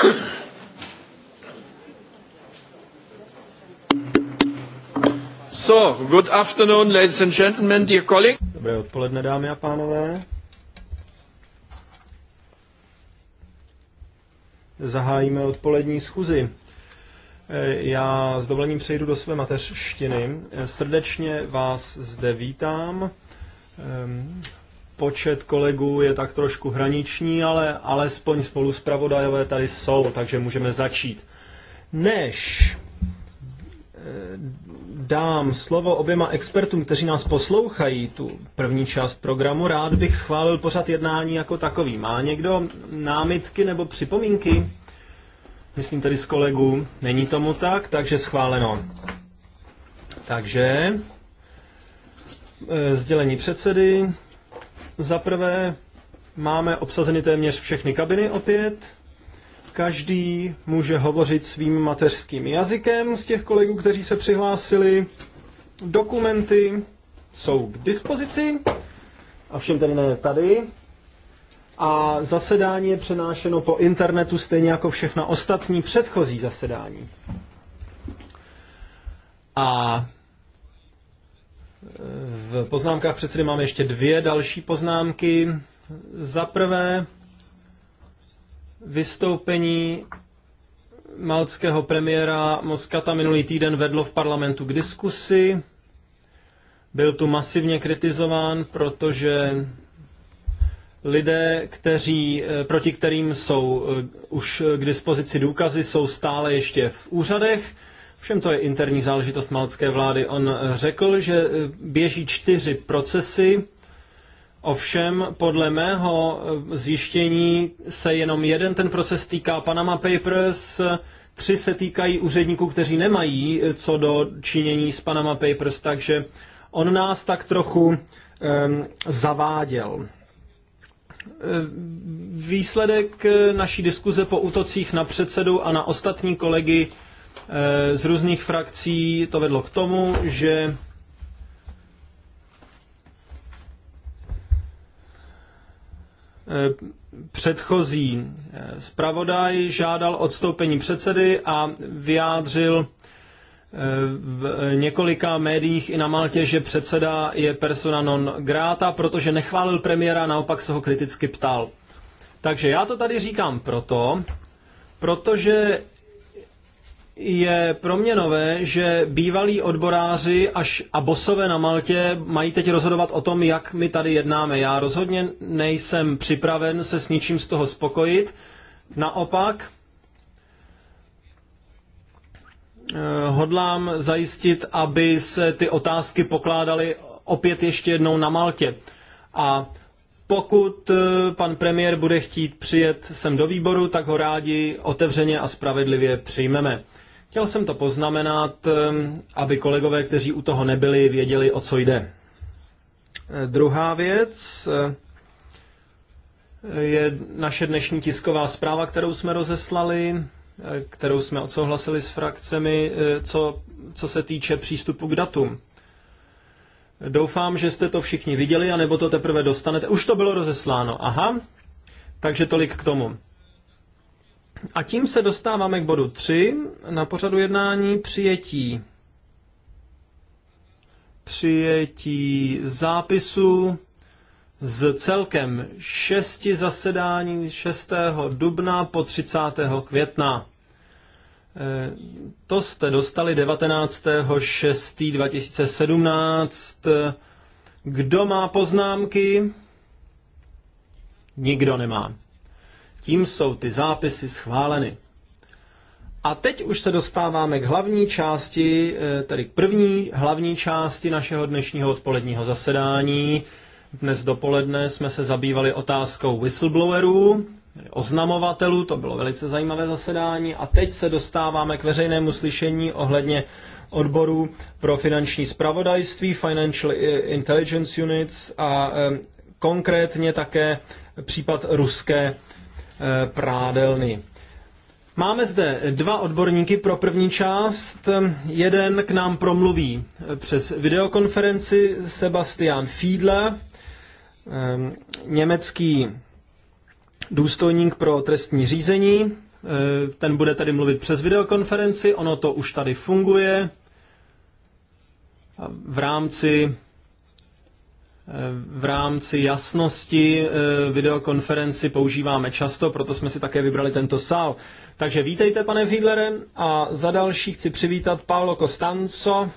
So, good afternoon, ladies and gentlemen, dear colleagues. Dobré odpoledne, dámy a pánové. Zahájíme odpolední schůzi. Já s dovolením přejdu do své mateřštiny. Srdečně vás zde vítám počet kolegů je tak trošku hraniční, ale alespoň spolu zpravodajové tady jsou, takže můžeme začít. Než eh, dám slovo oběma expertům, kteří nás poslouchají, tu první část programu, rád bych schválil pořad jednání jako takový. Má někdo námitky nebo připomínky? Myslím tady z kolegů. Není tomu tak, takže schváleno. Takže eh, sdělení předsedy, za prvé máme obsazeny téměř všechny kabiny opět. Každý může hovořit svým mateřským jazykem z těch kolegů, kteří se přihlásili. Dokumenty jsou k dispozici, avšem tedy ne tady. A zasedání je přenášeno po internetu stejně jako všechna ostatní předchozí zasedání. A v poznámkách předsedy máme ještě dvě další poznámky. Za prvé vystoupení malckého premiéra Moskata minulý týden vedlo v parlamentu k diskusi. Byl tu masivně kritizován, protože lidé, kteří, proti kterým jsou eh, už k dispozici důkazy, jsou stále ještě v úřadech Všem to je interní záležitost malcké vlády. On řekl, že e, běží čtyři procesy, ovšem podle mého e, zjištění se jenom jeden ten proces týká Panama Papers, tři se týkají úředníků, kteří nemají e, co do činění s Panama Papers, takže on nás tak trochu um, zaváděl. Výsledek naší diskuze po útocích na předsedu a na ostatní kolegy Eh, z různých frakcí to vedlo k tomu, že eh, předchozí eh, zpravodaj žádal odstoupení předsedy a vyjádřil v několika médiích i na Maltě, že předseda je persona non grata, protože nechválil premiéra, naopak se ho kriticky ptal. Takže já to tady říkám proto, protože je pro mě nové, že bývalí odboráři až a bosové na Maltě mají teď rozhodovat o tom, jak my tady jednáme. Já rozhodně nejsem připraven se s ničím z toho spokojit. Naopak, eh, hodlám zajistit, aby se ty otázky pokládaly opět ještě jednou na Maltě. A pokud eh, pan premiér bude chtít přijet sem do výboru, tak ho rádi otevřeně a spravedlivě přijmeme. Chtěl jsem to poznamenat, ehm, aby kolegové, kteří u toho nebyli, věděli, o co jde. Eh, druhá věc eh, je naše dnešní tisková zpráva, kterou jsme rozeslali, eh, kterou jsme odsouhlasili s frakcemi, co, co se týče přístupu k datům. Doufám, že jste to všichni viděli, anebo to teprve dostanete. Už to bylo rozesláno, aha. Takže tolik k tomu. A tím se dostáváme k bodu 3 na pořadu jednání přijetí. Přijetí zápisu z celkem šesti zasedání 6. dubna po 30. května. Eh, to jste dostali 19. 6. 2017. Kdo má poznámky? Nikdo nemá. Tím jsou ty zápisy schváleny. A teď už se dostáváme k hlavní části, eh, tedy k první hlavní části našeho dnešního odpoledního zasedání. Dnes dopoledne jsme se zabývali otázkou whistleblowerů, oznamovatelů, to bylo velice zajímavé zasedání. A teď se dostáváme k veřejnému slyšení ohledně odboru pro finanční spravodajství, Financial Intelligence Units a eh, konkrétně také případ ruské Eh, prádelny. Máme zde dva odborníky pro první část. Jeden k nám promluví eh, přes videokonferenci Sebastian Fiedle, eh, německý důstojník pro trestní řízení. Ten bude tady mluvit přes videokonferenci, ono to už tady funguje v rámci v rámci jasnosti eh, videokonferenci používáme často, proto jsme si také vybrali tento sál. Takže vítejte, pane Fiedlere, a za další chci přivítat Paolo Costanzo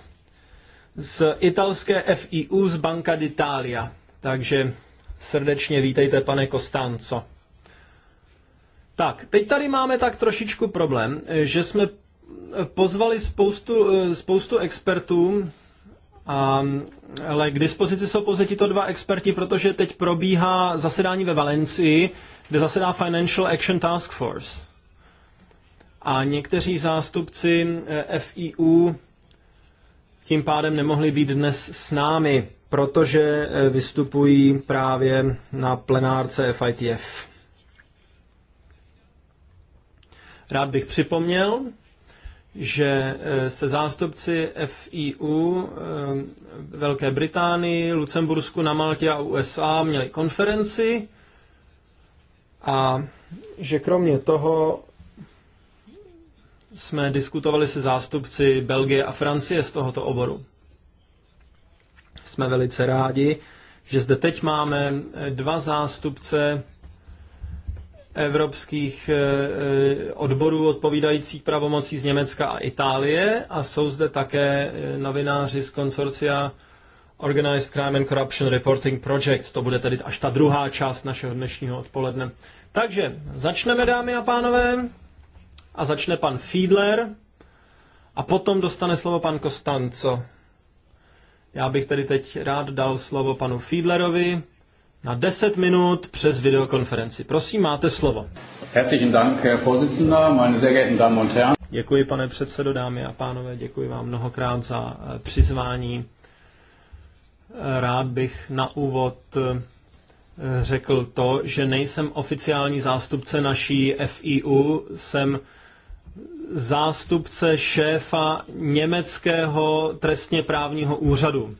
z italské FIU z Banca d'Italia. Takže srdečně vítejte, pane Costanzo. Tak, teď tady máme tak trošičku problém, eh, že jsme eh, pozvali spoustu, spoustu expertů a, ale k dispozici jsou pouze tito dva experti, protože teď probíhá zasedání ve Valencii, kde zasedá Financial Action Task Force. A někteří zástupci eh, FIU tím pádem nemohli být dnes s námi, protože eh, vystupují právě na plenárce FITF. Rád bych připomněl, že eh, se zástupci FIU eh, Velké Británii, Lucembursku na Maltě a USA měli konferenci a že kromě toho jsme diskutovali se zástupci Belgie a Francie z tohoto oboru. Jsme velice rádi, že zde teď máme eh, dva zástupce evropských eh, eh, odborů odpovídajících pravomocí z Německa a Itálie a jsou zde také eh, novináři z konsorcia Organized Crime and Corruption Reporting Project. To bude tedy až ta druhá část našeho dnešního odpoledne. Takže začneme, dámy a pánové, a začne pan Fiedler a potom dostane slovo pan Kostanco. Já bych tedy teď rád dal slovo panu Fiedlerovi, na 10 minut přes videokonferenci. Prosím, máte slovo. Herzlichen Dank, Herr Vorsitzender, meine sehr geehrten Damen und Herren. Děkuji, pane předsedo, dámy a pánové, děkuji vám mnohokrát za eh, přizvání. Eh, rád bych na úvod eh, řekl to, že nejsem oficiální zástupce naší FIU, jsem zástupce šéfa německého trestně právního úřadu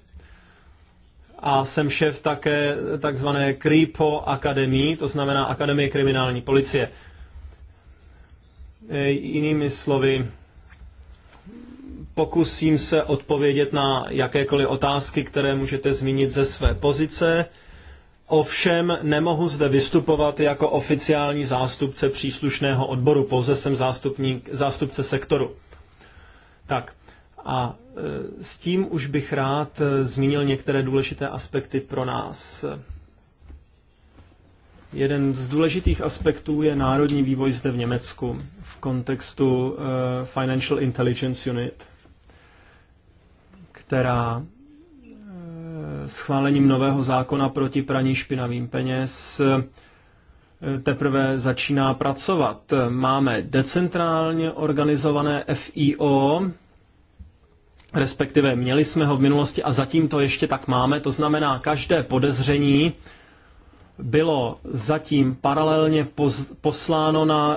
a jsem šéf také takzvané Kripo Akademii, to znamená Akademie kriminální policie. E, jinými slovy, pokusím se odpovědět na jakékoliv otázky, které můžete zmínit ze své pozice. Ovšem nemohu zde vystupovat jako oficiální zástupce příslušného odboru, pouze jsem zástupník, zástupce sektoru. Tak, a e, s tím už bych rád e, zmínil některé důležité aspekty pro nás. Jeden z důležitých aspektů je národní vývoj zde v Německu v kontextu e, Financial Intelligence Unit, která schválením nového zákona proti praní špinavým peněz teprve začíná pracovat. Máme decentrálně organizované FIO, respektive měli jsme ho v minulosti a zatím to ještě tak máme. To znamená, každé podezření bylo zatím paralelně posláno na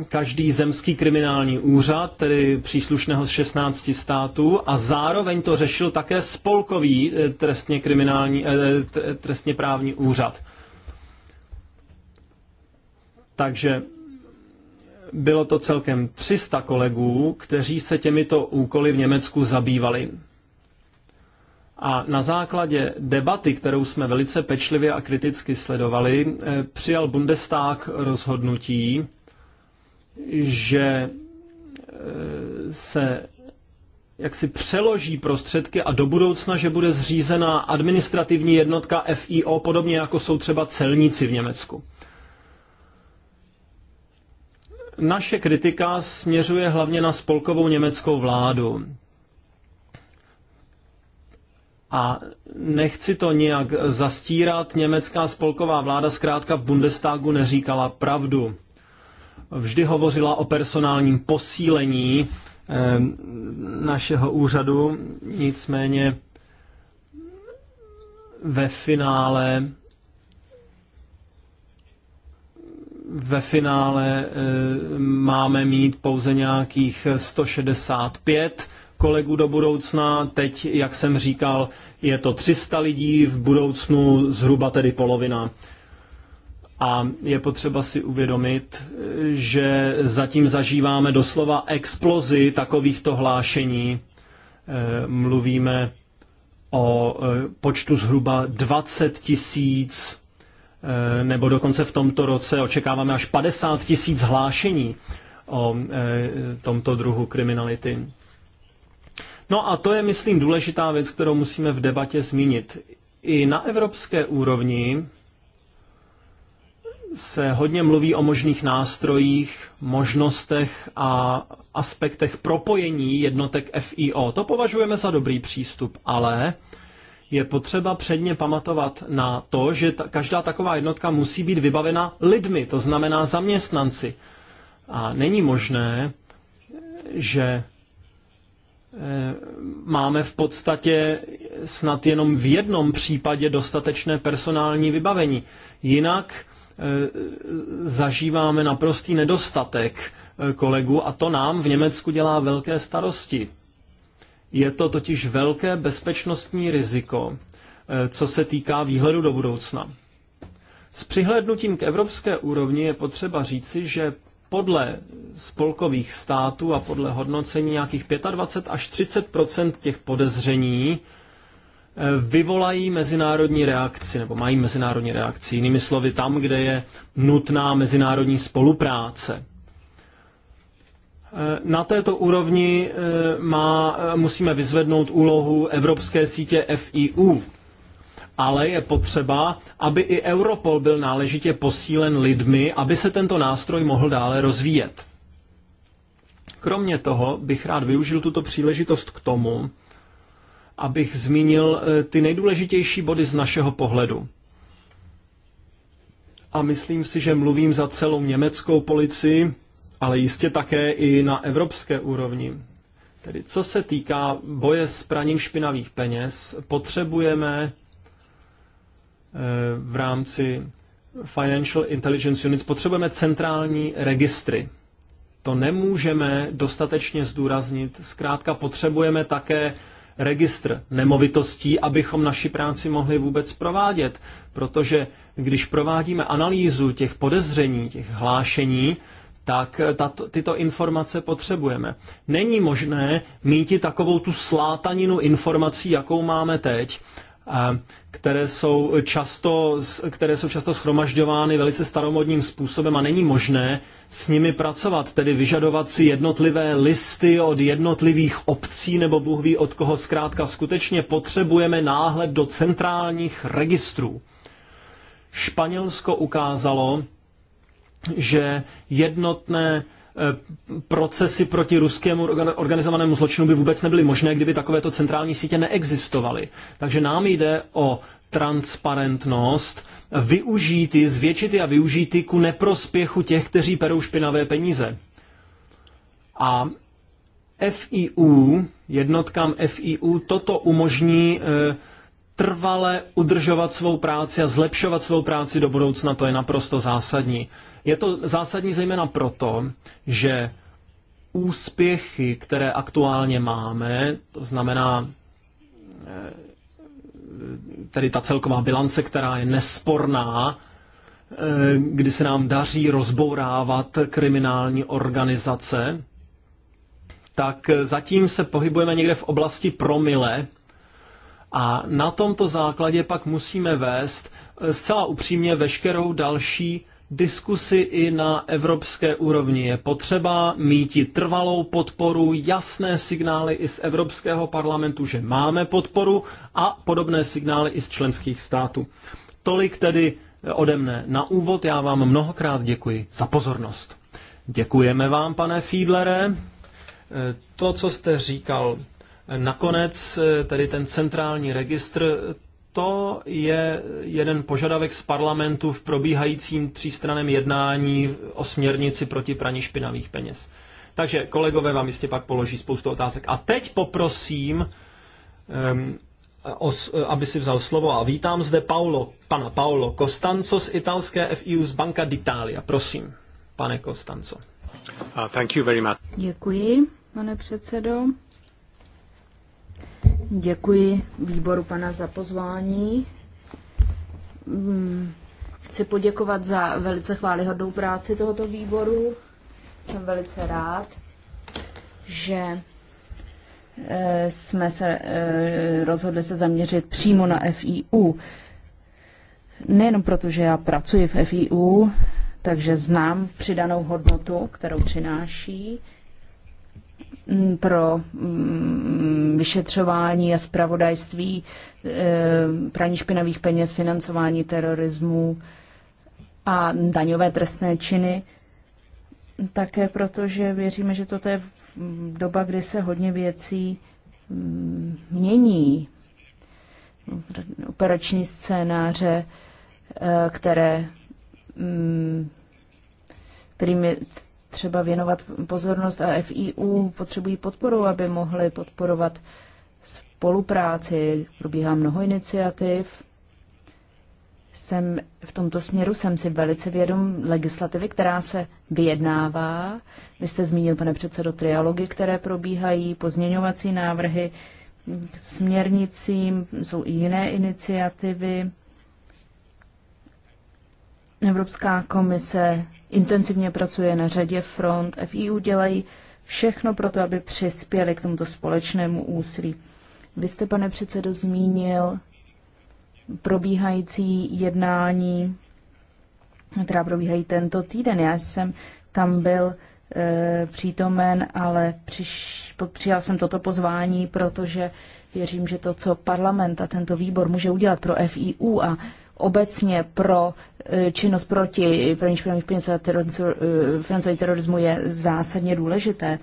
eh, každý zemský kriminální úřad, tedy příslušného z 16 států, a zároveň to řešil také spolkový eh, trestně, kriminální, eh, trestně právní úřad. Takže bylo to celkem 300 kolegů, kteří se těmito úkoly v Německu zabývali. A na základě debaty, kterou jsme velice pečlivě a kriticky sledovali, eh, přijal Bundestag rozhodnutí, že eh, se jak si přeloží prostředky a do budoucna, že bude zřízena administrativní jednotka FIO, podobně jako jsou třeba celníci v Německu. Naše kritika směřuje hlavně na spolkovou německou vládu. A nechci to nijak zastírat, německá spolková vláda zkrátka v Bundestagu neříkala pravdu. Vždy hovořila o personálním posílení eh, našeho úřadu, nicméně ve finále ve finále eh, máme mít pouze nějakých 165 kolegů do budoucna. Teď, jak jsem říkal, je to 300 lidí, v budoucnu zhruba tedy polovina. A je potřeba si uvědomit, že zatím zažíváme doslova explozi takovýchto hlášení. Eh, mluvíme o eh, počtu zhruba 20 tisíc Eh, nebo dokonce v tomto roce očekáváme až 50 tisíc hlášení o eh, tomto druhu kriminality. No a to je, myslím, důležitá věc, kterou musíme v debatě zmínit. I na evropské úrovni se hodně mluví o možných nástrojích, možnostech a aspektech propojení jednotek FIO. To považujeme za dobrý přístup, ale je potřeba předně pamatovat na to, že ta, každá taková jednotka musí být vybavena lidmi, to znamená zaměstnanci. A není možné, že e, máme v podstatě snad jenom v jednom případě dostatečné personální vybavení. Jinak eh, zažíváme naprostý nedostatek eh, kolegů a to nám v Německu dělá velké starosti. Je to totiž velké bezpečnostní riziko, eh, co se týká výhledu do budoucna. S přihlédnutím k evropské úrovni je potřeba říci, že podle spolkových států a podle hodnocení nějakých 25 až 30 těch podezření eh, vyvolají mezinárodní reakci, nebo mají mezinárodní reakci. Jinými slovy, tam, kde je nutná mezinárodní spolupráce. Eh, na této úrovni eh, má, eh, musíme vyzvednout úlohu Evropské sítě FIU, ale je potřeba, aby i Europol byl náležitě posílen lidmi, aby se tento nástroj mohl dále rozvíjet. Kromě toho bych rád využil tuto příležitost k tomu, abych zmínil ty nejdůležitější body z našeho pohledu. A myslím si, že mluvím za celou německou policii, ale jistě také i na evropské úrovni. Tedy co se týká boje s praním špinavých peněz, potřebujeme eh, v rámci Financial Intelligence Units potřebujeme centrální registry. To nemůžeme dostatečně zdůraznit. Zkrátka potřebujeme také registr nemovitostí, abychom naši práci mohli vůbec provádět. Protože když provádíme analýzu těch podezření, těch hlášení, tak eh, tato, tyto informace potřebujeme. Není možné mít takovou tu slátaninu informací, jakou máme teď, eh, které jsou často, které jsou často schromažďovány velice staromodním způsobem a není možné s nimi pracovat, tedy vyžadovat si jednotlivé listy od jednotlivých obcí nebo Bůh ví od koho zkrátka. Skutečně potřebujeme náhled do centrálních registrů. Španělsko ukázalo, že jednotné eh, procesy proti ruskému organizovanému zločinu by vůbec nebyly možné, kdyby takovéto centrální sítě neexistovaly. Takže nám jde o transparentnost, využít ji, zvětšit a využít ji ku neprospěchu těch, kteří perou špinavé peníze. A FIU, jednotkám FIU, toto umožní e, trvale udržovat svou práci a zlepšovat svou práci do budoucna, to je naprosto zásadní. Je to zásadní zejména proto, že úspěchy, které aktuálně máme, to znamená eh, tedy ta celková bilance, která je nesporná, eh, kdy se nám daří rozbourávat kriminální organizace, tak zatím se pohybujeme někde v oblasti promile a na tomto základě pak musíme vést eh, zcela upřímně veškerou další diskusi i na evropské úrovni je potřeba mít trvalou podporu, jasné signály i z Evropského parlamentu, že máme podporu a podobné signály i z členských států. Tolik tedy ode mne na úvod. Já vám mnohokrát děkuji za pozornost. Děkujeme vám, pane Fiedlere. To, co jste říkal nakonec, tedy ten centrální registr, to je jeden požadavek z parlamentu v probíhajícím třístraném jednání o směrnici proti praní špinavých peněz. Takže kolegové vám jistě pak položí spoustu otázek. A teď poprosím, um, o, aby si vzal slovo a vítám zde Paolo, pana Paolo Costanzo z italské FIU z Banka d'Italia. Prosím, pane Costanzo. Uh, thank you very much. Děkuji, pane předsedo. Děkuji výboru pana za pozvání. Mm, chci poděkovat za velice chválihodnou práci tohoto výboru. Jsem velice rád, že eh, jsme se eh, rozhodli se zaměřit přímo na FIU. Nejenom proto, že já pracuji v FIU, takže znám přidanou hodnotu, kterou přináší pro vyšetřování a zpravodajství e, praní špinavých peněz, financování terorismu a daňové trestné činy. Také proto, že věříme, že toto je doba, kdy se hodně věcí mění. Operační scénáře, e, které kterými třeba věnovat pozornost a FIU potřebují podporu, aby mohly podporovat spolupráci. Probíhá mnoho iniciativ. Jsem v tomto směru jsem si velice vědom legislativy, která se vyjednává. Vy jste zmínil, pane předsedo, trialogy, které probíhají, pozměňovací návrhy k směrnicím, jsou i jiné iniciativy. Evropská komise intenzivně pracuje na řadě front. FIU dělají všechno pro to, aby přispěli k tomuto společnému úsilí. Vy jste, pane předsedo, zmínil probíhající jednání, která probíhají tento týden. Já jsem tam byl e, přítomen, ale přiš, přijal jsem toto pozvání, protože věřím, že to, co parlament a tento výbor může udělat pro FIU a obecně pro e, činnost proti praní špinavých e, financování terorismu je zásadně důležité.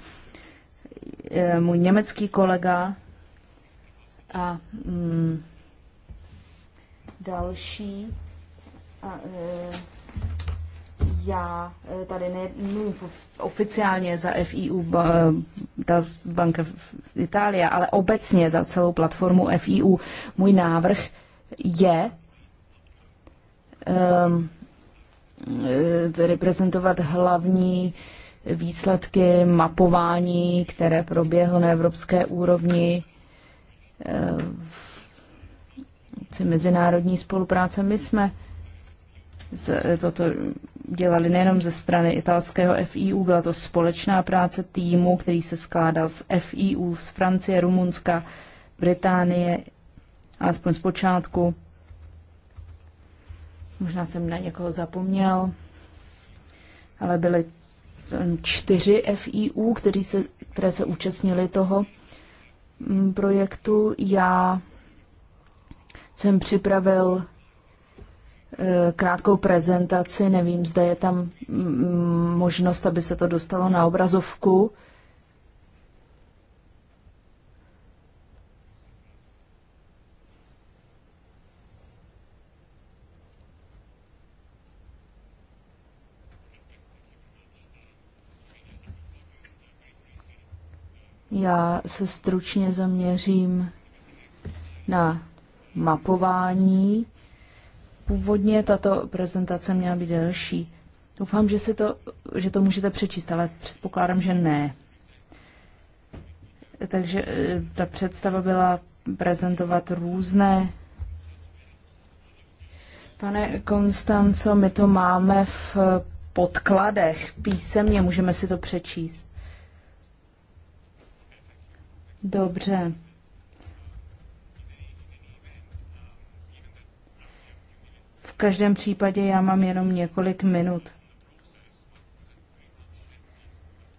E, můj německý kolega a mm, další a, e, já tady nemluvím oficiálně za FIU, ta banka Itálie, ale obecně za celou platformu FIU. Můj návrh je reprezentovat ehm, eh, hlavní výsledky mapování, které proběhlo na evropské úrovni v eh, mezinárodní spolupráce. My jsme z, eh, toto dělali nejenom ze strany italského FIU, byla to společná práce týmu, který se skládal z FIU z Francie, Rumunska, Británie, alespoň z počátku, Možná jsem na někoho zapomněl, ale byly hm, čtyři FIU, kteří se, které se účastnili toho hm, projektu. Já jsem připravil eh, krátkou prezentaci, nevím, zda je tam hm, možnost, aby se to dostalo na obrazovku. Já se stručně zaměřím na mapování. Původně tato prezentace měla být delší. Doufám, že, si to, že to můžete přečíst, ale předpokládám, že ne. Takže e, ta představa byla prezentovat různé. Pane Konstanco, my to máme v podkladech písemně, můžeme si to přečíst. Dobře. V každém případě já mám jenom několik minut.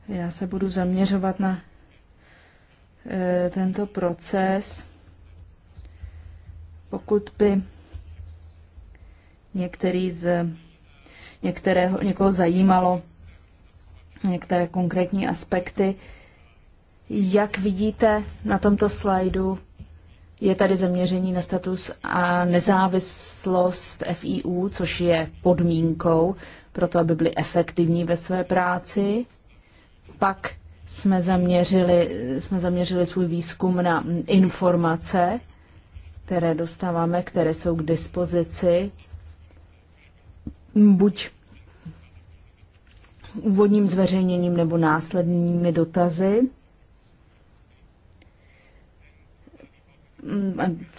Já se budu zaměřovat na e, tento proces. Pokud by některý z, některého, někoho zajímalo některé konkrétní aspekty, jak vidíte na tomto slajdu, je tady zaměření na status a nezávislost FIU, což je podmínkou pro to, aby byli efektivní ve své práci. Pak jsme zaměřili, jsme zaměřili svůj výzkum na informace, které dostáváme, které jsou k dispozici, buď úvodním zveřejněním nebo následnými dotazy.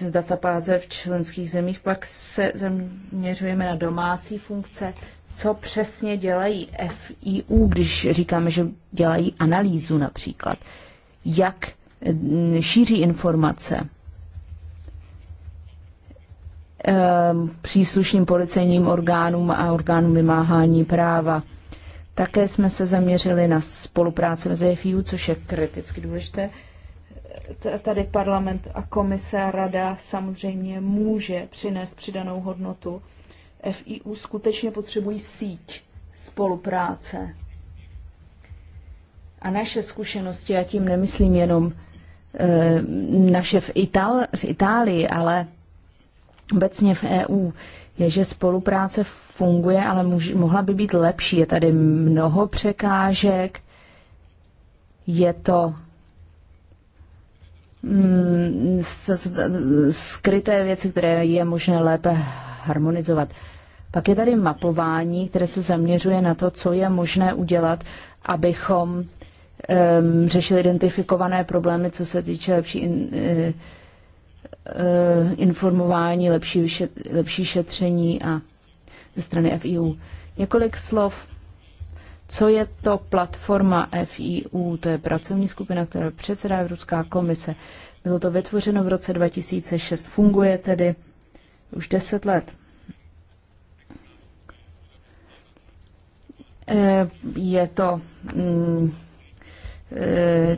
z databáze v členských zemích, pak se zaměřujeme na domácí funkce, co přesně dělají FIU, když říkáme, že dělají analýzu například, jak mm, šíří informace ehm, příslušným policejním orgánům a orgánům vymáhání práva. Také jsme se zaměřili na spolupráci mezi FIU, což je kriticky důležité, tady parlament a komise a rada samozřejmě může přinést přidanou hodnotu. FIU skutečně potřebují síť spolupráce. A naše zkušenosti, já tím nemyslím jenom e, naše v, Itál, v Itálii, ale obecně v EU, je, že spolupráce funguje, ale muž, mohla by být lepší. Je tady mnoho překážek, je to Mm, skryté věci, které je možné lépe harmonizovat. Pak je tady mapování, které se zaměřuje na to, co je možné udělat, abychom um, řešili identifikované problémy, co se týče lepší in, uh, informování, lepší, lepší šetření a ze strany FIU. Několik slov co je to platforma FIU? To je pracovní skupina, která předsedá Evropská komise. Bylo to vytvořeno v roce 2006, funguje tedy už 10 let. Eh, je to mm, eh,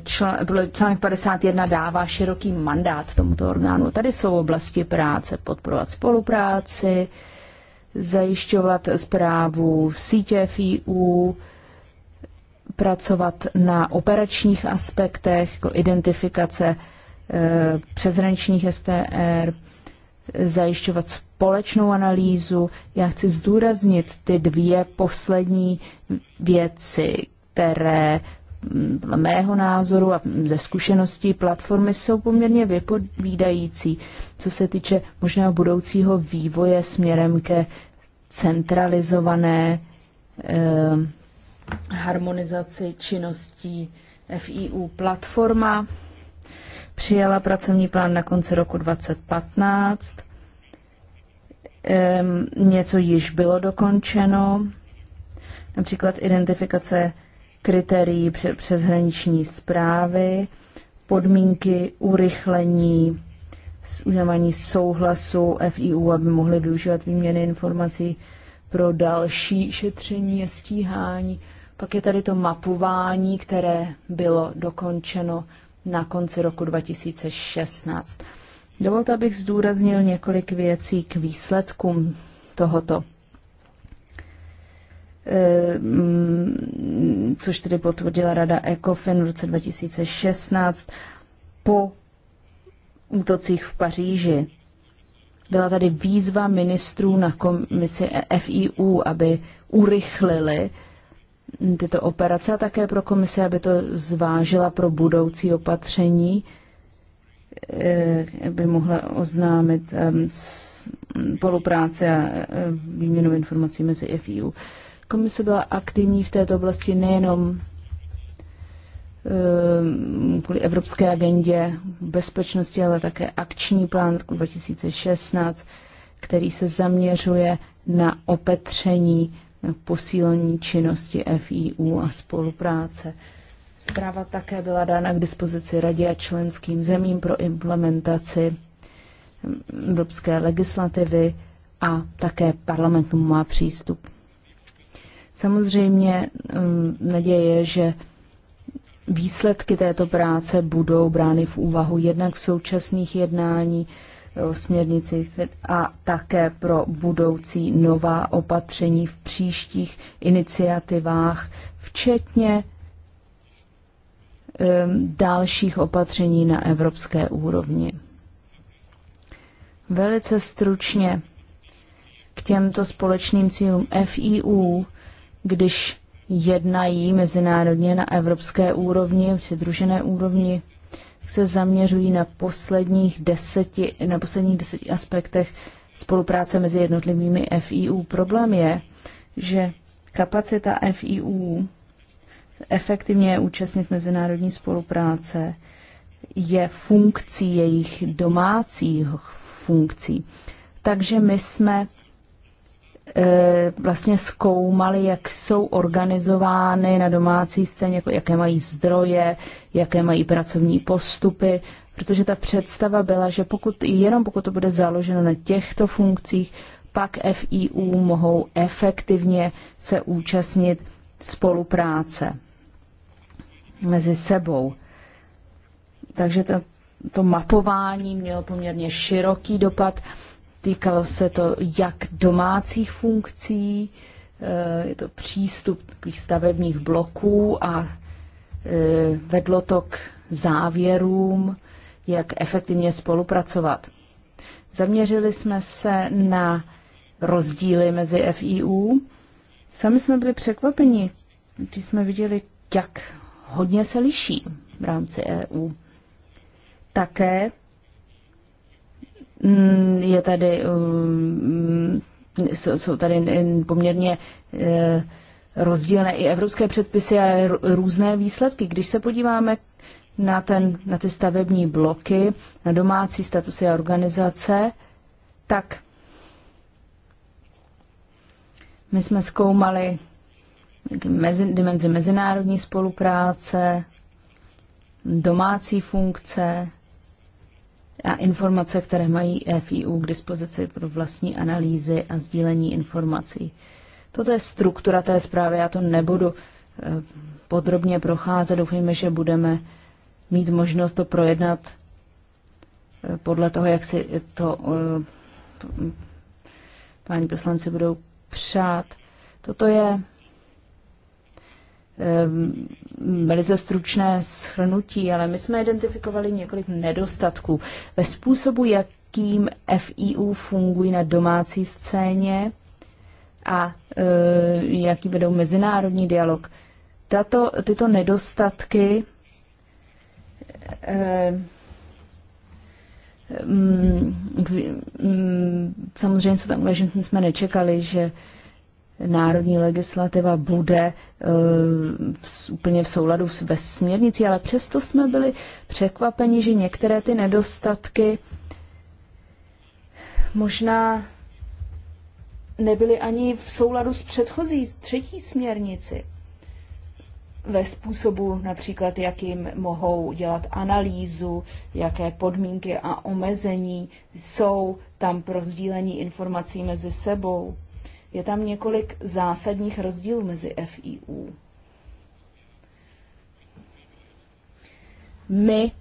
článek 51 dává široký mandát tomuto orgánu. Tady jsou oblasti práce, podporovat spolupráci, zajišťovat zprávu v sítě FIU, pracovat na operačních aspektech, jako identifikace eh, přezraničních STR, zajišťovat společnou analýzu. Já chci zdůraznit ty dvě poslední věci, které mm, dle mého názoru a ze zkušeností platformy jsou poměrně vypovídající, co se týče možná budoucího vývoje směrem ke centralizované eh, harmonizaci činností FIU platforma. Přijela pracovní plán na konci roku 2015. Ehm, něco již bylo dokončeno, například identifikace kritérií přeshraniční zprávy, podmínky urychlení udělání souhlasu FIU, aby mohly využívat výměny informací pro další šetření a stíhání pak je tady to mapování, které bylo dokončeno na konci roku 2016. Dovolte, abych zdůraznil několik věcí k výsledkům tohoto e, mm, což tedy potvrdila Rada ECOFIN v roce 2016 po útocích v Paříži. Byla tady výzva ministrů na komisi FIU, aby urychlili tyto operace a také pro komise, aby to zvážila pro budoucí opatření, eh, by mohla oznámit ehm, spolupráce a eh, výměnu informací mezi FIU. Komise byla aktivní v této oblasti nejenom ehm, kvůli Evropské agendě bezpečnosti, ale také akční plán 2016, který se zaměřuje na opetření posílení činnosti FIU a spolupráce. Zpráva také byla dána k dispozici radě a členským zemím pro implementaci evropské legislativy a také parlamentu má přístup. Samozřejmě um, naděje, že výsledky této práce budou brány v úvahu jednak v současných jednání Eh, směrnici FIT a také pro budoucí nová opatření v příštích iniciativách, včetně dalších opatření na evropské úrovni. Velice stručně k těmto společným cílům FIU, když jednají mezinárodně na evropské úrovni, přidružené úrovni, se zaměřují na posledních deseti, na posledních deseti aspektech spolupráce mezi jednotlivými FIU. Problém je, že kapacita FIU efektivně účastnit mezinárodní spolupráce je funkcí jejich domácích funkcí. Takže my jsme Eh, vlastně zkoumali, jak jsou organizovány na domácí scéně, jako jaké mají zdroje, jaké mají pracovní postupy, protože ta představa byla, že pokud, jenom pokud to bude založeno na těchto funkcích, pak FIU mohou efektivně se účastnit spolupráce mezi sebou. Takže to, to mapování mělo poměrně široký dopad. Týkalo se to jak domácích funkcí, eh, je to přístup takových stavebních bloků a eh, vedlo to k závěrům, jak efektivně spolupracovat. Zaměřili jsme se na rozdíly mezi FIU. Sami jsme byli překvapeni, když jsme viděli, jak hodně se liší v rámci EU. Také Mm, je tady, mm, jsou tady poměrně eh, rozdílné i evropské předpisy a různé výsledky. Když se podíváme na, ten, na ty stavební bloky, na domácí statusy a organizace, tak my jsme zkoumali mezi, dimenzi mezinárodní spolupráce, domácí funkce, a informace, které mají FIU k dispozici pro vlastní analýzy a sdílení informací. Toto je struktura té zprávy, já to nebudu eh, podrobně procházet. Doufejme, že budeme mít možnost to projednat eh, podle toho, jak si to eh, páni poslanci budou přát. Toto je Ehm, velice stručné schrnutí, ale my jsme identifikovali několik nedostatků ve způsobu, jakým FIU fungují na domácí scéně a eh, jaký vedou mezinárodní dialog. Tato, tyto nedostatky eh, mm, mm, samozřejmě se tam uležím, jsme nečekali, že národní legislativa bude uh, úplně v souladu s bezsměrnicí, ale přesto jsme byli překvapeni, že některé ty nedostatky možná nebyly ani v souladu s předchozí třetí směrnici ve způsobu například, jakým mohou dělat analýzu, jaké podmínky a omezení jsou tam pro sdílení informací mezi sebou je tam několik zásadních rozdílů mezi FIU. My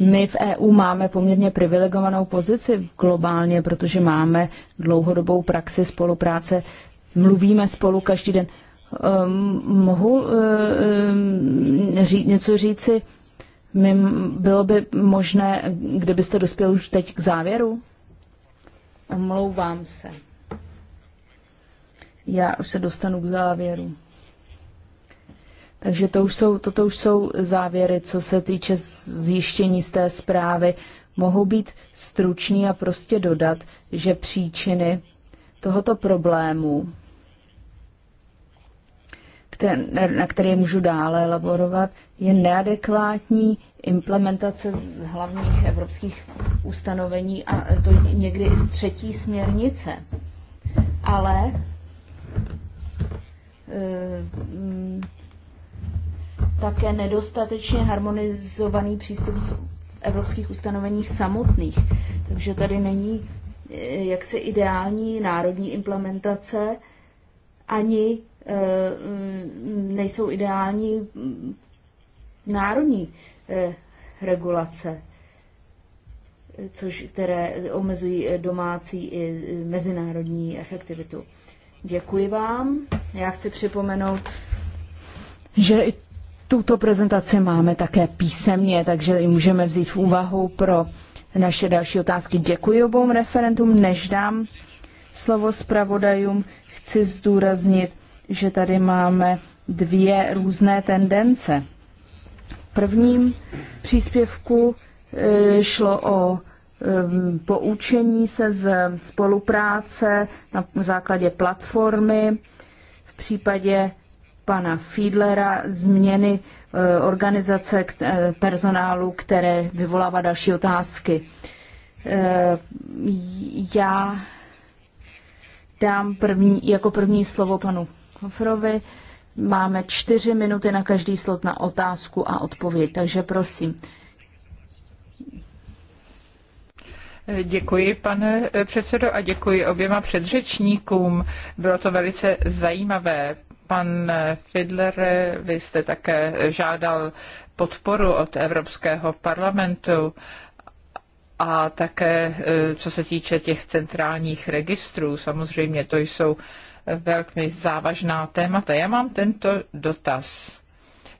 my v EU máme poměrně privilegovanou pozici globálně, protože máme dlouhodobou praxi spolupráce, mluvíme spolu každý den. Um, mohu um, ehm, říct, něco říci? My, bylo by možné, kdybyste dospěl už teď k závěru? Omlouvám se. Já už se dostanu k závěru. Takže to už jsou, toto už jsou závěry, co se týče zjištění z té zprávy. mohou být struční a prostě dodat, že příčiny tohoto problému, na které můžu dále elaborovat, je neadekvátní implementace z hlavních evropských ustanovení a to někdy i z třetí směrnice. Ale eh, mm, také nedostatečně harmonizovaný přístup z evropských ustanoveních samotných. Takže tady není eh, jaksi ideální národní implementace, ani eh, mm, nejsou ideální mm, národní Eh, regulace, což, které omezují eh, domácí i eh, mezinárodní efektivitu. Děkuji vám. Já chci připomenout, že i tuto prezentaci máme také písemně, takže ji můžeme vzít v úvahu pro naše další otázky. Děkuji obou referentům, než dám slovo zpravodajům. Chci zdůraznit, že tady máme dvě různé tendence prvním příspěvku e, šlo o e, poučení se z spolupráce na základě platformy. V případě pana Fiedlera změny e, organizace personálu, které vyvolává další otázky. Já dám první, jako první slovo panu Kofrovi. Máme čtyři minuty na každý slot na otázku a odpověď, takže prosím. Děkuji, pane eh, předsedo, a děkuji oběma předřečníkům. Bylo to velice zajímavé. Pan eh, Fidler, eh, vy jste také žádal podporu od Evropského parlamentu a také co se týče těch centrálních registrů. Samozřejmě to jsou velmi závažná témata. Já mám tento dotaz.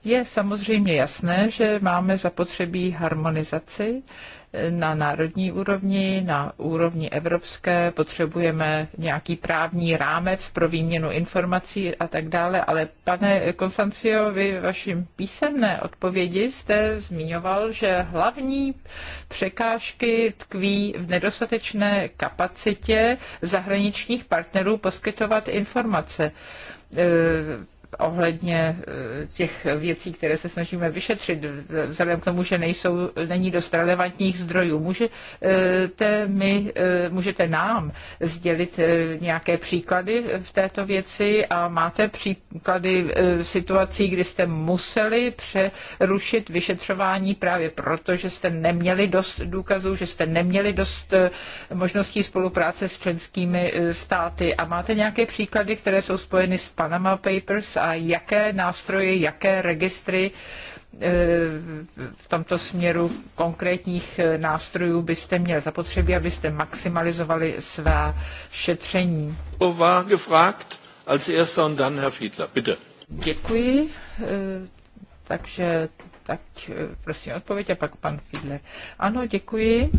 Je samozřejmě jasné, že máme zapotřebí harmonizaci na národní úrovni, na úrovni evropské, potřebujeme nějaký právní rámec pro výměnu informací a tak dále, ale pane Konstancio, vy vaším písemné odpovědi jste zmiňoval, že hlavní překážky tkví v nedostatečné kapacitě zahraničních partnerů poskytovat informace e, ohledně eh, těch věcí, které se snažíme vyšetřit, vzhledem k tomu, že nejsou, není dost relevantních zdrojů. Můžete, eh, my, eh, můžete nám sdělit nějaké příklady v této věci a máte příklady situací, kdy jste museli přerušit vyšetřování právě proto, že jste neměli dost důkazů, že jste neměli dost možností spolupráce s členskými státy a máte nějaké příklady, které jsou spojeny s Panama Papers a jaké nástroje, jaké registry e, v tomto směru konkrétních e, nástrojů byste měl zapotřebí, abyste maximalizovali svá šetření. Děkuji. E, takže tak prosím odpověď a pak pan Fiedler. Ano, děkuji.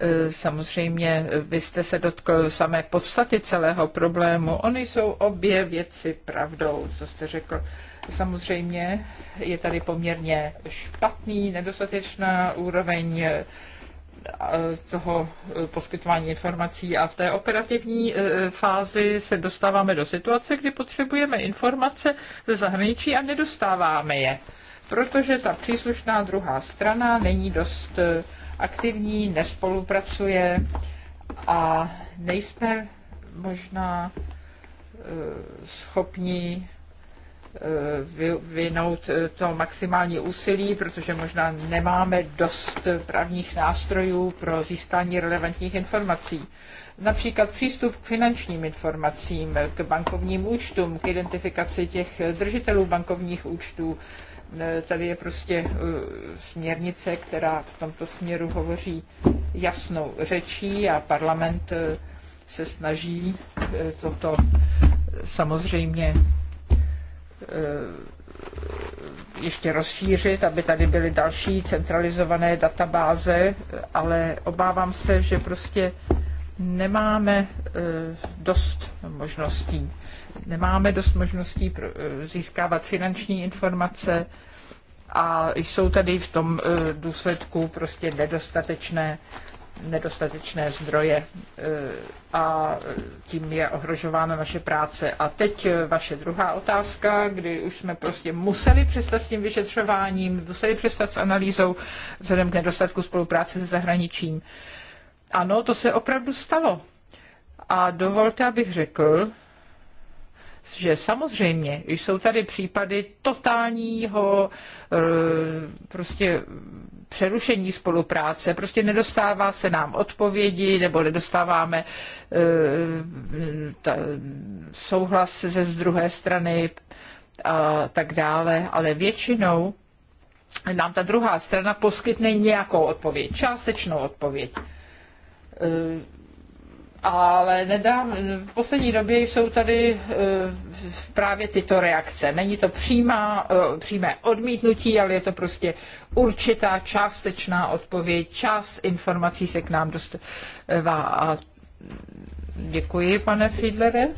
E, samozřejmě e, vy jste se dotkl samé podstaty celého problému. Ony jsou obě věci pravdou, co jste řekl. Samozřejmě je tady poměrně špatný, nedostatečná úroveň e, toho poskytování informací a v té operativní fázi se dostáváme do situace, kdy potřebujeme informace ze zahraničí a nedostáváme je, protože ta příslušná druhá strana není dost aktivní, nespolupracuje a nejsme možná eh, schopni eh, vyvinout eh, to maximální úsilí, protože možná nemáme dost právních nástrojů pro získání relevantních informací. Například přístup k finančním informacím, k bankovním účtům, k identifikaci těch držitelů bankovních účtů, Tady je prostě uh, směrnice, která v tomto směru hovoří jasnou řečí a parlament uh, se snaží uh, toto samozřejmě ještě rozšířit, aby tady byly další centralizované databáze, ale obávám se, že prostě nemáme dost možností nemáme dost možností pro, eh, získávat finanční informace a jsou tady v tom eh, důsledku prostě nedostatečné nedostatečné zdroje eh, a tím je ohrožována naše práce. A teď vaše druhá otázka, kdy už jsme prostě museli přestat s tím vyšetřováním, museli přestat s analýzou vzhledem k nedostatku spolupráce se zahraničím. Ano, to se opravdu stalo. A dovolte, abych řekl, že samozřejmě jsou tady případy totálního eh, prostě přerušení spolupráce, prostě nedostává se nám odpovědi nebo nedostáváme eh, souhlas ze z druhé strany a tak dále, ale většinou nám ta druhá strana poskytne nějakou odpověď, částečnou odpověď eh, ale nedám, v poslední době jsou tady eh, právě tyto reakce. Není to přímá, eh, přímé odmítnutí, ale je to prostě určitá částečná odpověď. Čas informací se k nám dostává a Děkuji, pane Fiedlere.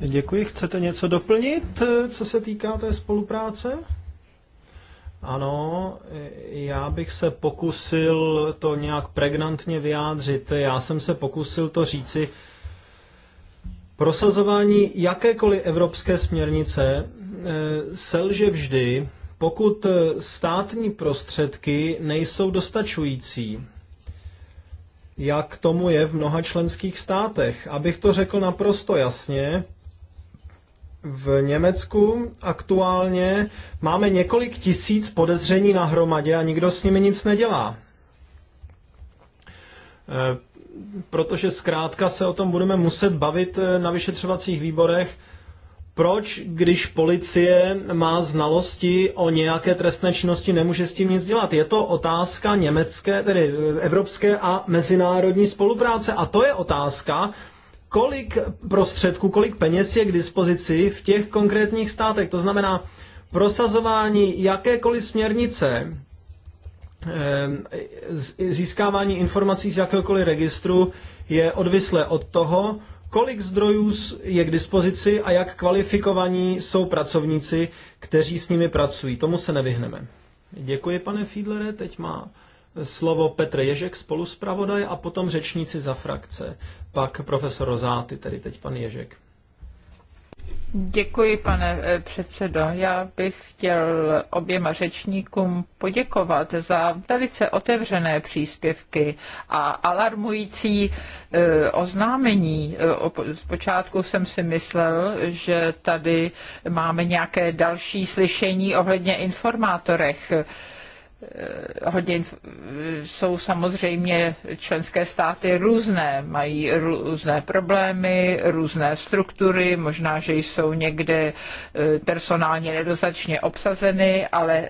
Děkuji. Chcete něco doplnit, eh, co se týká té spolupráce? Ano, já bych se pokusil to nějak pregnantně vyjádřit. Já jsem se pokusil to říci. Prosazování jakékoliv evropské směrnice eh, selže vždy, pokud eh, státní prostředky nejsou dostačující jak tomu je v mnoha členských státech. Abych to řekl naprosto jasně, v Německu aktuálně máme několik tisíc podezření na hromadě a nikdo s nimi nic nedělá. Eh, protože zkrátka se o tom budeme muset bavit eh, na vyšetřovacích výborech, proč, když policie má znalosti o nějaké trestné činnosti, nemůže s tím nic dělat. Je to otázka německé, tedy eh, evropské a mezinárodní spolupráce. A to je otázka, kolik prostředků, kolik peněz je k dispozici v těch konkrétních státech. To znamená, prosazování jakékoliv směrnice, ehm, získávání informací z jakéhokoliv registru je odvislé od toho, kolik zdrojů je k dispozici a jak kvalifikovaní jsou pracovníci, kteří s nimi pracují. Tomu se nevyhneme. Děkuji, pane Fiedlere. Teď má slovo Petr Ježek, spoluspravodaj a potom řečníci za frakce pak profesor Rozáty, tedy teď pan Ježek. Děkuji, pane eh, předsedo. Já bych chtěl oběma řečníkům poděkovat za velice otevřené příspěvky a alarmující eh, oznámení. Eh, zpočátku jsem si myslel, že tady máme nějaké další slyšení ohledně informátorech. Eh, hodin jsou samozřejmě členské státy různé, mají různé problémy, různé struktury, možná, že jsou někde eh, personálně nedostatečně obsazeny, ale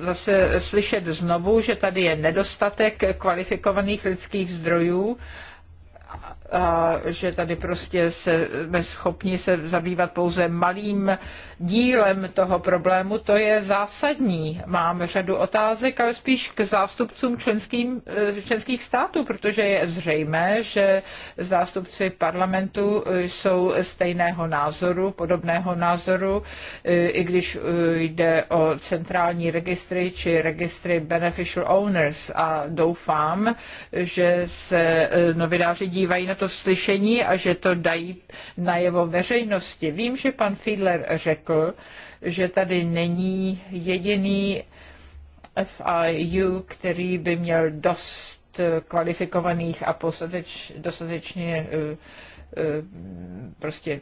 zase slyšet znovu, že tady je nedostatek kvalifikovaných lidských zdrojů, a že tady prostě se, jsme schopni se zabývat pouze malým dílem toho problému, to je zásadní. Mám řadu otázek, ale spíš k zástupcům členským, eh, členských států, protože je zřejmé, že zástupci parlamentu jsou stejného názoru, podobného názoru, eh, i když eh, jde o centrální registry či registry beneficial owners a doufám, že se novináři dívají na to slyšení a že to dají najevo veřejnosti. Vím, že pan Fiedler řekl, že tady není jediný FIU, který by měl dost kvalifikovaných a dostatečně eh, Eh, prostě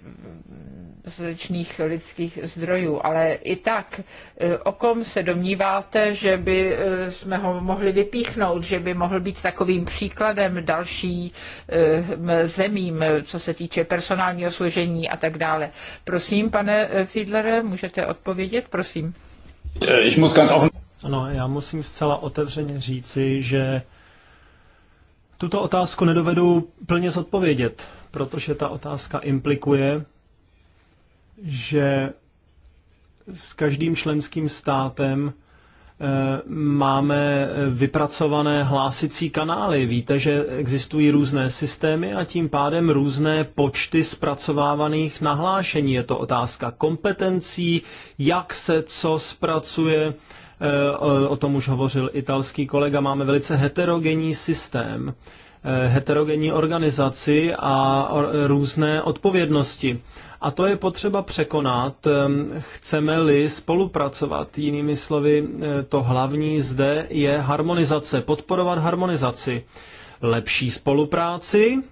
dostatečných lidských zdrojů. Ale i tak, eh, o kom se domníváte, že by eh, jsme ho mohli vypíchnout, že by mohl být takovým příkladem dalším zemím, co se týče personálního složení a tak dále. Prosím, pane Fiedlere, můžete odpovědět, prosím. Ano, já musím zcela otevřeně říci, že tuto otázku nedovedu plně zodpovědět protože ta otázka implikuje, že s každým členským státem eh, máme vypracované hlásicí kanály. Víte, že existují různé systémy a tím pádem různé počty zpracovávaných nahlášení. Je to otázka kompetencí, jak se co zpracuje. Eh, o tom už hovořil italský kolega. Máme velice heterogenní systém Eh, heterogenní organizaci a různé odpovědnosti. A to je potřeba překonat, ehm, chceme-li spolupracovat. Jinými slovy, eh, to hlavní zde je harmonizace, podporovat harmonizaci, lepší spolupráci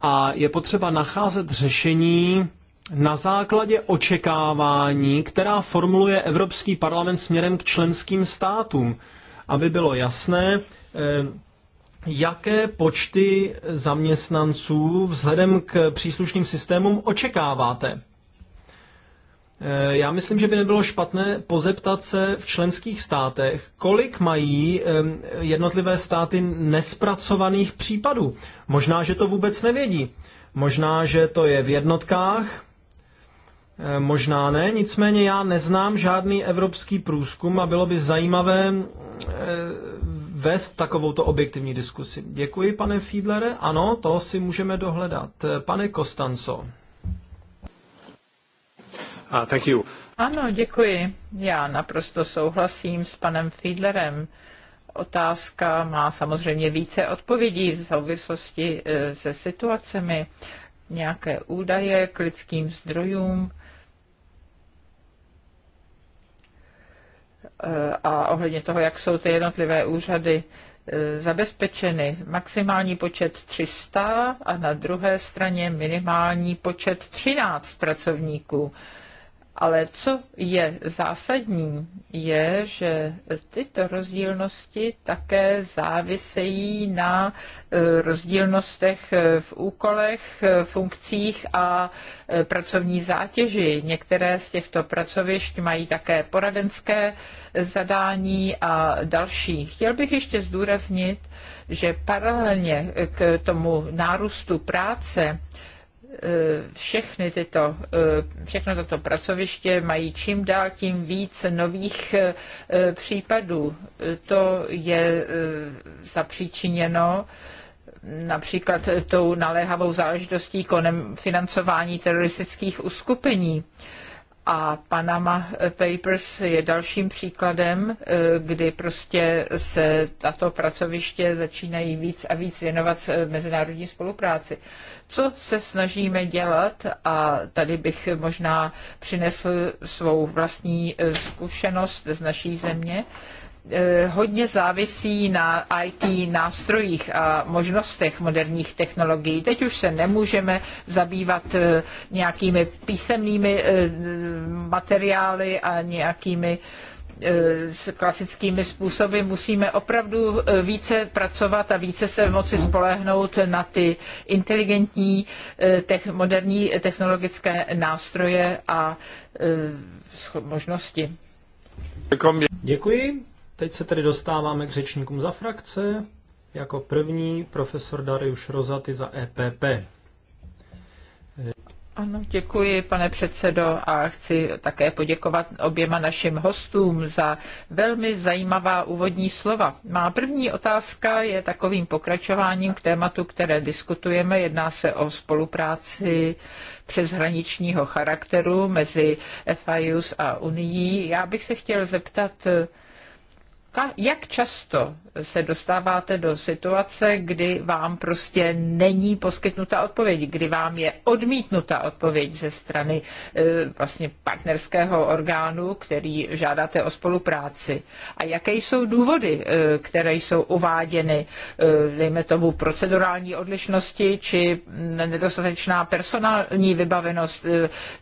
a je potřeba nacházet řešení na základě očekávání, která formuluje Evropský parlament směrem k členským státům. Aby bylo jasné, eh, jaké počty zaměstnanců vzhledem k příslušným systémům očekáváte. Eh, já myslím, že by nebylo špatné pozeptat se v členských státech, kolik mají eh, jednotlivé státy nespracovaných případů. Možná, že to vůbec nevědí. Možná, že to je v jednotkách, eh, možná ne, nicméně já neznám žádný evropský průzkum a bylo by zajímavé vést takovouto objektivní diskusi. Děkuji, pane Fiedlere. Ano, to si můžeme dohledat. Pane Kostanco. Ah, thank you. Ano, děkuji. Já naprosto souhlasím s panem Fiedlerem. Otázka má samozřejmě více odpovědí v souvislosti eh, se situacemi, nějaké údaje k lidským zdrojům Eh, a ohledně toho, jak jsou ty jednotlivé úřady eh, zabezpečeny. Maximální počet 300 a na druhé straně minimální počet 13 pracovníků. Ale co je zásadní, je, že tyto rozdílnosti také závisejí na e, rozdílnostech e, v úkolech, e, funkcích a pracovní zátěži. Některé z těchto pracovišť mají také poradenské zadání a další. Chtěl bych ještě zdůraznit, že paralelně k tomu nárůstu práce, E, všechny tyto, e, všechno toto pracoviště mají čím dál tím víc nových e, případů. To je zapříčiněno například tou naléhavou záležitostí konem financování teroristických uskupení. A Panama Papers je dalším příkladem, kdy prostě se tato pracoviště začínají víc a víc věnovat mezinárodní spolupráci co se snažíme dělat, a tady bych možná přinesl svou vlastní eh, zkušenost z naší země, eh, hodně závisí na IT nástrojích a možnostech moderních technologií. Teď už se nemůžeme zabývat eh, nějakými písemnými materiály a nějakými E, s klasickými způsoby. Musíme opravdu e, více pracovat a více se moci spolehnout na ty inteligentní e, tech, moderní technologické nástroje a možnosti. Děkuji. Teď se tedy dostáváme k řečníkům za frakce. Jako první profesor Darius Rozaty za EPP. Ano, děkuji, pane předsedo, a chci také poděkovat oběma našim hostům za velmi zajímavá úvodní slova. Má první otázka je takovým pokračováním k tématu, které diskutujeme. Jedná se o spolupráci přeshraničního charakteru mezi FIUS a Unii. Já bych se chtěl zeptat, jak často se dostáváte do situace, kdy vám prostě není poskytnuta odpověď, kdy vám je odmítnuta odpověď ze strany e, vlastně partnerského orgánu, který žádáte o spolupráci? A jaké jsou důvody, e, které jsou uváděny, e, dejme tomu procedurální odlišnosti či nedostatečná personální vybavenost,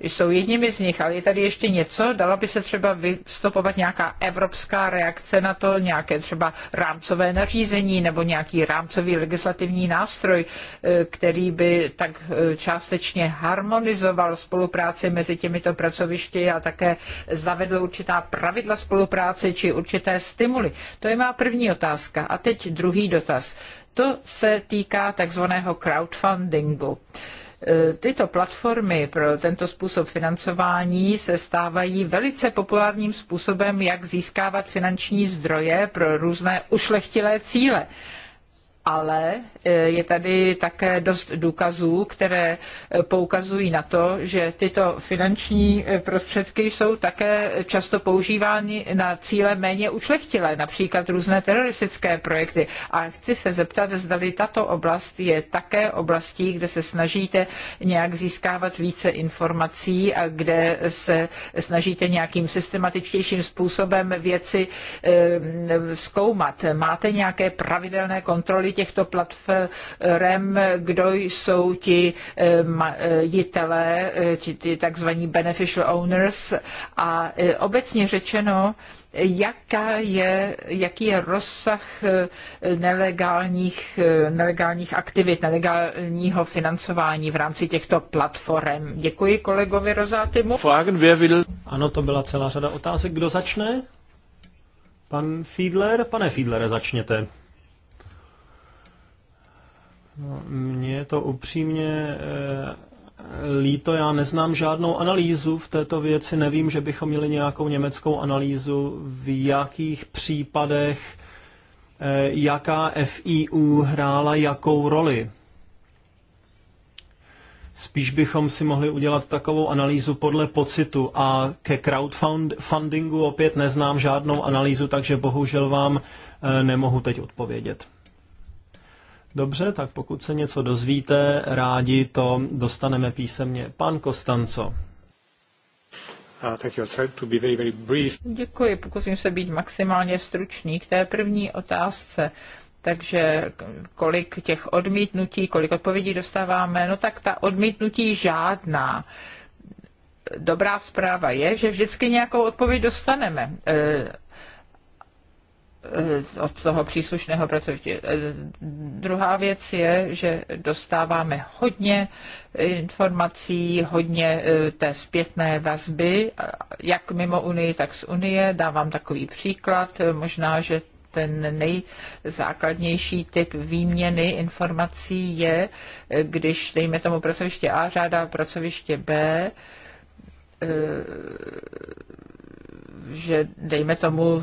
jsou jedními z nich, ale je tady ještě něco, dala by se třeba vystopovat nějaká evropská reakce na to nějaké třeba rámcové nařízení nebo nějaký rámcový legislativní nástroj, eh, který by tak eh, částečně harmonizoval spolupráci mezi těmito pracovišti a také zavedl určitá pravidla spolupráce či určité stimuly. To je má první otázka. A teď druhý dotaz. To se týká takzvaného crowdfundingu. Uh, E, tyto platformy pro tento způsob financování se stávají velice populárním způsobem, jak získávat finanční zdroje pro různé ušlechtilé cíle ale e, je tady také dost důkazů, které e, poukazují na to, že tyto finanční e, prostředky jsou také často používány na cíle méně ušlechtilé, například různé teroristické projekty. A chci se zeptat, zdali tato oblast je také oblastí, kde se snažíte nějak získávat více informací a kde se snažíte nějakým systematičtějším způsobem věci zkoumat. Máte nějaké pravidelné kontroly těchto platform, kdo jsou ti eh, majitelé, eh, ti takzvaní beneficial owners a eh, obecně řečeno, jaká je, jaký je rozsah nelegálních, nelegálních aktivit, nelegálního financování v rámci těchto platform. Děkuji kolegovi Rozátymu. Ano, to byla celá řada otázek. Kdo začne? Pan Fiedler? Pane Fiedlere, začněte. No, mně to upřímně e, líto, já neznám žádnou analýzu v této věci, nevím, že bychom měli nějakou německou analýzu, v jakých případech, e, jaká FIU hrála jakou roli. Spíš bychom si mohli udělat takovou analýzu podle pocitu a ke crowdfundingu opět neznám žádnou analýzu, takže bohužel vám e, nemohu teď odpovědět. Dobře, tak pokud se něco dozvíte, rádi to dostaneme písemně. Pan Kostanco. Uh, Děkuji, pokusím se být maximálně stručný k té první otázce. Takže kolik těch odmítnutí, kolik odpovědí dostáváme, no tak ta odmítnutí žádná dobrá zpráva je, že vždycky nějakou odpověď dostaneme. Eh, Eh, od toho příslušného pracoviště. Eh, druhá věc je, že dostáváme hodně informací, hodně eh, té zpětné vazby, jak mimo Unii, tak z Unie. Dávám takový příklad, možná, že ten nejzákladnější typ výměny informací je, když, dejme tomu, pracoviště A řádá pracoviště B, že dejme tomu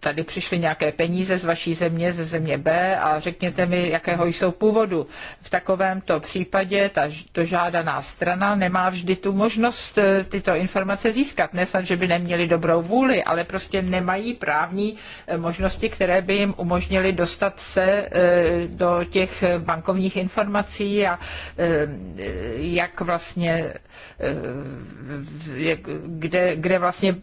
tady přišly nějaké peníze z vaší země, ze země B a řekněte mi, jakého jsou původu. V takovémto případě ta žádaná strana nemá vždy tu možnost eh, tyto informace získat. Ne že by neměli dobrou vůli, ale prostě nemají právní eh, možnosti, které by jim umožnily dostat se eh, do těch bankovních informací a jak vlastně kde, kde vlastně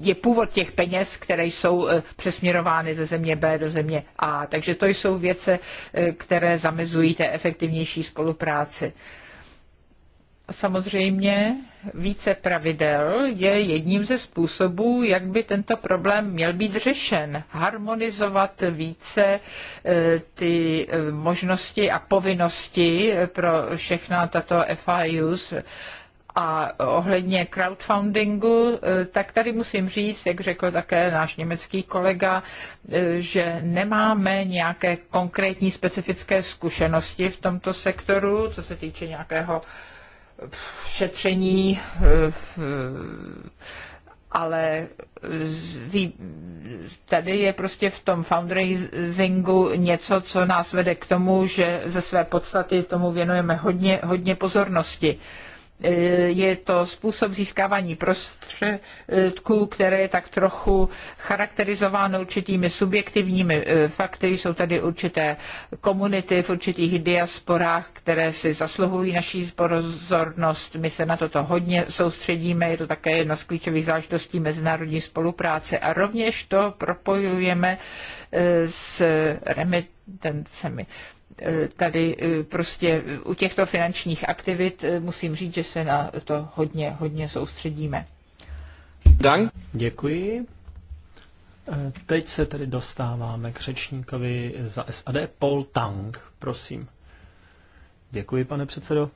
je původ těch peněz, které jsou eh, přesměrovány ze země B do země A. Takže to jsou věce, eh, které zamezují té efektivnější spolupráci. Samozřejmě více pravidel je jedním ze způsobů, jak by tento problém měl být řešen. Harmonizovat více eh, ty možnosti a povinnosti pro všechna tato FIUs a ohledně crowdfundingu, eh, tak tady musím říct, jak řekl také náš německý kolega, eh, že nemáme nějaké konkrétní specifické zkušenosti v tomto sektoru, co se týče nějakého šetření eh, ale tady je prostě v tom fundraisingu něco, co nás vede k tomu, že ze své podstaty tomu věnujeme hodně, hodně pozornosti. Eh, je to způsob získávání prostředků, které je tak trochu charakterizováno určitými subjektivními eh, fakty. Jsou tady určité komunity v určitých diasporách, které si zasluhují naší pozornost. My se na toto hodně soustředíme, je to také jedna z klíčových záležitostí mezinárodní spolupráce a rovněž to propojujeme eh, s remitencemi. Eh, tady eh, prostě eh, u těchto finančních aktivit musím říct, že se na to hodně, hodně soustředíme. Dank. Děkuji. Teď se tedy dostáváme k řečníkovi za SAD, Paul Tang, prosím. Děkuji, pane předsedo.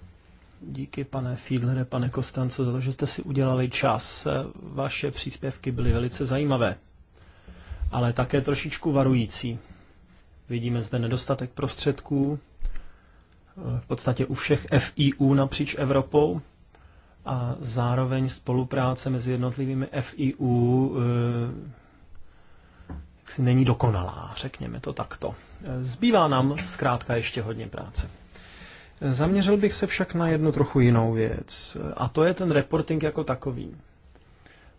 Díky, pane Fiedlere, pane Kostanco, za to, že jste si udělali čas. Vaše příspěvky byly velice zajímavé, ale také trošičku varující. Vidíme zde nedostatek prostředků v podstatě u všech FIU napříč Evropou a zároveň spolupráce mezi jednotlivými FIU eh, si není dokonalá, řekněme to takto. Zbývá nám zkrátka ještě hodně práce. Zaměřil bych se však na jednu trochu jinou věc, a to je ten reporting jako takový.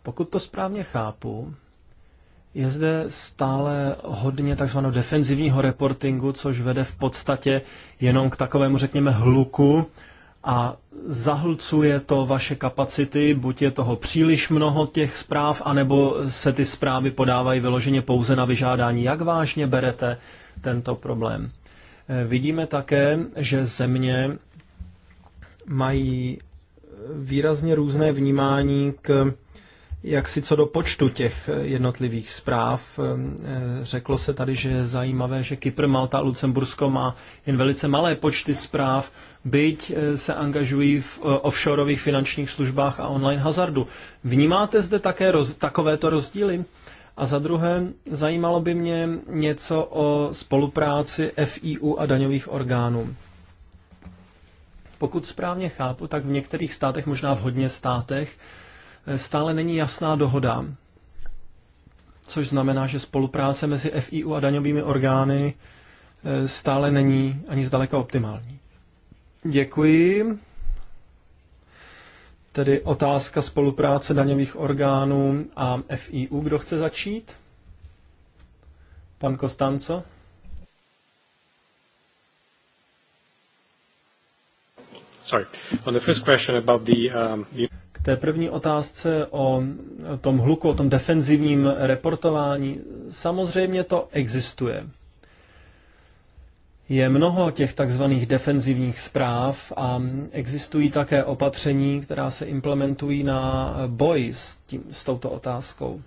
Pokud to správně chápu, je zde stále hodně takzvaného defenzivního reportingu, což vede v podstatě jenom k takovému, řekněme, hluku a zahlcuje to vaše kapacity, buď je toho příliš mnoho těch zpráv, anebo se ty zprávy podávají vyloženě pouze na vyžádání. Jak vážně berete tento problém? Eh, vidíme také, že země mají výrazně různé vnímání k jak si co do počtu těch eh, jednotlivých zpráv. Eh, eh, řeklo se tady, že je zajímavé, že Kypr, Malta a Lucembursko má jen velice malé počty zpráv, byť se angažují v offshoreových finančních službách a online hazardu. Vnímáte zde také roz, takovéto rozdíly? A za druhé, zajímalo by mě něco o spolupráci FIU a daňových orgánů. Pokud správně chápu, tak v některých státech, možná v hodně státech, stále není jasná dohoda, což znamená, že spolupráce mezi FIU a daňovými orgány e, stále není ani zdaleka optimální. Děkuji. Tedy otázka spolupráce daňových orgánů a FIU. Kdo chce začít? Pan Kostanco? Sorry. On the first question about the, um, the té první otázce o tom hluku, o tom defenzivním reportování, samozřejmě to existuje. Je mnoho těch takzvaných defenzivních zpráv a existují také opatření, která se implementují na boj s, tím, s touto otázkou.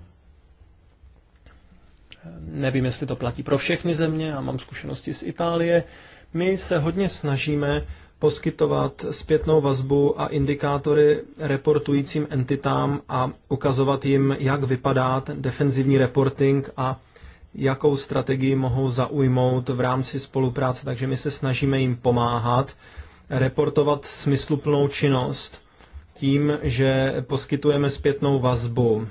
Nevím, jestli to platí pro všechny země, já mám zkušenosti z Itálie. My se hodně snažíme poskytovat zpětnou vazbu a indikátory reportujícím entitám a ukazovat jim, jak vypadá ten defenzivní reporting a jakou strategii mohou zaujmout v rámci spolupráce. Takže my se snažíme jim pomáhat reportovat smysluplnou činnost tím, že poskytujeme zpětnou vazbu.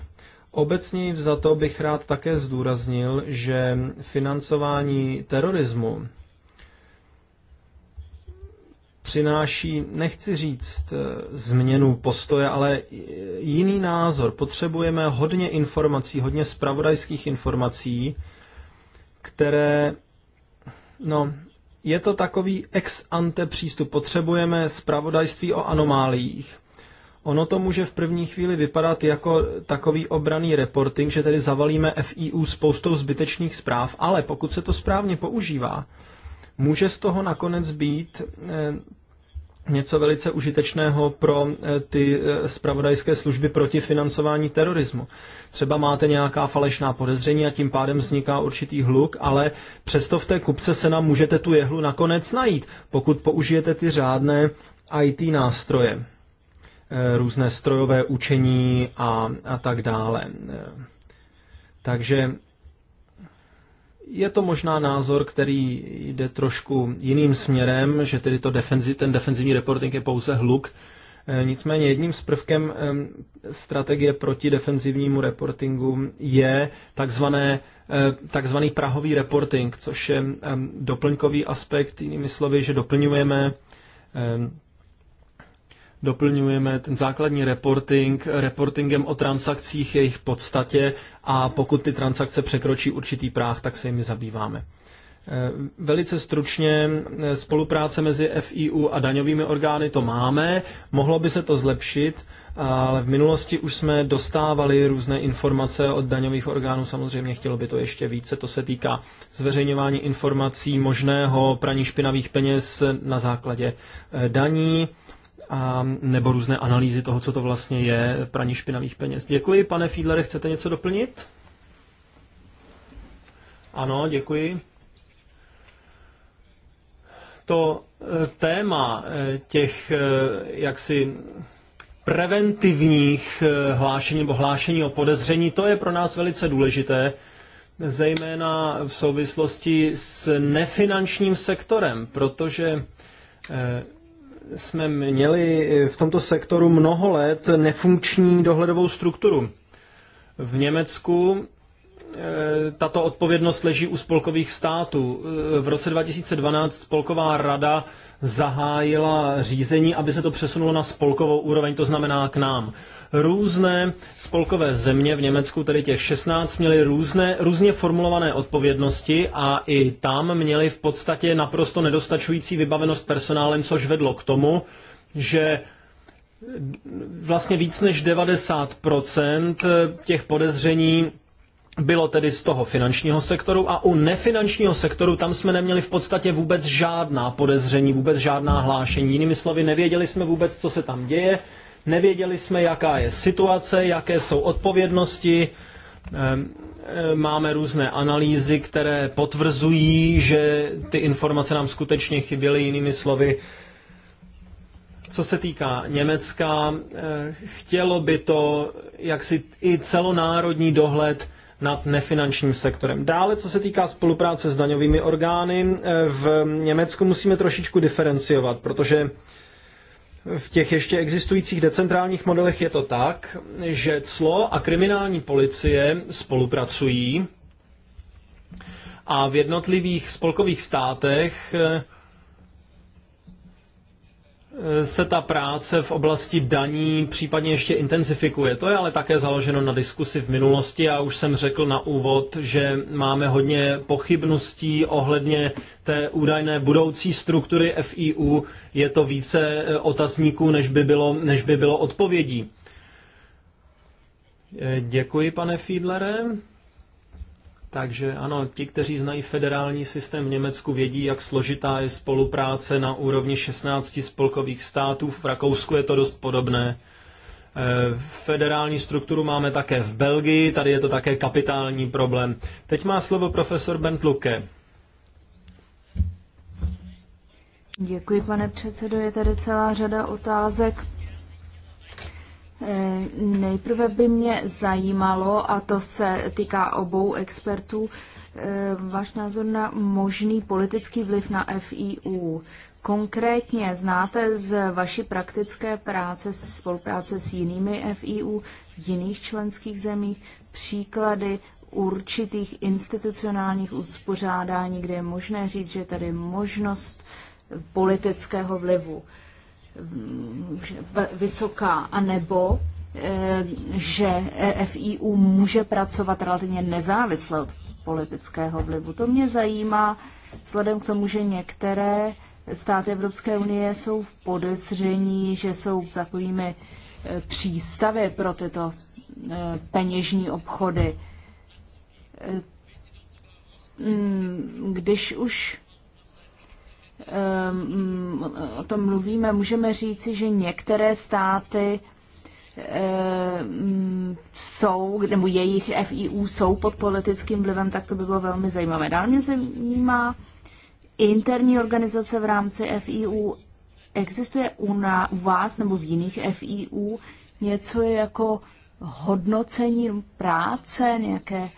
Obecně za to bych rád také zdůraznil, že financování terorismu přináší, nechci říct eh, změnu postoje, ale jiný názor. Potřebujeme hodně informací, hodně spravodajských informací, které, no, je to takový ex ante přístup. Potřebujeme spravodajství o anomáliích. Ono to může v první chvíli vypadat jako takový obraný reporting, že tedy zavalíme FIU spoustou zbytečných zpráv, ale pokud se to správně používá, může z toho nakonec být eh, něco velice užitečného pro eh, ty spravodajské eh, služby proti financování terorismu. Třeba máte nějaká falešná podezření a tím pádem vzniká určitý hluk, ale přesto v té kupce se nám můžete tu jehlu nakonec najít, pokud použijete ty řádné IT nástroje, eh, různé strojové učení a, a tak dále. Takže je to možná názor, který jde trošku jiným směrem, že tedy to defenzi, ten defenzivní reporting je pouze hluk. E, nicméně jedním z prvkem e, strategie proti defenzivnímu reportingu je takzvané, e, takzvaný prahový reporting, což je doplňkový aspekt, jinými slovy, že doplňujeme doplňujeme ten základní reporting reportingem o transakcích, jejich podstatě a pokud ty transakce překročí určitý práh, tak se jimi zabýváme. Eh, velice stručně eh, spolupráce mezi FIU a daňovými orgány to máme, mohlo by se to zlepšit, ale v minulosti už jsme dostávali různé informace od daňových orgánů, samozřejmě chtělo by to ještě více, to se týká zveřejňování informací možného praní špinavých peněz na základě eh, daní, a nebo různé analýzy toho, co to vlastně je praní špinavých peněz. Děkuji, pane Fiedlere, chcete něco doplnit? Ano, děkuji. To eh, téma eh, těch eh, jaksi preventivních hlášení nebo hlášení o podezření, to je pro nás velice důležité, zejména v souvislosti s nefinančním sektorem, protože jsme měli e, v tomto sektoru mnoho let nefunkční dohledovou strukturu. V Německu e, tato odpovědnost leží u spolkových států. E, v roce 2012 spolková rada zahájila řízení, aby se to přesunulo na spolkovou úroveň, to znamená k nám. Různé spolkové země v Německu, tedy těch 16, měly různé, různě formulované odpovědnosti a i tam měly v podstatě naprosto nedostačující vybavenost personálem, což vedlo k tomu, že vlastně víc než 90% těch podezření bylo tedy z toho finančního sektoru a u nefinančního sektoru tam jsme neměli v podstatě vůbec žádná podezření, vůbec žádná hlášení. Jinými slovy, nevěděli jsme vůbec, co se tam děje, Nevěděli jsme, jaká je situace, jaké jsou odpovědnosti. Ehm, eh, máme různé analýzy, které potvrzují, že ty informace nám skutečně chyběly, jinými slovy. Co se týká Německa, eh, chtělo by to jaksi i celonárodní dohled nad nefinančním sektorem. Dále, co se týká spolupráce s daňovými orgány, eh, v Německu musíme trošičku diferenciovat, protože v těch ještě existujících decentrálních modelech je to tak, že clo a kriminální policie spolupracují a v jednotlivých spolkových státech se ta práce v oblasti daní případně ještě intenzifikuje. To je ale také založeno na diskusi v minulosti. Já už jsem řekl na úvod, že máme hodně pochybností ohledně té údajné budoucí struktury FIU. Je to více eh, otazníků, než by bylo, než by bylo odpovědí. Eh, děkuji, pane Fiedlere. Takže ano, ti, kteří znají federální systém v Německu, vědí, jak složitá je spolupráce na úrovni 16 spolkových států. V Rakousku je to dost podobné. E, federální strukturu máme také v Belgii, tady je to také kapitální problém. Teď má slovo profesor Bent Luke. Děkuji, pane předsedo. Je tady celá řada otázek Eh, nejprve by mě zajímalo, a to se týká obou expertů, eh, váš názor na možný politický vliv na FIU. Konkrétně znáte z vaší praktické práce, spolupráce s jinými FIU v jiných členských zemích příklady určitých institucionálních uspořádání, kde je možné říct, že je tady možnost politického vlivu vysoká, anebo eh, že FIU může pracovat relativně nezávisle od politického vlivu. To mě zajímá, vzhledem k tomu, že některé státy Evropské unie jsou v podezření, že jsou takovými eh, přístavy pro tyto eh, peněžní obchody. Mm, když už Ehm, o tom mluvíme, můžeme říci, že některé státy ehm, jsou, nebo jejich FIU jsou pod politickým vlivem, tak to by bylo velmi zajímavé. Dál mě zajímá interní organizace v rámci FIU. Existuje u, na, u vás nebo v jiných FIU něco jako hodnocení práce, nějaké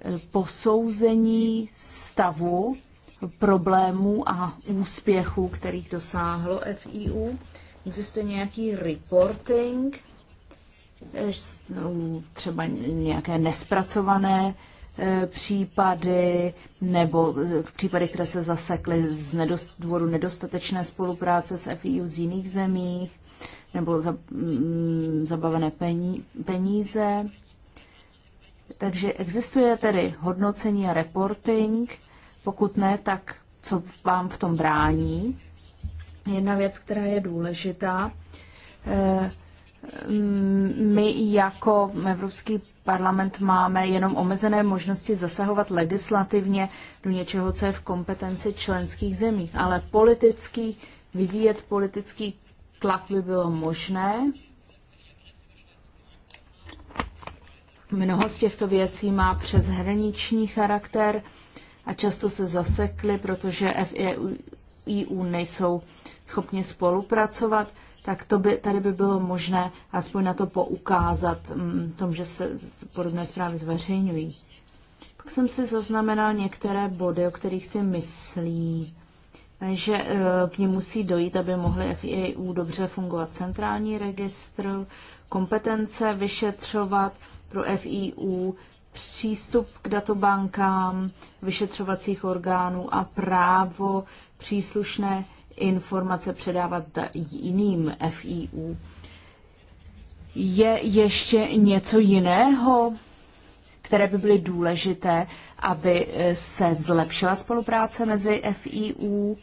eh, posouzení stavu problémů a úspěchů, kterých dosáhlo FIU. Existuje nějaký reporting, eh, třeba nějaké nespracované eh, případy nebo eh, případy, které se zasekly z nedost, důvodu nedostatečné spolupráce s FIU z jiných zemích nebo za, mm, zabavené pení, peníze. Takže existuje tedy hodnocení a reporting pokud ne, tak co vám v tom brání? Jedna věc, která je důležitá, eh, my jako Evropský parlament máme jenom omezené možnosti zasahovat legislativně do něčeho, co je v kompetenci členských zemí, ale politický, vyvíjet politický tlak by bylo možné. Mnoho z těchto věcí má přeshraniční charakter a často se zasekly, protože FEU nejsou schopni spolupracovat, tak to by, tady by bylo možné aspoň na to poukázat, mm, tom, že se podobné zprávy zveřejňují. Pak jsem si zaznamenal některé body, o kterých si myslí, že e, k ním musí dojít, aby mohly FEU dobře fungovat. Centrální registr, kompetence vyšetřovat pro FIU, e přístup k databankám vyšetřovacích orgánů a právo příslušné informace předávat jiným FIU. Je ještě něco jiného, které by byly důležité, aby eh, se zlepšila spolupráce mezi FIU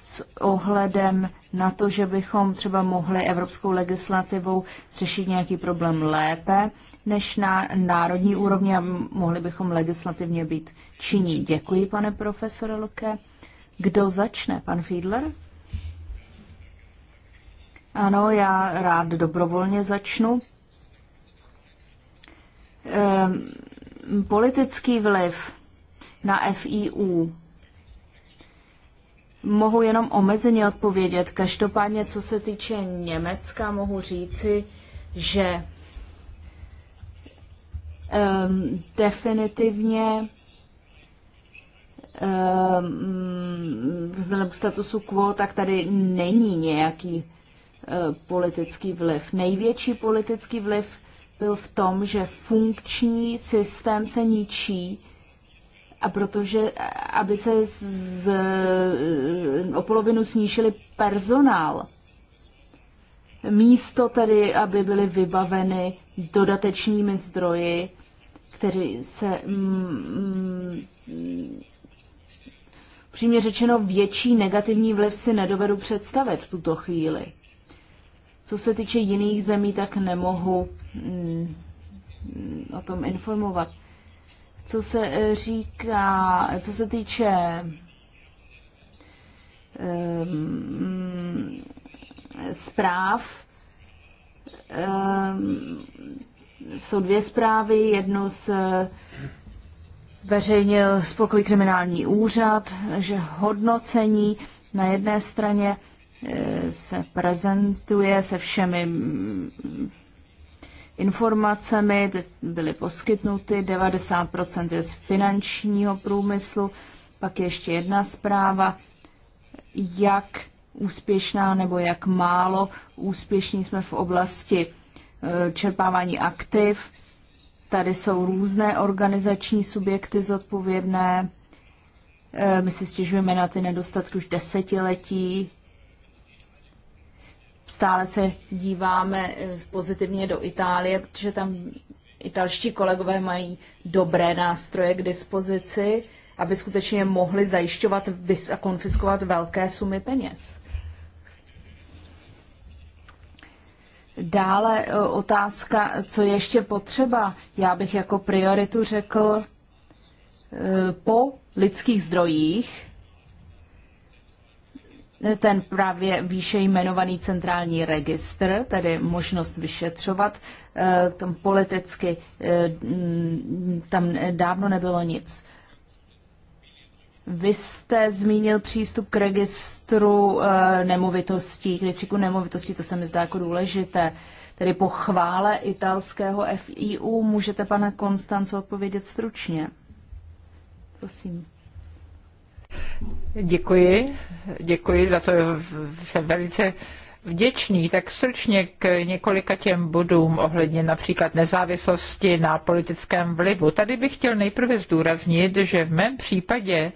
s ohledem na to, že bychom třeba mohli evropskou legislativou řešit nějaký problém lépe, než na národní úrovni a mohli bychom legislativně být činní. Děkuji, pane profesore Luke. Kdo začne? Pan Fiedler? Ano, já rád dobrovolně začnu. Ehm, politický vliv na FIU mohu jenom omezeně odpovědět. Každopádně, co se týče Německa, mohu říci, že um, definitivně ehm, vzhledem k statusu quo, tak tady není nějaký eh, politický vliv. Největší politický vliv byl v tom, že funkční systém se ničí a protože, aby se z, o polovinu snížili personál, místo tedy, aby byly vybaveny dodatečními zdroji, kteří se mm, mm přímě řečeno větší negativní vliv si nedovedu představit v tuto chvíli. Co se týče jiných zemí, tak nemohu mm, o tom informovat. Co se eh, říká, co se týče um, zpráv, um, jsou dvě zprávy, jednu z eh, veřejnil Spolkový kriminální úřad, že hodnocení na jedné straně eh, se prezentuje se všemi mm, informacemi, byly poskytnuty, 90% je z finančního průmyslu, pak ještě jedna zpráva, jak úspěšná nebo jak málo úspěšní jsme v oblasti Eh, čerpávání aktiv. Tady jsou různé organizační subjekty zodpovědné. Eh, my si stěžujeme na ty nedostatky už desetiletí. Stále se díváme eh, pozitivně do Itálie, protože tam italští kolegové mají dobré nástroje k dispozici, aby skutečně mohli zajišťovat a konfiskovat velké sumy peněz. Dále e, otázka, co ještě potřeba. Já bych jako prioritu řekl e, po lidských zdrojích ten právě výše jmenovaný centrální registr, tedy možnost vyšetřovat, e, tam politicky tam dávno nebylo nic vy jste zmínil přístup k registru e, nemovitostí, k registru nemovitostí, to se mi zdá jako důležité. Tedy po chvále italského FIU můžete, pane Konstanco, odpovědět stručně. Prosím. Děkuji, děkuji za to, jsem velice vděčný tak stručně k několika těm bodům ohledně například nezávislosti na politickém vlivu. Tady bych chtěl nejprve zdůraznit, že v mém případě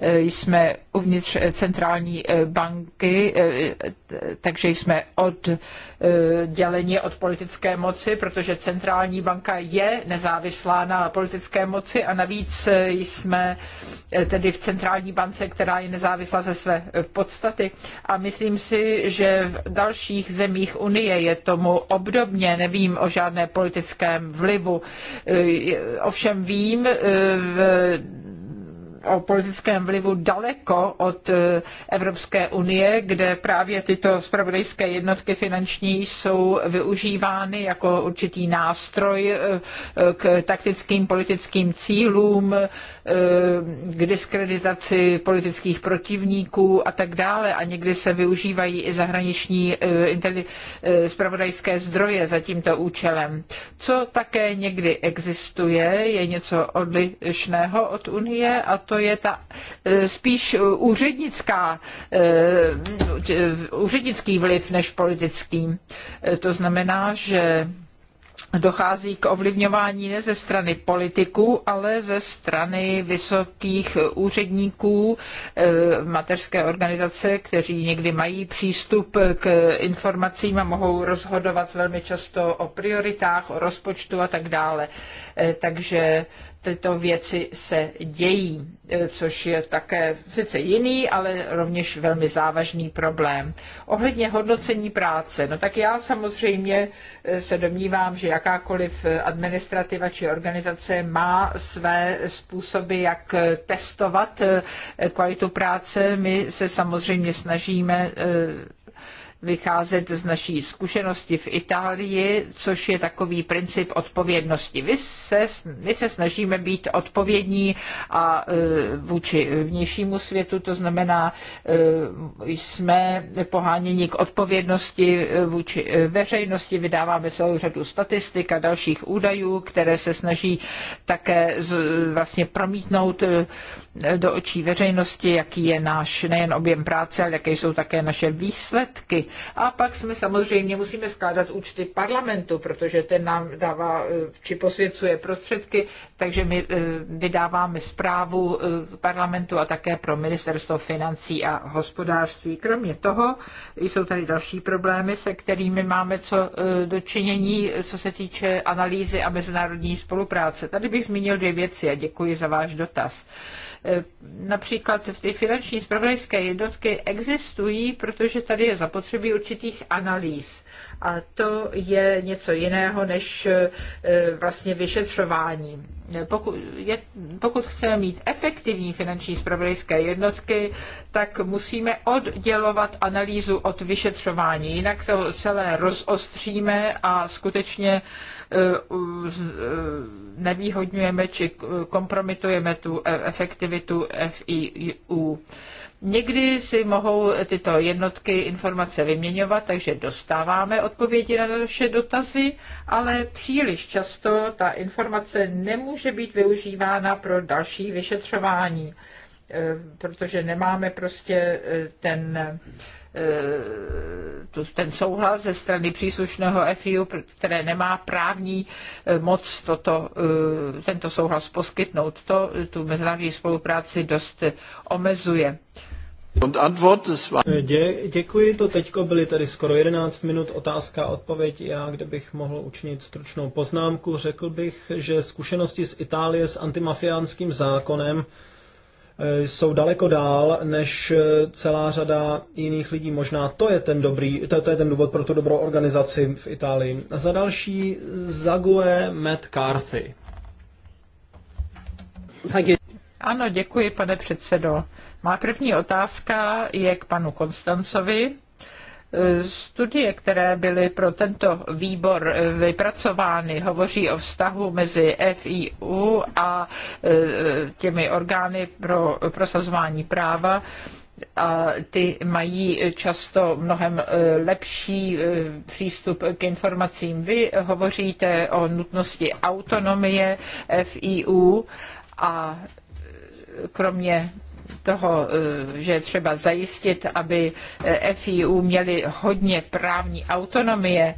Eh, jsme uvnitř eh, centrální eh, banky, takže jsme odděleni od politické moci, protože centrální banka je nezávislá na politické moci a navíc jsme tedy v centrální bance, která je nezávislá ze své podstaty. A myslím si, že v dalších zemích Unie je tomu obdobně, nevím o žádné politickém vlivu. Ovšem vím, v o politickém vlivu daleko od e, Evropské unie, kde právě tyto spravodajské jednotky finanční jsou využívány jako určitý nástroj e, k taktickým politickým cílům, Eh, k diskreditaci politických protivníků a tak dále. A někdy se využívají i zahraniční eh, eh, zpravodajské zdroje za tímto účelem. Co také někdy existuje, je něco odlišného od Unie a to je ta spíš úřednická, úřednický vliv než politický. To znamená, že dochází k ovlivňování ne ze strany politiků, ale ze strany vysokých úředníků eh, mateřské organizace, kteří někdy mají přístup k informacím a mohou rozhodovat velmi často o prioritách, o rozpočtu a tak dále. Eh, takže tyto věci se dějí, e, což je také sice jiný, ale rovněž velmi závažný problém. Ohledně hodnocení práce, no tak já samozřejmě e, se domnívám, že jakákoliv administrativa či organizace má své způsoby, jak e, testovat kvalitu práce. My se samozřejmě snažíme vycházet z naší zkušenosti v Itálii, což je takový princip odpovědnosti. My se, my se snažíme být odpovědní a e, vůči vnějšímu světu, to znamená, e, jsme poháněni k odpovědnosti e, vůči veřejnosti, vydáváme celou řadu statistik a dalších údajů, které se snaží také vlastně promítnout do očí veřejnosti, jaký je náš nejen objem práce, ale jaké jsou také naše výsledky. A pak jsme samozřejmě musíme skládat účty parlamentu, protože ten nám dává eh, či posvěcuje prostředky, takže my eh, vydáváme zprávu eh, parlamentu a také pro ministerstvo financí a hospodářství. Kromě toho jsou tady další problémy, se kterými máme co dočinění, co se týče analýzy a mezinárodní spolupráce. Tady bych zmínil dvě věci a děkuji za váš dotaz. Eh, například ty finanční spravodajské jednotky existují, protože tady je zapotřebí určitých analýz. A to je něco jiného než eh, vlastně vyšetřování. Pokud, je, pokud chceme mít efektivní finanční spravodajské jednotky, tak musíme oddělovat analýzu od vyšetřování. Jinak se celé rozostříme a skutečně E, e, nevýhodňujeme či kompromitujeme tu e, efektivitu FIU. Někdy si mohou tyto jednotky informace vyměňovat, takže dostáváme odpovědi na naše dotazy, ale příliš často ta informace nemůže být využívána pro další vyšetřování, protože nemáme prostě ten Eh, ten souhlas ze strany příslušného FIU, které nemá právní eh, moc toto, eh, tento souhlas poskytnout. To tu mezinárodní spolupráci dost omezuje. Dě, děkuji, to teďko byly tady skoro 11 minut otázka a odpověď. Já, kde bych mohl učinit stručnou poznámku, řekl bych, že zkušenosti z Itálie s antimafiánským zákonem Eh, jsou daleko dál než eh, celá řada jiných lidí. Možná to je ten dobrý, to, to je ten důvod pro tu dobrou organizaci v Itálii. A za další Zague Matt Carthy. Ano, děkuji, pane předsedo. Má první otázka je k panu Konstancovi. Studie, které byly pro tento výbor vypracovány, hovoří o vztahu mezi FIU a e, těmi orgány pro prosazování práva a ty mají často mnohem e, lepší e, přístup k informacím. Vy hovoříte o nutnosti autonomie FIU a kromě toho, eh, že je třeba zajistit, aby eh, FIU měli hodně právní autonomie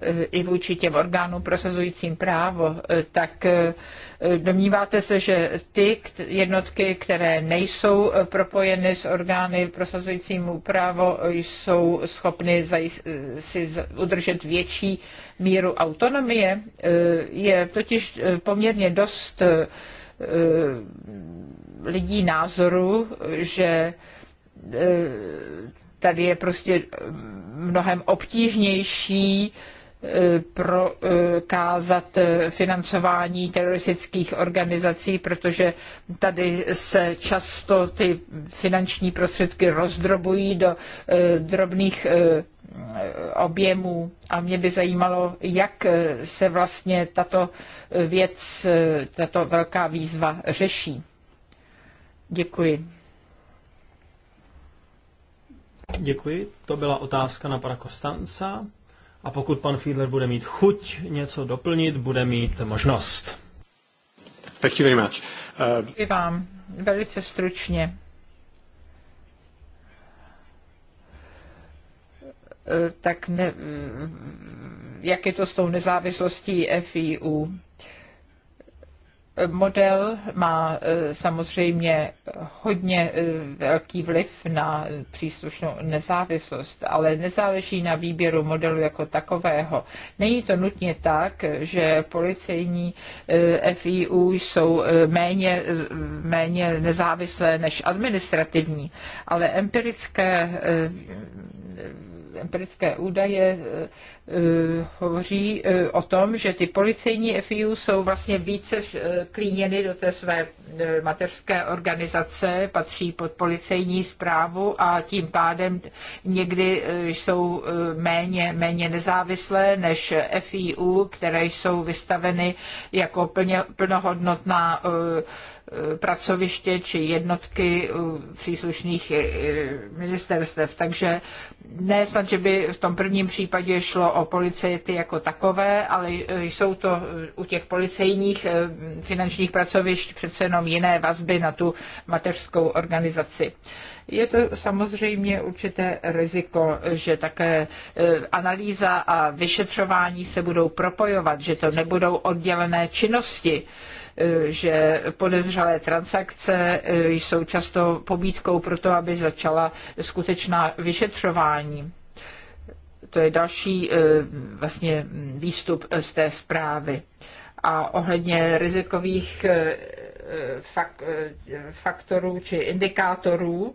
eh, i vůči těm orgánům prosazujícím právo, tak domníváte se, že ty jednotky, které nejsou propojeny s orgány prosazujícímu právo, jsou schopny si udržet větší míru autonomie? Je totiž poměrně dost Eh, lidí názoru, že eh, tady je prostě mnohem obtížnější prokázat financování teroristických organizací, protože tady se často ty finanční prostředky rozdrobují do eh, drobných eh, objemů a mě by zajímalo, jak se vlastně tato věc, tato velká výzva řeší. Děkuji. Děkuji. To byla otázka na pana Kostanca. A pokud pan Fiedler bude mít chuť něco doplnit, bude mít možnost. Thank you very much. Uh... Děkuji vám. Velice stručně. E, tak ne, e, jak je to s tou nezávislostí FIU? model má e, samozřejmě hodně e, velký vliv na příslušnou nezávislost, ale nezáleží na výběru modelu jako takového. Není to nutně tak, že policejní e, FIU jsou méně, méně nezávislé než administrativní, ale empirické empirické údaje eh, eh, hovoří eh, o tom, že ty policejní FIU jsou vlastně více klíněny do té své mateřské organizace, patří pod policejní zprávu a tím pádem někdy jsou méně, méně nezávislé než FIU, které jsou vystaveny jako plně, plnohodnotná Eh, pracoviště či jednotky příslušných ministerstev. Takže ne snad, že by v tom prvním případě šlo o policejty jako takové, ale eh, jsou to eh, u těch policejních finančních pracovišť přece jenom jiné vazby na tu mateřskou organizaci. Je to samozřejmě určité riziko, že také analýza a vyšetřování se budou propojovat, že to nebudou oddělené činnosti že podezřelé transakce eh, jsou často pobídkou pro to, aby začala skutečná vyšetřování. To je další eh, vlastně výstup z té zprávy. A ohledně rizikových eh, faktorů či indikátorů,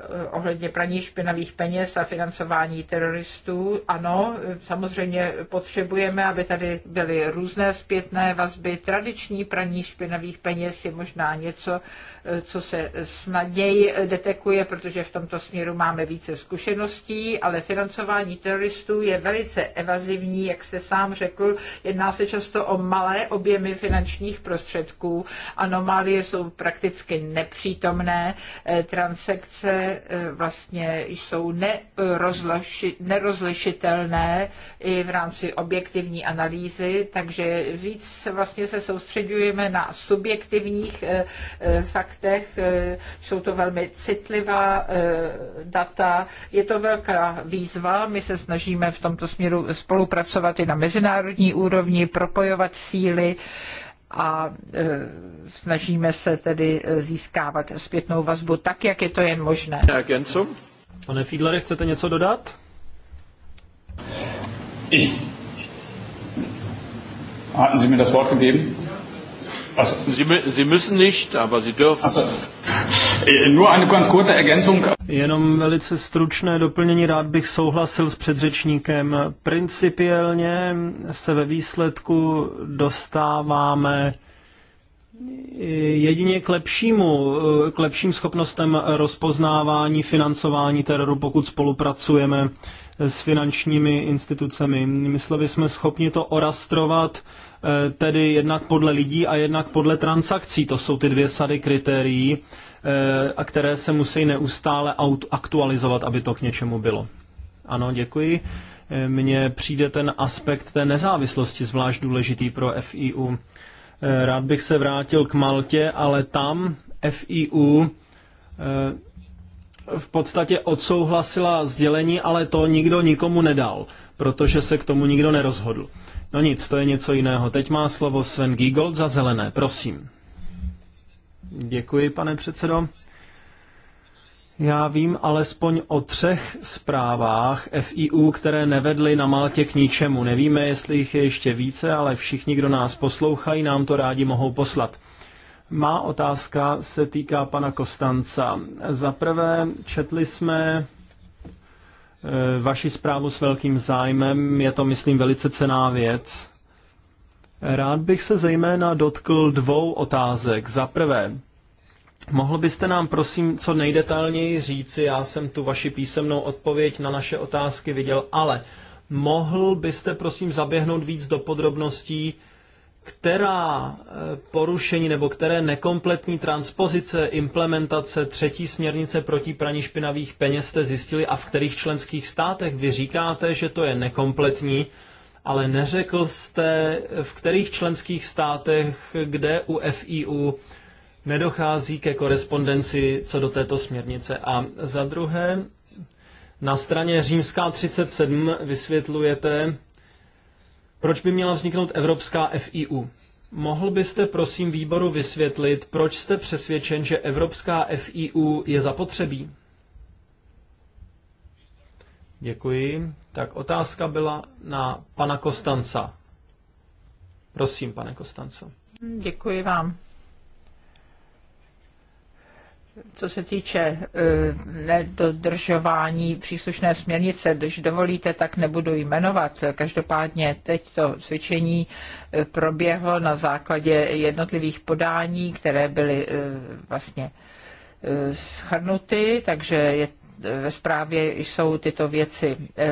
Eh, ohledně praní špinavých peněz a financování teroristů. Ano, samozřejmě potřebujeme, aby tady byly různé zpětné vazby. Tradiční praní špinavých peněz je možná něco, co se snadněji detekuje, protože v tomto směru máme více zkušeností, ale financování teroristů je velice evazivní, jak jste sám řekl. Jedná se často o malé objemy finančních prostředků. Anomálie jsou prakticky nepřítomné. Eh, transakce eh, vlastně jsou nerozloši, nerozlišitelné i v rámci objektivní analýzy, takže víc vlastně se soustředujeme na subjektivních eh, faktorů, aktech. Eh, jsou to velmi citlivá eh, data. Je to velká výzva. My se snažíme v tomto směru spolupracovat i na mezinárodní úrovni, propojovat síly a eh, snažíme se tedy získávat zpětnou vazbu tak, jak je to jen možné. Pane Fiedlere, chcete něco dodat? haben ah, Sie mir das Wort gegeben? Also, Sie, Sie müssen nicht, aber Sie dürfen. Also, äh, nur eine ganz kurze Ergänzung. Jenom velice stručné doplnění, rád bych souhlasil s předřečníkem. Principiálně se ve výsledku dostáváme eh, jedině k lepšímu, eh, k lepším schopnostem rozpoznávání, financování teroru, pokud spolupracujeme s finančními institucemi. Mysleli jsme schopni to orastrovat Eh, tedy jednak podle lidí a jednak podle transakcí. To jsou ty dvě sady kritérií, eh, a které se musí neustále aktualizovat, aby to k něčemu bylo. Ano, děkuji. Eh, mně přijde ten aspekt té nezávislosti zvlášť důležitý pro FIU. Rád bych se vrátil k Maltě, ale tam FIU v podstatě odsouhlasila sdělení, ale to nikdo nikomu nedal, protože se k tomu nikdo nerozhodl. No nic, to je něco jiného. Teď má slovo Sven Giegold za zelené, prosím. Děkuji, pane předsedo. Já vím alespoň o třech zprávách FIU, které nevedly na Maltě k ničemu. Nevíme, jestli jich je ještě více, ale všichni, kdo nás poslouchají, nám to rádi mohou poslat. Má otázka se týká pana Kostanca. Za prvé, četli jsme Eh, vaši zprávu s velkým zájmem. Je to, myslím, velice cená věc. Rád bych se zejména dotkl dvou otázek. Za prvé, Mohl byste nám prosím co nejdetailněji říci, já jsem tu vaši písemnou odpověď na naše otázky viděl, ale mohl byste prosím zaběhnout víc do podrobností, která eh, porušení nebo které nekompletní transpozice implementace třetí směrnice proti praní špinavých peněz jste zjistili a v kterých členských státech? Vy říkáte, že to je nekompletní, ale neřekl jste, v kterých členských státech, kde u FIU nedochází ke korespondenci co do této směrnice. A za druhé, na straně římská 37 vysvětlujete, proč by měla vzniknout Evropská FIU? Mohl byste prosím výboru vysvětlit, proč jste přesvědčen, že Evropská FIU je zapotřebí? Děkuji. Tak otázka byla na pana Kostanca. Prosím, pane Kostanco. Děkuji vám co se týče eh, nedodržování příslušné směrnice, když dovolíte, tak nebudu jmenovat. Každopádně teď to cvičení eh, proběhlo na základě jednotlivých podání, které byly eh, vlastně schrnuty, takže je ve zprávě jsou tyto věci e,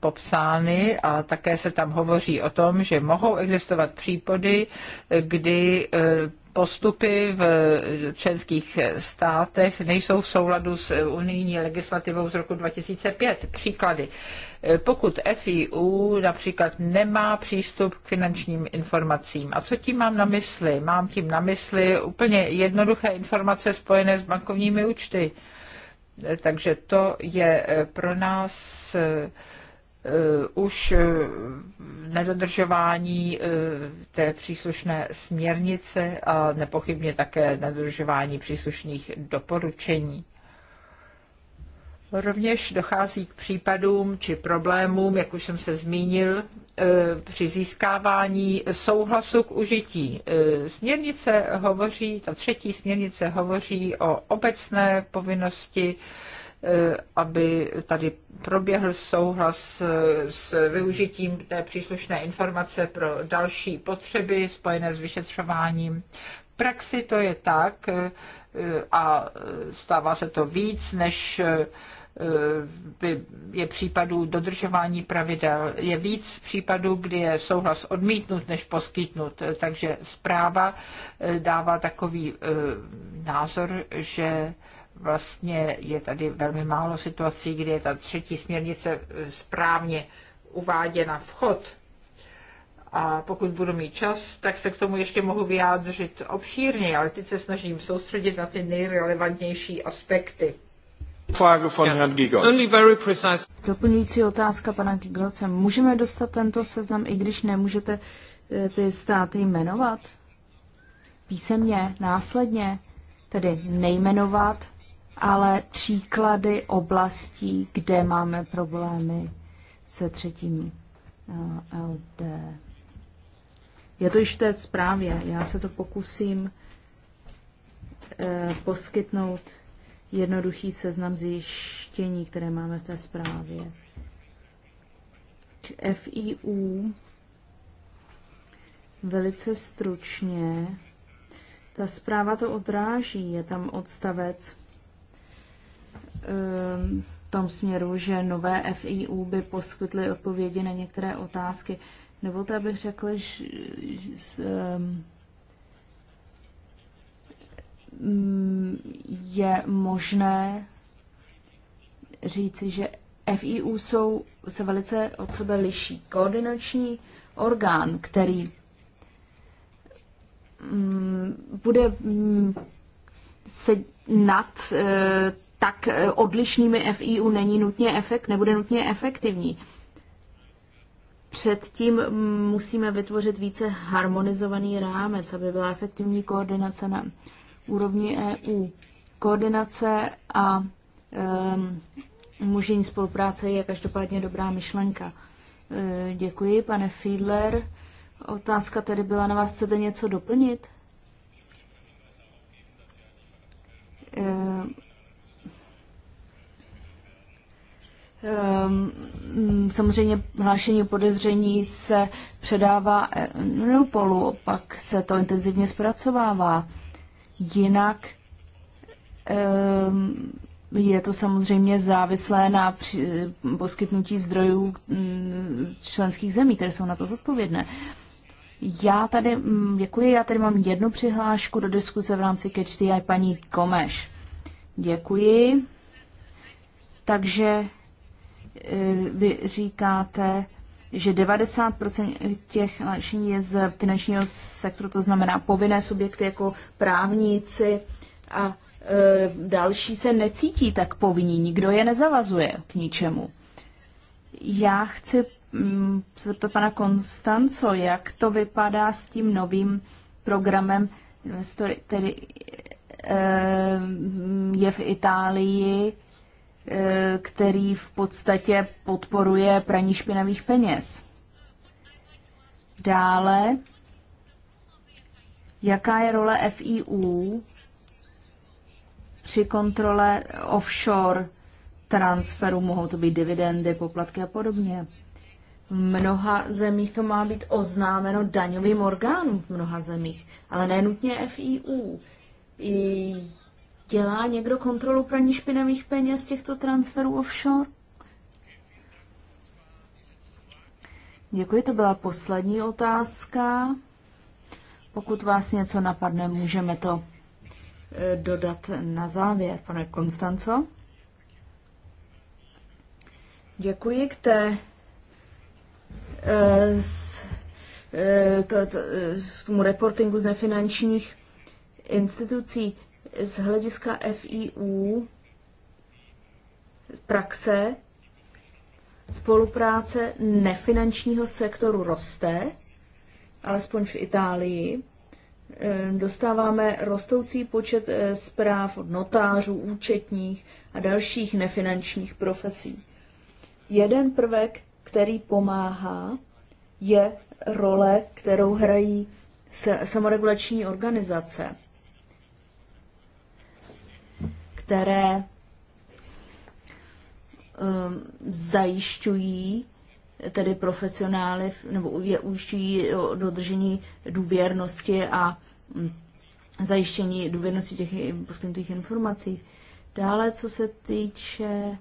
popsány a také se tam hovoří o tom, že mohou existovat případy, kdy e, postupy v členských státech nejsou v souladu s unijní legislativou z roku 2005. Příklady. Pokud FIU například nemá přístup k finančním informacím. A co tím mám na mysli? Mám tím na mysli úplně jednoduché informace spojené s bankovními účty. Takže to je pro nás Eh, už eh, nedodržování eh, té příslušné směrnice a nepochybně také nedodržování příslušných doporučení. Rovněž dochází k případům či problémům, jak už jsem se zmínil, při získávání souhlasu k užití. Směrnice hovoří, ta třetí směrnice hovoří o obecné povinnosti Eh, aby tady proběhl souhlas eh, s využitím té příslušné informace pro další potřeby spojené s vyšetřováním. V praxi to je tak eh, a stává se to víc, než je případů dodržování pravidel, je víc případů, kdy je souhlas odmítnut než poskytnut. Takže zpráva dává takový názor, že vlastně je tady velmi málo situací, kdy je ta třetí směrnice správně uváděna vchod. A pokud budu mít čas, tak se k tomu ještě mohu vyjádřit obšírně, ale teď se snažím soustředit na ty nejrelevantnější aspekty. Doplňující otázka pana Gigoce. Můžeme dostat tento seznam, i když nemůžete eh, ty státy jmenovat? Písemně, následně, tedy nejmenovat, ale příklady oblastí, kde máme problémy se třetím eh, LD. Je to již v té zprávě. Já se to pokusím eh, poskytnout jednoduchý seznam zjištění, které máme v té zprávě. K FIU velice stručně. Ta zpráva to odráží. Je tam odstavec Ehm, v tom směru, že nové FIU by poskytly odpovědi na některé otázky. Dovolte, abych řekl, že ehm, mm, je možné říci, že FIU jsou, se velice od sebe liší. Koordinační orgán, který mm, bude mm, se nad eh, tak eh, odlišnými FIU není nutně efekt, nebude nutně efektivní. Předtím musíme vytvořit více harmonizovaný rámec, aby byla efektivní koordinace na úrovni EU. Koordinace a um, ehm, umožnění spolupráce je každopádně dobrá myšlenka. E, děkuji, pane Fiedler. Otázka tedy byla na vás, chcete něco doplnit? E, Ehm, mm, samozřejmě hlášení podezření se předává eh, Europolu, pak se to intenzivně zpracovává. Jinak ehm, je to samozřejmě závislé na eh, poskytnutí zdrojů mm, členských zemí, které jsou na to zodpovědné. Já tady, mm, děkuji, já tady mám jednu přihlášku do diskuse v rámci Catch the paní Komeš. Děkuji. Takže Eh, vy říkáte, že 90% těch hlášení je z finančního sektoru, to znamená povinné subjekty jako právníci a eh, další se necítí tak povinní, nikdo je nezavazuje k ničemu. Já chci mm, zeptat pana Konstanco, jak to vypadá s tím novým programem, který eh, je v Itálii, Eh, který v podstatě podporuje praní špinavých peněz. Dále, jaká je role FIU při kontrole offshore transferu, mohou to být dividendy, poplatky a podobně. V mnoha zemích to má být oznámeno daňovým orgánům v mnoha zemích, ale nenutně FIU. I Dělá někdo kontrolu praní špinavých peněz těchto transferů offshore? Děkuji, to byla poslední otázka. Pokud vás něco napadne, můžeme to e, dodat na závěr, pane Konstanco. Děkuji k té e, s, k e, tomu reportingu z nefinančních institucí z hlediska FIU praxe spolupráce nefinančního sektoru roste, alespoň v Itálii. Eh, dostáváme rostoucí počet eh, zpráv od notářů, účetních a dalších nefinančních profesí. Jeden prvek, který pomáhá, je role, kterou hrají samoregulační organizace které um, zajišťují tedy profesionály nebo je ujišťují dodržení důvěrnosti a hm, zajištění důvěrnosti těch poskytnutých informací. Dále, co se týče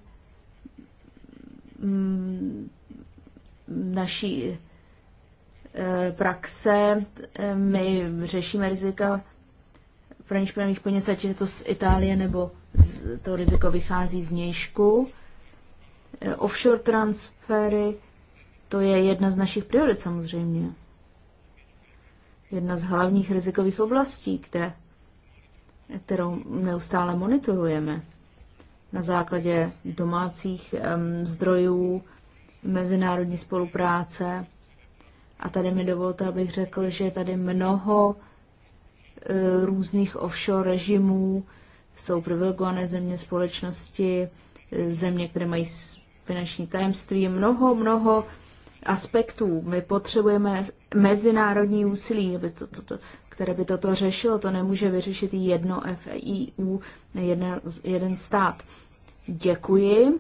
hm, naší eh, praxe, eh, my řešíme rizika praní špinavých peněz, ať je to z Itálie nebo to riziko vychází z nějšku. Eh, offshore transfery, to je jedna z našich priorit samozřejmě. Jedna z hlavních rizikových oblastí, kde, kterou neustále monitorujeme na základě domácích um, zdrojů, mezinárodní spolupráce. A tady mi dovolte, abych řekl, že je tady mnoho uh, různých offshore režimů, jsou privilegované země společnosti, země, které mají finanční tajemství, mnoho, mnoho aspektů. My potřebujeme mezinárodní úsilí, aby to, to, to, které by toto řešilo. To nemůže vyřešit jedno FIU, jedna, jeden stát. Děkuji.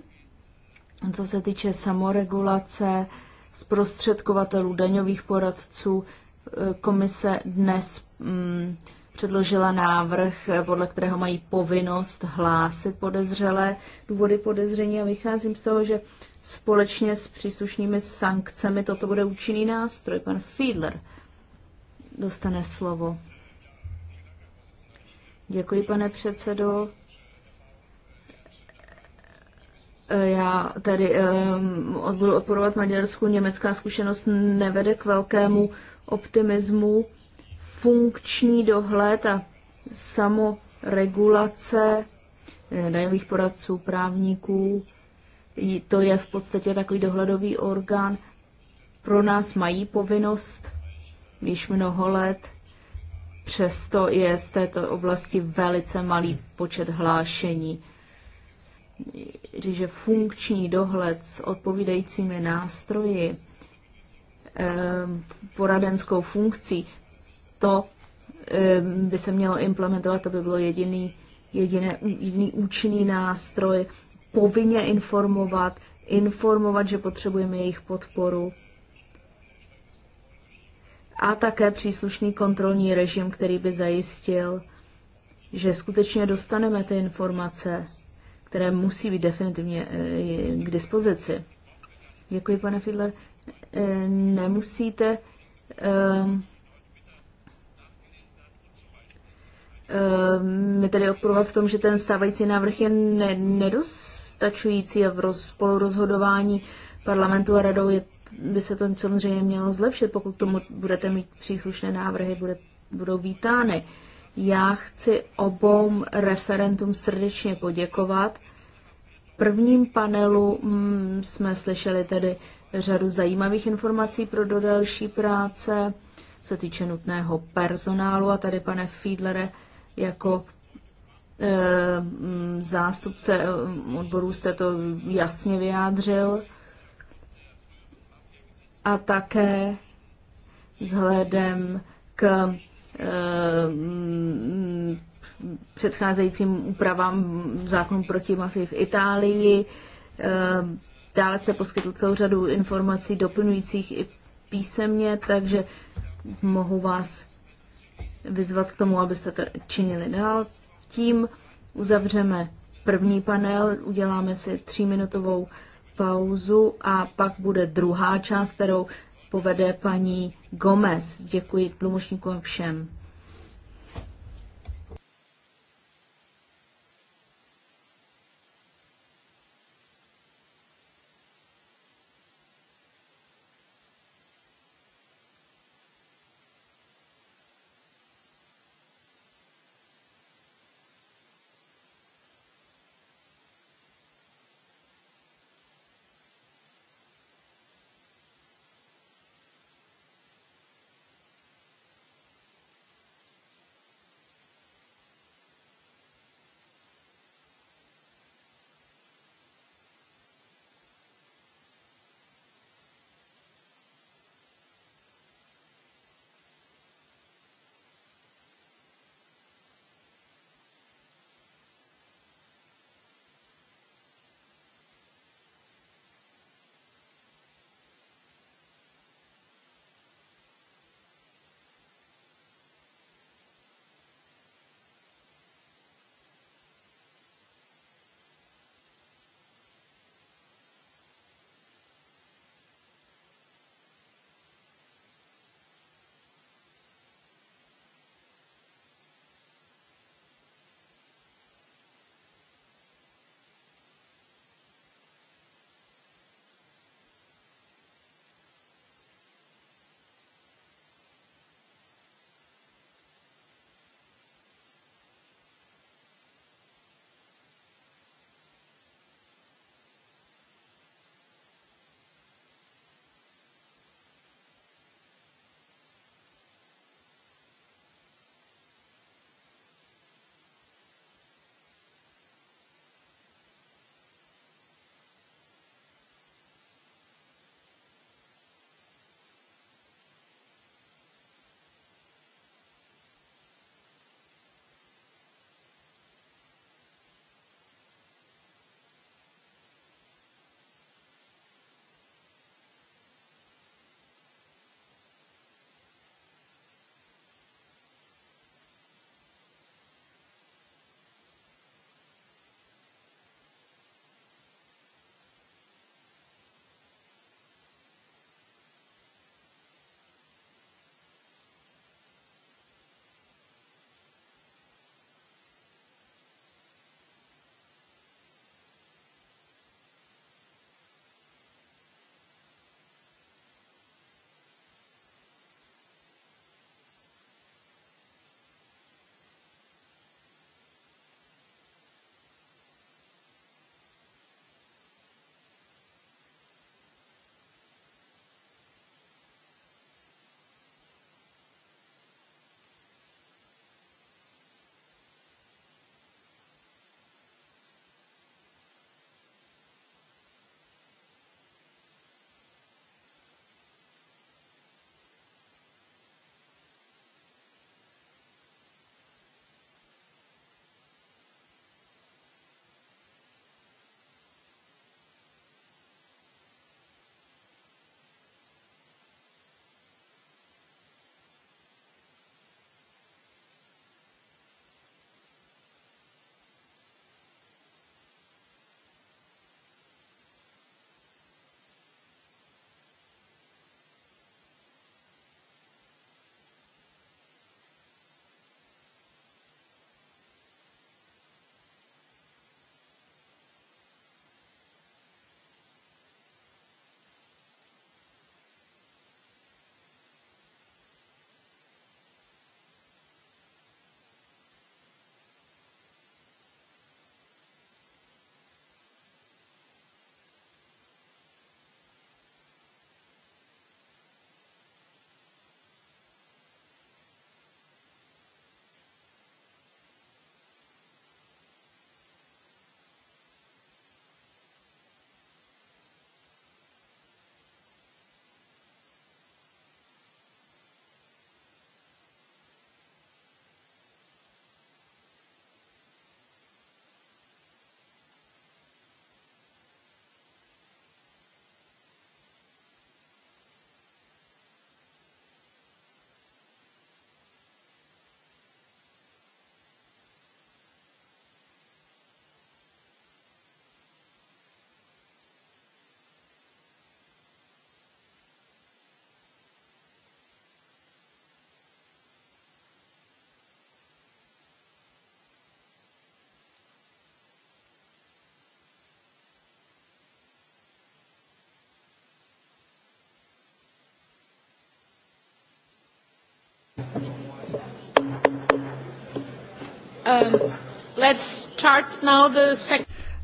Co se týče samoregulace, zprostředkovatelů, daňových poradců, e, komise dnes mm, předložila návrh, podle kterého mají povinnost hlásit podezřelé důvody podezření a vycházím z toho, že společně s příslušnými sankcemi toto bude účinný nástroj. Pan Fiedler dostane slovo. Děkuji, pane předsedo. Já tedy um, ehm, budu odporovat Maďarsku. Německá zkušenost nevede k velkému optimismu funkční dohled a samoregulace eh, daňových poradců, právníků. To je v podstatě takový dohledový orgán. Pro nás mají povinnost již mnoho let. Přesto je z této oblasti velice malý počet hlášení. Když je funkční dohled s odpovídajícími nástroji, eh, poradenskou funkcí, to eh, by se mělo implementovat, to by bylo jediný, jediné, jediný účinný nástroj, povinně informovat, informovat, že potřebujeme jejich podporu a také příslušný kontrolní režim, který by zajistil, že skutečně dostaneme ty informace, které musí být definitivně eh, k dispozici. Děkuji, pane Fidler. Eh, nemusíte um, Ehm, my tedy odporovat v tom, že ten stávající návrh je ne- nedostačující a v roz- rozhodování parlamentu a radou je, by se to samozřejmě mělo zlepšit, pokud k tomu budete mít příslušné návrhy, bude, budou vítány. Já chci obou referentům srdečně poděkovat. V prvním panelu mm, jsme slyšeli tedy řadu zajímavých informací pro do další práce, co týče nutného personálu. A tady, pane Fiedlere, jako eh, zástupce eh, odborů jste to jasně vyjádřil. A také vzhledem k eh, předcházejícím úpravám zákonu proti mafii v Itálii. Dále jste poskytl celou řadu informací doplňujících i písemně, takže mohu vás vyzvat k tomu, abyste to činili dál. Tím uzavřeme první panel, uděláme si tříminutovou pauzu a pak bude druhá část, kterou povede paní Gomez. Děkuji tlumočníkům všem. Um, let's start now the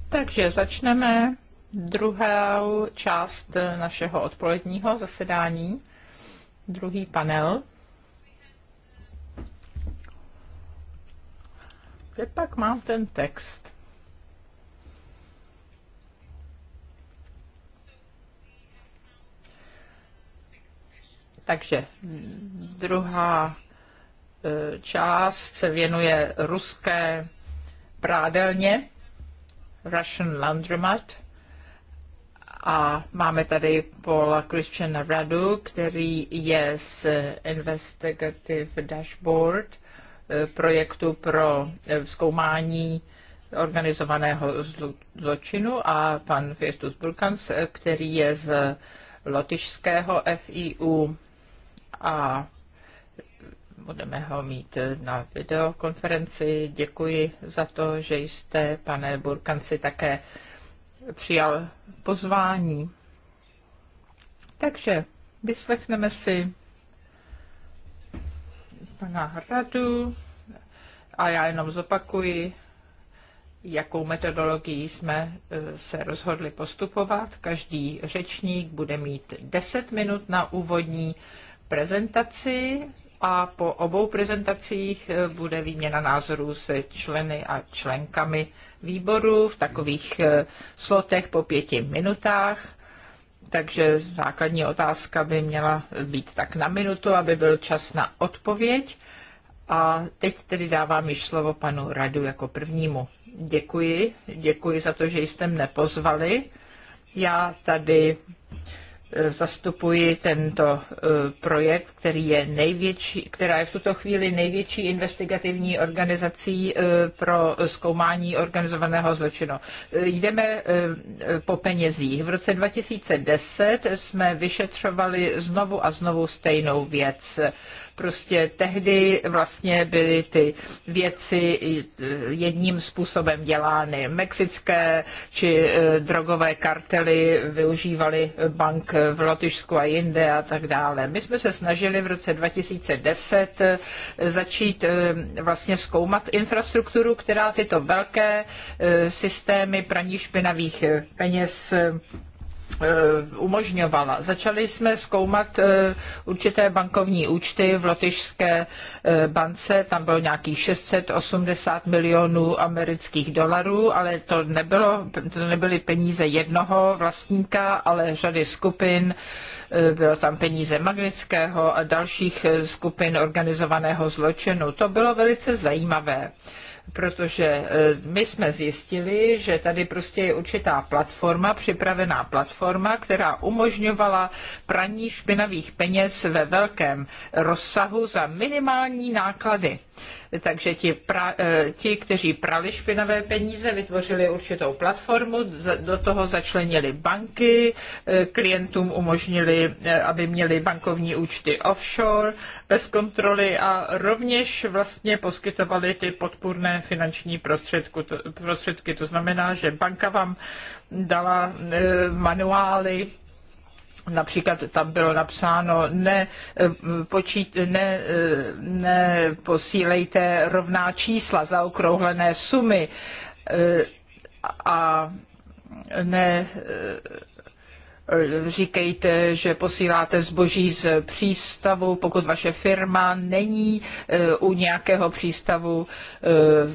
Takže začneme druhou část našeho odpoledního zasedání, druhý panel. Kde pak mám ten text? Takže druhá E, část se věnuje ruské prádelně, Russian Laundromat, a máme tady Paula Christiana Radu, který je z Investigative Dashboard e, projektu pro e, zkoumání organizovaného zločinu a pan Virtus Burkans, který je z lotyšského FIU a budeme ho mít na videokonferenci. Děkuji za to, že jste, pane Burkanci, také přijal pozvání. Takže vyslechneme si pana Radu a já jenom zopakuji, jakou metodologií jsme eh, se rozhodli postupovat. Každý řečník bude mít 10 minut na úvodní prezentaci a po obou prezentacích eh, bude výměna názorů se členy a členkami výboru v takových eh, slotech po pěti minutách. Takže základní otázka by měla být tak na minutu, aby byl čas na odpověď. A teď tedy dávám již slovo panu Radu jako prvnímu. Děkuji, děkuji za to, že jste mne pozvali. Já tady zastupuji tento e, projekt, který je největší, která je v tuto chvíli největší investigativní organizací e, pro zkoumání organizovaného zločinu. E, jdeme po penězích. V roce 2010 jsme vyšetřovali znovu a znovu stejnou věc. Prostě tehdy vlastně byly ty věci e, jedním způsobem dělány. Mexické či e, drogové kartely využívaly bank v Lotyšsku a jinde a tak dále. My jsme se snažili v roce 2010 e, začít vlastně zkoumat infrastrukturu, která tyto velké systémy praní špinavých peněz Eh, umožňovala. Začali jsme zkoumat eh, určité bankovní účty v lotyšské eh, bance, tam bylo nějakých 680 milionů amerických dolarů, ale to, nebylo, to nebyly peníze jednoho vlastníka, ale řady skupin, bylo tam peníze Magnického a dalších skupin organizovaného zločinu. To bylo velice zajímavé protože e, my jsme zjistili, že tady prostě je určitá platforma, připravená platforma, která umožňovala praní špinavých peněz ve velkém rozsahu za minimální náklady. Takže ti, pra, eh, ti, kteří prali špinavé peníze, vytvořili určitou platformu, do toho začlenili banky, eh, klientům umožnili, eh, aby měli bankovní účty offshore bez kontroly a rovněž vlastně poskytovali ty podpůrné finanční prostředky. to znamená, že banka vám dala manuály, Například tam bylo napsáno, ne, eh, počít, ne, eh, ne posílejte rovná čísla, zaokrouhlené sumy eh, a ne říkejte, že posíláte zboží z přístavu, pokud vaše firma není eh, u nějakého přístavu eh,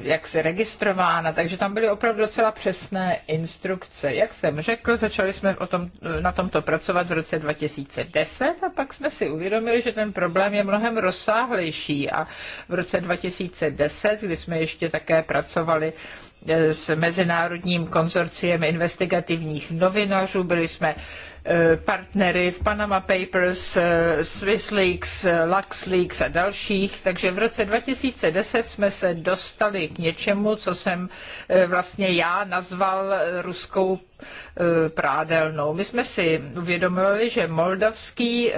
jak se registrována, takže tam byly opravdu docela přesné instrukce. Jak jsem řekl, začali jsme o tom, eh, na tomto pracovat v roce 2010 a pak jsme si uvědomili, že ten problém je mnohem rozsáhlejší a v roce 2010, kdy jsme ještě také pracovali Eh, s Mezinárodním konzorciem investigativních novinářů byli jsme eh, partnery v Panama Papers, eh, Lux Leaks a dalších. Takže v roce 2010 jsme se dostali k něčemu, co jsem vlastně já nazval ruskou prádelnou. My jsme si uvědomili, že moldavský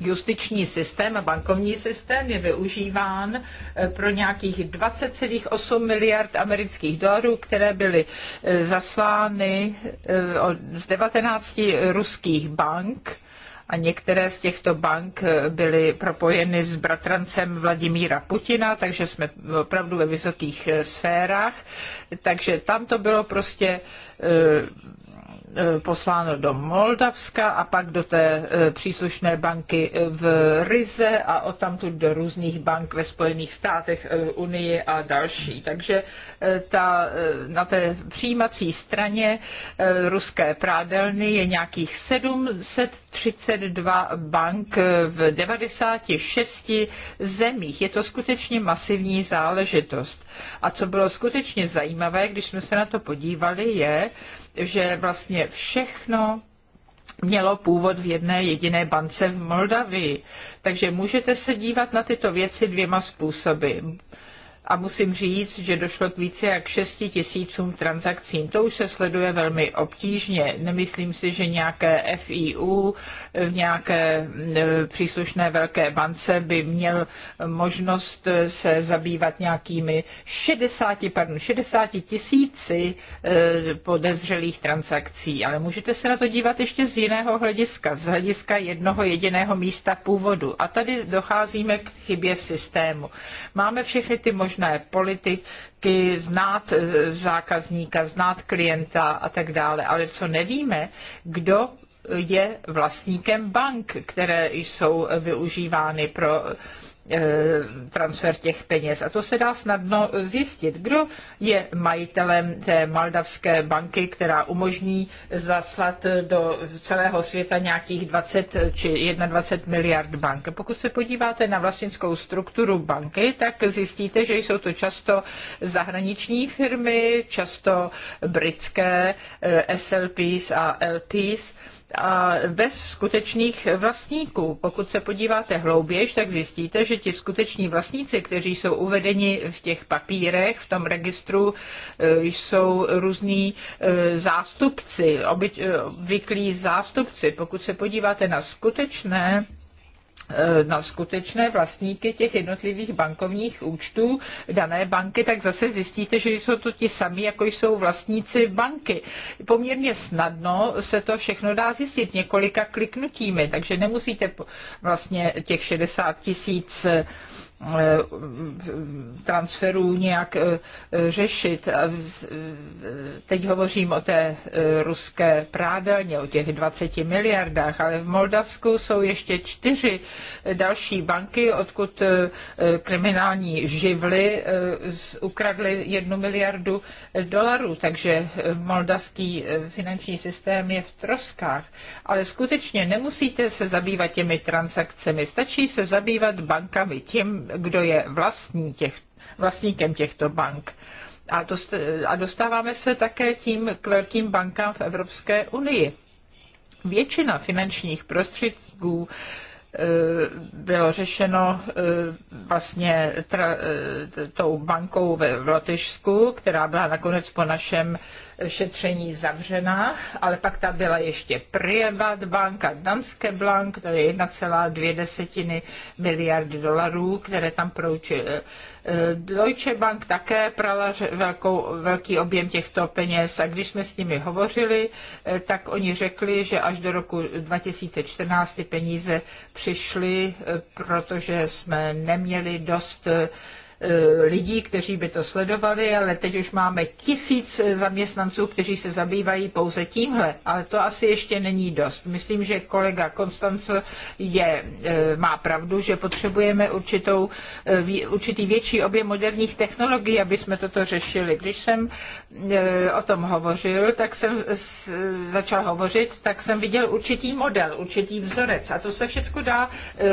justiční systém a bankovní systém je využíván eh, pro nějakých 20,8 miliard amerických dolarů, které byly eh, zaslány eh, z 19 ruských bank a některé z těchto bank byly propojeny s bratrancem Vladimíra Putina, takže jsme opravdu ve vysokých sférách. Takže tam to bylo prostě Eh, posláno do Moldavska a pak do té eh, příslušné banky v Rize a odtamtud do různých bank ve Spojených státech eh, Unii a další. Takže ta, na té přijímací straně ruské prádelny je nějakých 732 bank v 96 zemích. Je to skutečně masivní záležitost. A co bylo skutečně zajímavé, když jsme se na to podívali, je, že vlastně všechno mělo původ v jedné jediné bance v Moldavii. Takže můžete se dívat na tyto věci dvěma způsoby a musím říct, že došlo k více jak 6 tisícům transakcím. To už se sleduje velmi obtížně. Nemyslím si, že nějaké FIU v nějaké e, příslušné velké bance by měl možnost e, se zabývat nějakými 60, pardon, 60 tisíci e, podezřelých transakcí. Ale můžete se na to dívat ještě z jiného hlediska, z hlediska jednoho jediného místa původu. A tady docházíme k chybě v systému. Máme všechny ty možnosti možné politiky, znát eh, zákazníka, znát klienta a tak dále. Ale co nevíme, kdo je vlastníkem bank, které jsou využívány pro Eh, transfer těch peněz. A to se dá snadno zjistit, kdo je majitelem té moldavské banky, která umožní zaslat do celého světa nějakých 20 či 21 miliard bank. Pokud se podíváte na vlastnickou strukturu banky, tak zjistíte, že jsou to často zahraniční firmy, často britské eh, SLPs a LPs a bez skutečných vlastníků. Pokud se podíváte hlouběji, tak zjistíte, že ti skuteční vlastníci, kteří jsou uvedeni v těch papírech, v tom registru, e, jsou různí e, zástupci, e, obvyklí zástupci. Pokud se podíváte na skutečné Eh, na skutečné vlastníky těch jednotlivých bankovních účtů dané banky, tak zase zjistíte, že jsou to ti sami, jako jsou vlastníci banky. Poměrně snadno se to všechno dá zjistit několika kliknutími, takže nemusíte vlastně těch 60 tisíc 000 eh, Eh, transferů nějak eh, řešit. Teď hovořím o té eh, ruské prádelně, o těch 20 miliardách, ale v Moldavsku jsou ještě čtyři další banky, odkud kriminální živly ukradly jednu miliardu dolarů, takže moldavský finanční systém je v troskách. Ale skutečně nemusíte se zabývat těmi transakcemi, stačí se zabývat bankami, tím kdo je vlastní těch, vlastníkem těchto bank. A, to, a dostáváme se také tím k velkým bankám v Evropské unii. Většina finančních prostředků e, bylo řešeno e, vlastně tra, e, tou bankou ve Lotyšsku, která byla nakonec po našem šetření zavřená, ale pak tam byla ještě Privat banka Danske Bank, to je 1,2 miliard dolarů, které tam proučily. Eh, eh, Deutsche Bank také prala velkou, velký objem těchto peněz a když jsme s nimi hovořili, eh, tak oni řekli, že až do roku 2014 ty peníze přišly, protože jsme neměli dost Eh, lidí, kteří by to sledovali, ale teď už máme tisíc zaměstnanců, kteří se zabývají pouze tímhle, ale to asi ještě není dost. Myslím, že kolega Konstanc je, eh, má pravdu, že potřebujeme určitou, eh, určitý větší objem moderních technologií, aby jsme toto řešili. Když jsem o tom hovořil, tak jsem začal hovořit, tak jsem viděl určitý model, určitý vzorec a to se všechno dá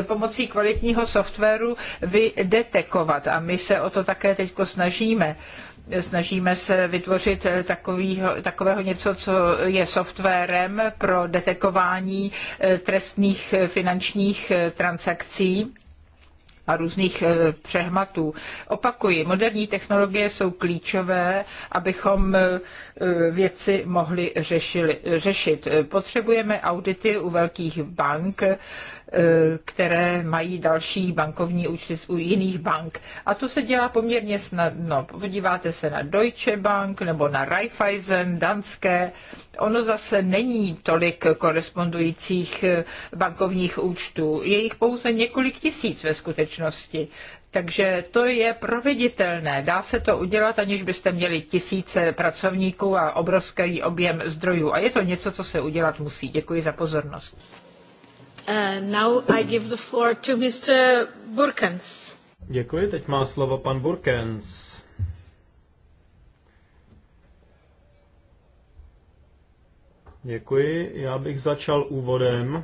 pomocí kvalitního softwaru vydetekovat. A my my se o to také teď snažíme snažíme se vytvořit takovýho, takového něco, co je softwarem pro detekování eh, trestných eh, finančních eh, transakcí a různých přehmatů. Opakuji, moderní technologie jsou klíčové, abychom věci mohli řešili, řešit. Potřebujeme audity u velkých bank, Eh, které mají další bankovní účty u jiných bank. A to se dělá poměrně snadno. Podíváte se na Deutsche Bank nebo na Raiffeisen, Danské. Ono zase není tolik korespondujících eh, bankovních účtů. Je jich pouze několik tisíc ve skutečnosti. Takže to je proveditelné. Dá se to udělat, aniž byste měli tisíce pracovníků a obrovský objem zdrojů. A je to něco, co se udělat musí. Děkuji za pozornost. Uh, now I give the floor to Mr. Burkens. Děkuji, teď má slovo pan Burkens. Děkuji, já bych začal úvodem.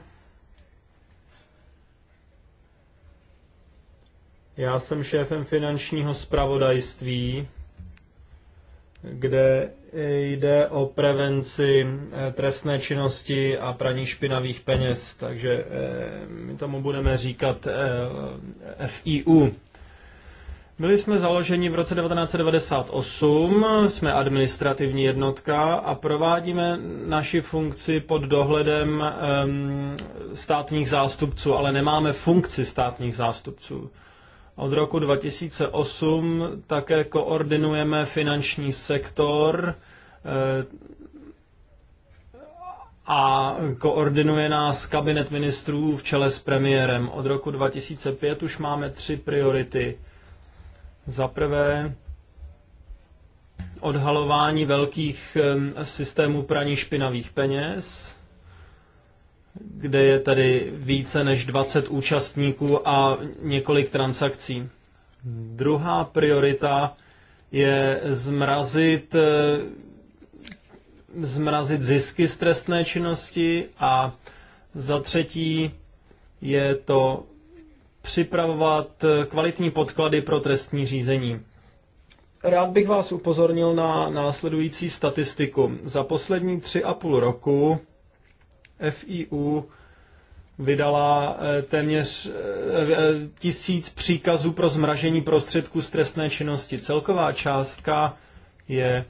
Já jsem šéfem finančního spravodajství, kde jde o prevenci eh, trestné činnosti a praní špinavých peněz, takže eh, my tomu budeme říkat eh, FIU. Byli jsme založeni v roce 1998, jsme administrativní jednotka a provádíme naši funkci pod dohledem ehm, státních zástupců, ale nemáme funkci státních zástupců. Od roku 2008 také koordinujeme finanční sektor eh, a koordinuje nás kabinet ministrů v čele s premiérem. Od roku 2005 už máme tři priority. Za prvé odhalování velkých eh, systémů praní špinavých peněz, kde je tady více než 20 účastníků a několik transakcí. Druhá priorita je zmrazit, eh, zmrazit zisky z trestné činnosti a za třetí je to připravovat eh, kvalitní podklady pro trestní řízení. Rád bych vás upozornil na následující statistiku. Za poslední tři a půl roku FIU vydala eh, téměř eh, eh, tisíc příkazů pro zmražení prostředků z trestné činnosti. Celková částka je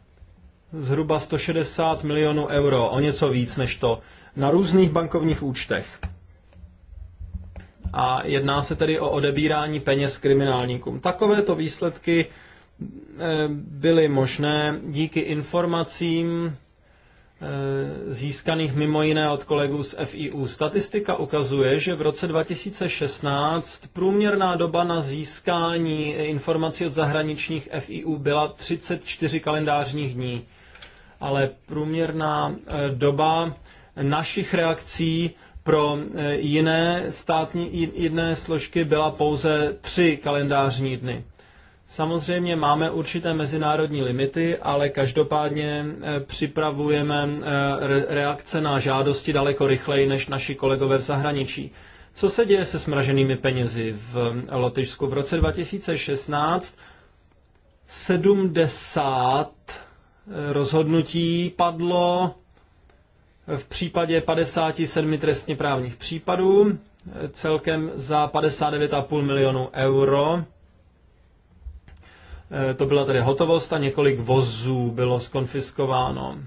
zhruba 160 milionů euro, o něco víc než to, na různých bankovních účtech. A jedná se tedy o odebírání peněz kriminálníkům. Takovéto výsledky byly možné díky informacím, Eh, získaných mimo jiné od kolegů z FIU. Statistika ukazuje, že v roce 2016 průměrná doba na získání informací od zahraničních FIU byla 34 kalendářních dní, ale průměrná eh, doba našich reakcí pro eh, jiné státní jiné složky byla pouze 3 kalendářní dny. Samozřejmě máme určité mezinárodní limity, ale každopádně eh, připravujeme eh, reakce na žádosti daleko rychleji než naši kolegové v zahraničí. Co se děje se smraženými penězi v eh, Lotyšsku? V roce 2016 70 rozhodnutí padlo v případě 57 trestně právních případů, celkem za 59,5 milionů euro Eh, to byla tedy hotovost a několik vozů bylo skonfiskováno.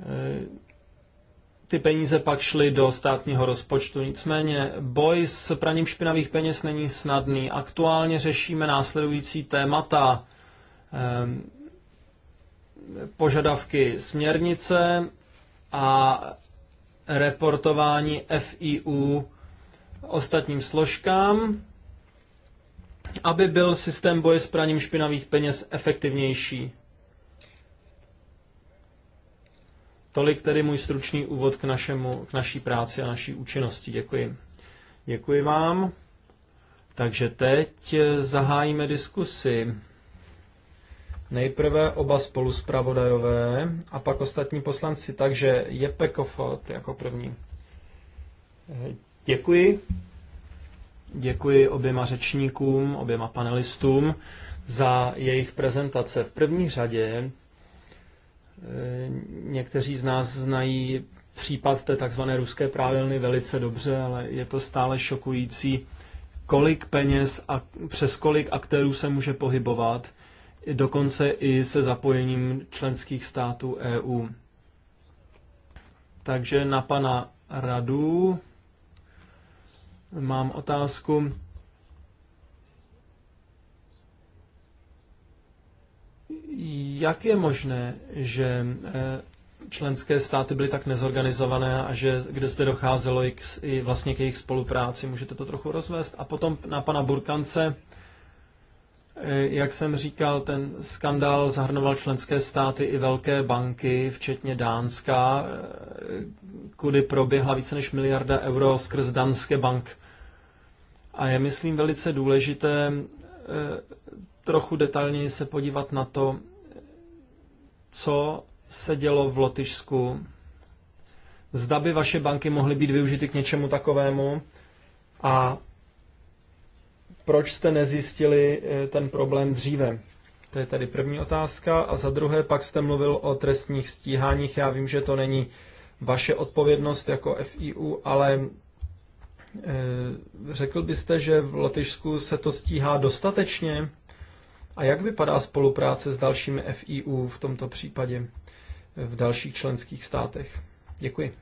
Eh, ty peníze pak šly do státního rozpočtu. Nicméně boj s praním špinavých peněz není snadný. Aktuálně řešíme následující témata. Eh, požadavky směrnice a reportování FIU ostatním složkám aby byl systém boje s praním špinavých peněz efektivnější. Tolik tedy můj stručný úvod k, našemu, k naší práci a naší účinnosti. Děkuji. Děkuji vám. Takže teď zahájíme diskusy. Nejprve oba spolu spoluspravodajové a pak ostatní poslanci. Takže je Kofot jako první. Děkuji. Děkuji oběma řečníkům, oběma panelistům za jejich prezentace. V první řadě eh, někteří z nás znají případ té takzvané ruské prádelny velice dobře, ale je to stále šokující, kolik peněz a přes kolik aktérů se může pohybovat, dokonce i se zapojením členských států EU. Takže na pana Radu Mám otázku. Jak je možné, že eh, členské státy byly tak nezorganizované a že kde zde docházelo i, k, i vlastně k jejich spolupráci? Můžete to trochu rozvést? A potom na pana Burkance Eh, jak jsem říkal, ten skandál zahrnoval členské státy i velké banky, včetně Dánska, eh, kudy proběhla více než miliarda euro skrz Danske bank. A je, myslím, velice důležité eh, trochu detailněji se podívat na to, co se dělo v Lotyšsku. Zda by vaše banky mohly být využity k něčemu takovému a proč jste nezjistili eh, ten problém dříve? To je tady první otázka. A za druhé, pak jste mluvil o trestních stíháních. Já vím, že to není vaše odpovědnost jako FIU, ale eh, řekl byste, že v Lotyšsku se to stíhá dostatečně? A jak vypadá spolupráce s dalšími FIU v tomto případě eh, v dalších členských státech? Děkuji.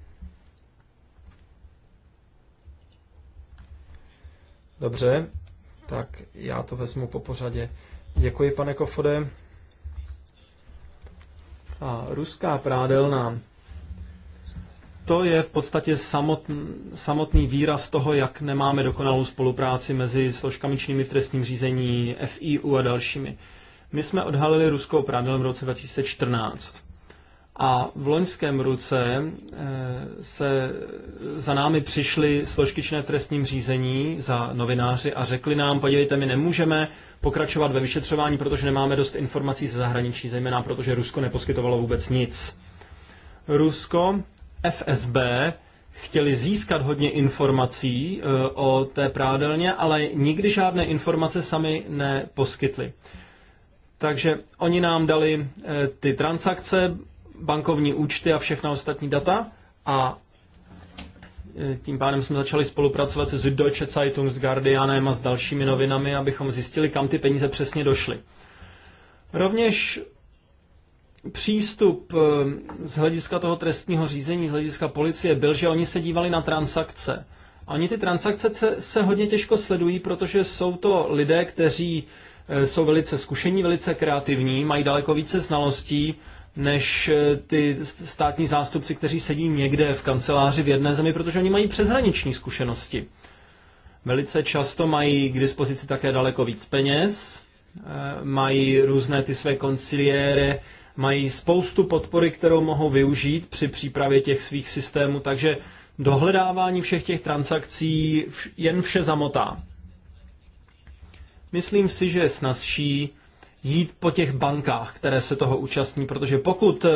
Dobře, tak já to vezmu po pořadě. Děkuji, pane Kofode. A ruská prádelna. To je v podstatě samotný, samotný výraz toho, jak nemáme dokonalou spolupráci mezi složkami činnými v trestním řízení, FIU a dalšími. My jsme odhalili ruskou prádelnu v roce 2014. A v loňském roce eh, se za námi přišly složky činné v trestním řízení za novináři a řekli nám, podívejte, my nemůžeme pokračovat ve vyšetřování, protože nemáme dost informací ze zahraničí, zejména protože Rusko neposkytovalo vůbec nic. Rusko, FSB, chtěli získat hodně informací eh, o té prádelně, ale nikdy žádné informace sami neposkytli. Takže oni nám dali eh, ty transakce, bankovní účty a všechna ostatní data a e, tím pádem jsme začali spolupracovat se Süddeutsche Zeitung, s Guardianem a s dalšími novinami, abychom zjistili, kam ty peníze přesně došly. Rovněž přístup e, z hlediska toho trestního řízení, z hlediska policie, byl, že oni se dívali na transakce. A oni ty transakce se, se hodně těžko sledují, protože jsou to lidé, kteří e, jsou velice zkušení, velice kreativní, mají daleko více znalostí, než eh, ty státní zástupci, kteří sedí někde v kanceláři v jedné zemi, protože oni mají přeshraniční zkušenosti. Velice často mají k dispozici také daleko víc peněz, eh, mají různé ty své konciliéry, mají spoustu podpory, kterou mohou využít při přípravě těch svých systémů, takže dohledávání všech těch transakcí jen vše zamotá. Myslím si, že je snazší jít po těch bankách, které se toho účastní, protože pokud eh,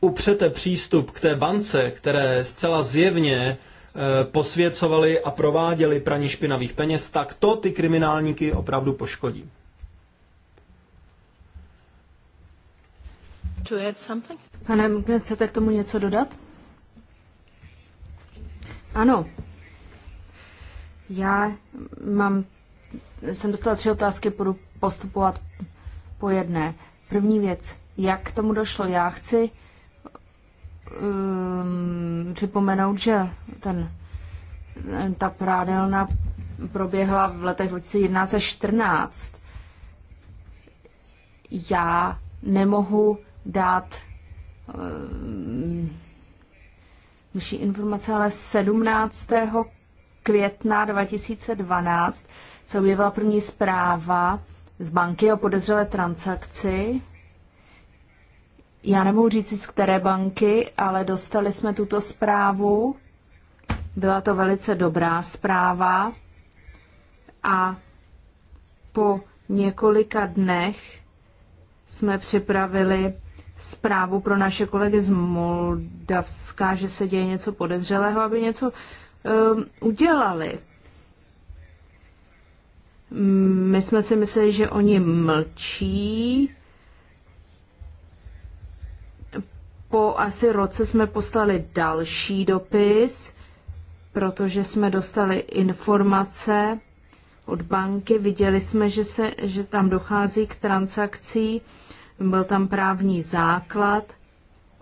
upřete přístup k té bance, které zcela zjevně eh, posvěcovali a prováděli praní špinavých peněz, tak to ty kriminálníky opravdu poškodí. Pane, chcete k tomu něco dodat? Ano. Já mám jsem dostala tři otázky, budu postupovat po jedné. První věc, jak k tomu došlo? Já chci um, připomenout, že ten, ta prádelna proběhla v letech 2011 až 2014. Já nemohu dát um, informace, ale 17. května 2012 se objevila první zpráva z banky o podezřelé transakci. Já nemohu říct, z které banky, ale dostali jsme tuto zprávu. Byla to velice dobrá zpráva. A po několika dnech jsme připravili zprávu pro naše kolegy z Moldavska, že se děje něco podezřelého, aby něco um, udělali. My jsme si mysleli, že oni mlčí. Po asi roce jsme poslali další dopis, protože jsme dostali informace od banky. Viděli jsme, že, se, že tam dochází k transakcí. Byl tam právní základ,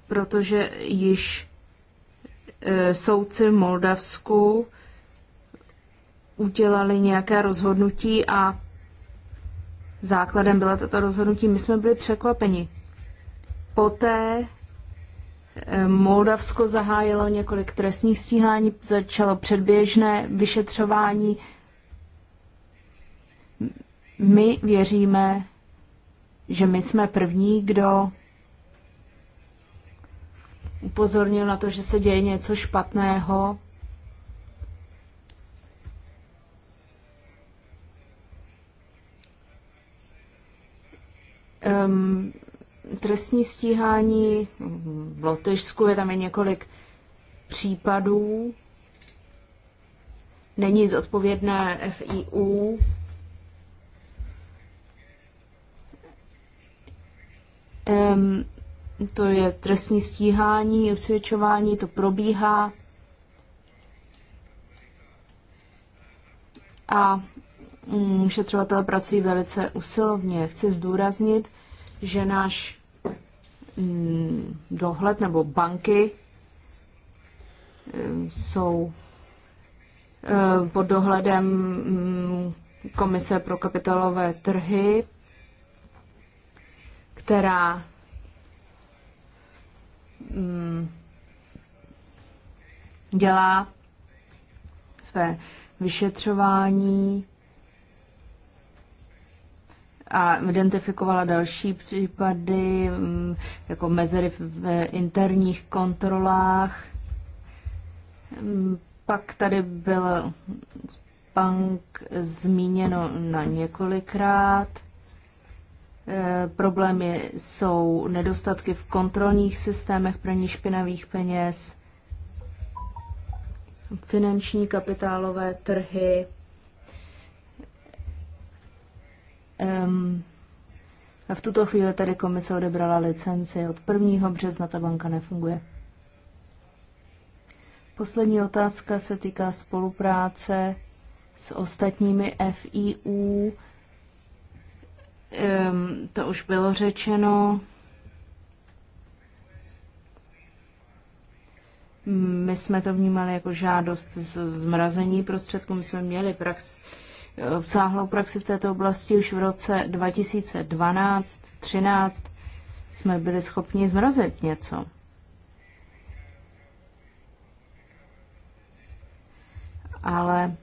protože již e, soudci v Moldavsku udělali nějaké rozhodnutí a základem byla tato rozhodnutí. My jsme byli překvapeni. Poté eh, Moldavsko zahájilo několik trestních stíhání, začalo předběžné vyšetřování. My věříme, že my jsme první, kdo upozornil na to, že se děje něco špatného um, trestní stíhání v Lotyšsku, je tam je několik případů, není zodpovědné FIU, Um, to je trestní stíhání, usvědčování, to probíhá. A um, mm, šetřovatelé pracují velice usilovně. Chci zdůraznit, že náš mm, dohled nebo banky mm, jsou eh, pod dohledem mm, Komise pro kapitalové trhy, která dělá své vyšetřování a identifikovala další případy, mm, jako mezery v interních kontrolách. Mm, pak tady byl bank zmíněno na několikrát. E, problémy jsou nedostatky v kontrolních systémech praní špinavých peněz, finanční kapitálové trhy, Um, a v tuto chvíli tady komise odebrala licenci. Od 1. března ta banka nefunguje. Poslední otázka se týká spolupráce s ostatními FIU. Um, to už bylo řečeno. My jsme to vnímali jako žádost z zmrazení prostředků. My jsme měli praxi obsáhlou praxi v této oblasti už v roce 2012-13 jsme byli schopni zmrazit něco. Ale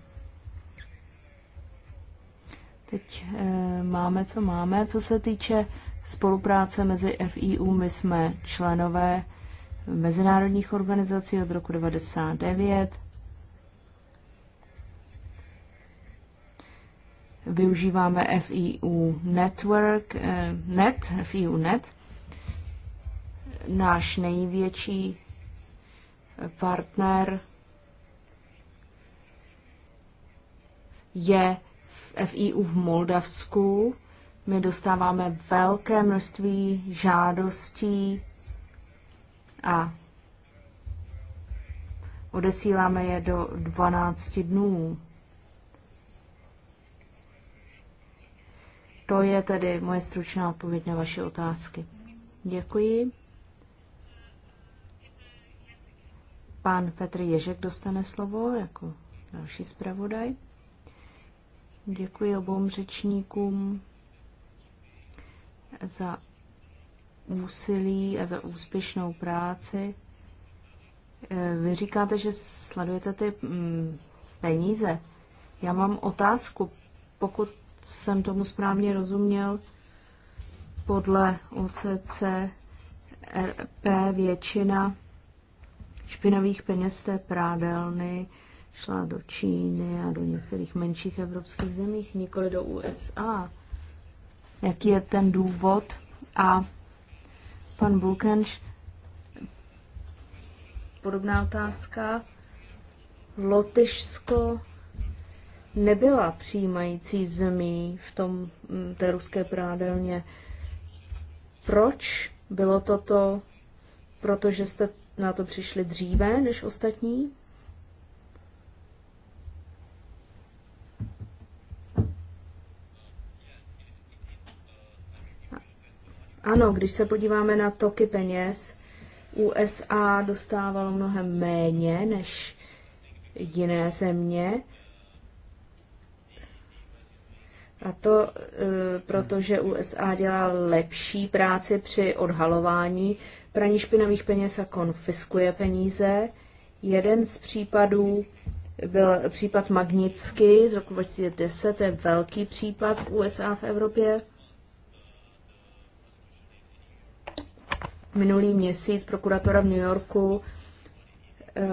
teď eh, máme, co máme. Co se týče spolupráce mezi FIU, my jsme členové mezinárodních organizací od roku 1999 Využíváme FIU Network, eh, net, FIU Net, náš největší partner je v FIU v Moldavsku. My dostáváme velké množství žádostí a odesíláme je do 12 dnů. To je tedy moje stručná odpověď na vaše otázky. Děkuji. Pan Petr Ježek dostane slovo jako další zpravodaj. Děkuji obou řečníkům za úsilí a za úspěšnou práci. Eh, vy říkáte, že sledujete ty mm, peníze. Já mám otázku. Pokud jsem tomu správně rozuměl, podle OCC RP většina špinavých peněz té prádelny šla do Číny a do některých menších evropských zemích, nikoli do USA. Jaký je ten důvod? A pan Bulkenš, podobná otázka. Lotyšsko nebyla přijímající zemí v tom mm, té ruské prádelně. Proč bylo toto? Protože jste na to přišli dříve než ostatní? Ano, když se podíváme na toky peněz, USA dostávalo mnohem méně než jiné země A to e, protože USA dělá lepší práci při odhalování praní špinavých peněz a konfiskuje peníze. Jeden z případů byl případ Magnitsky z roku 2010, to je velký případ v USA v Evropě. Minulý měsíc prokuratora v New Yorku e,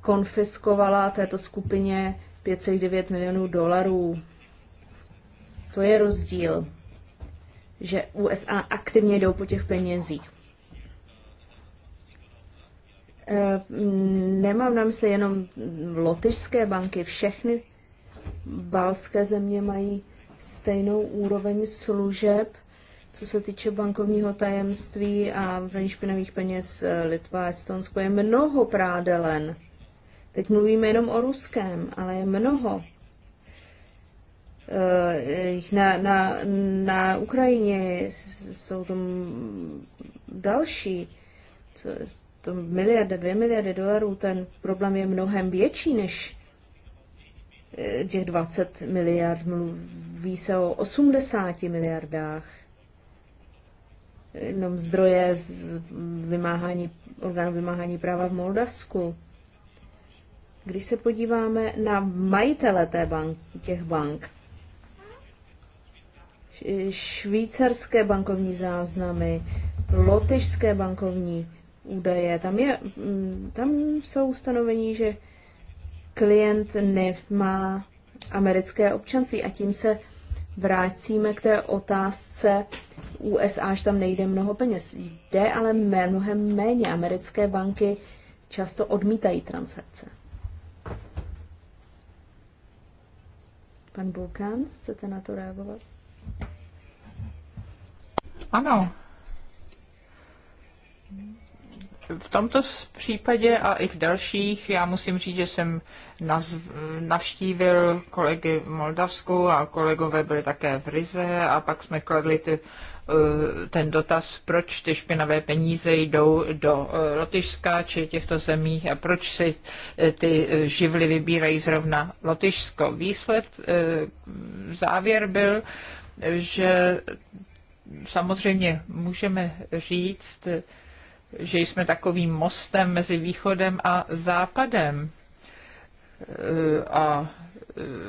konfiskovala této skupině 5,9 milionů dolarů to je rozdíl, že USA aktivně jdou po těch penězích. E, mm, nemám na mysli jenom lotyšské banky, všechny balské země mají stejnou úroveň služeb, co se týče bankovního tajemství a praní špinavých peněz e, Litva a Estonsko. Je mnoho prádelen. Teď mluvíme jenom o ruském, ale je mnoho. Eh, na, na, na Ukrajině jsou tam další, co, to miliarda, dvě miliardy dolarů, ten problém je mnohem větší než eh, těch 20 miliard. Mluví se o 80 miliardách. Jenom zdroje z vymáhání, orgánu vymáhání práva v Moldavsku. Když se podíváme na majitele té bank, těch bank, švýcarské bankovní záznamy, lotyšské bankovní údaje. Tam, je, mm, tam jsou ustanovení, že klient nemá americké občanství a tím se vrátíme k té otázce USA, že tam nejde mnoho peněz. Jde ale mnohem méně. Americké banky často odmítají transakce. Pan Bulkán, chcete na to reagovat? Ano. V tomto případě a i v dalších, já musím říct, že jsem navštívil kolegy v Moldavsku a kolegové byli také v Rize a pak jsme kladli ty eh, ten dotaz, proč ty špinavé peníze jdou do eh, Lotyšska či těchto zemí a proč si eh, ty živly vybírají zrovna Lotyšsko. Výsled, závěr byl, že samozřejmě můžeme říct, že jsme takovým mostem mezi východem a západem. A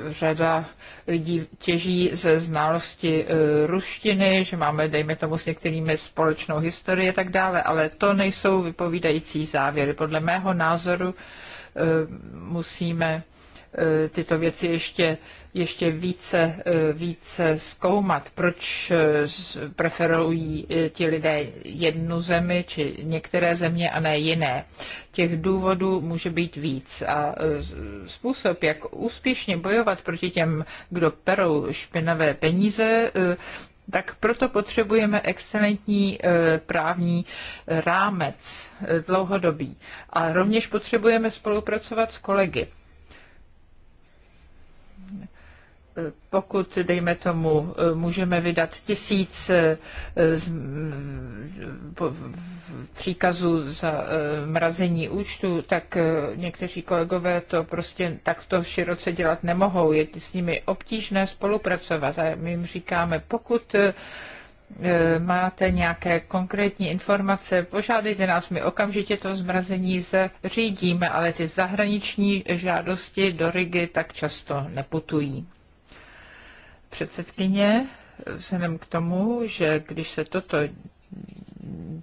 řada lidí těží ze znalosti ruštiny, že máme, dejme tomu, s některými společnou historii a tak dále, ale to nejsou vypovídající závěry. Podle mého názoru eh, musíme eh, tyto věci ještě ještě více, eh, více zkoumat, proč eh, preferují eh, ti lidé jednu zemi či některé země a ne jiné. Těch důvodů může být víc a způsob, jak úspěšně bojovat proti těm, kdo perou špinavé peníze, tak proto potřebujeme excelentní právní rámec dlouhodobý. A rovněž potřebujeme spolupracovat s kolegy pokud, dejme tomu, můžeme vydat tisíc eh, mm, příkazů za eh, mrazení účtu, tak eh, někteří kolegové to prostě takto široce dělat nemohou. Je s nimi obtížné spolupracovat. A my jim říkáme, pokud máte nějaké konkrétní informace, požádejte nás, my okamžitě to zmrazení zřídíme, ale ty zahraniční žádosti do Rigy tak často neputují předsedkyně, vzhledem k tomu, že když se toto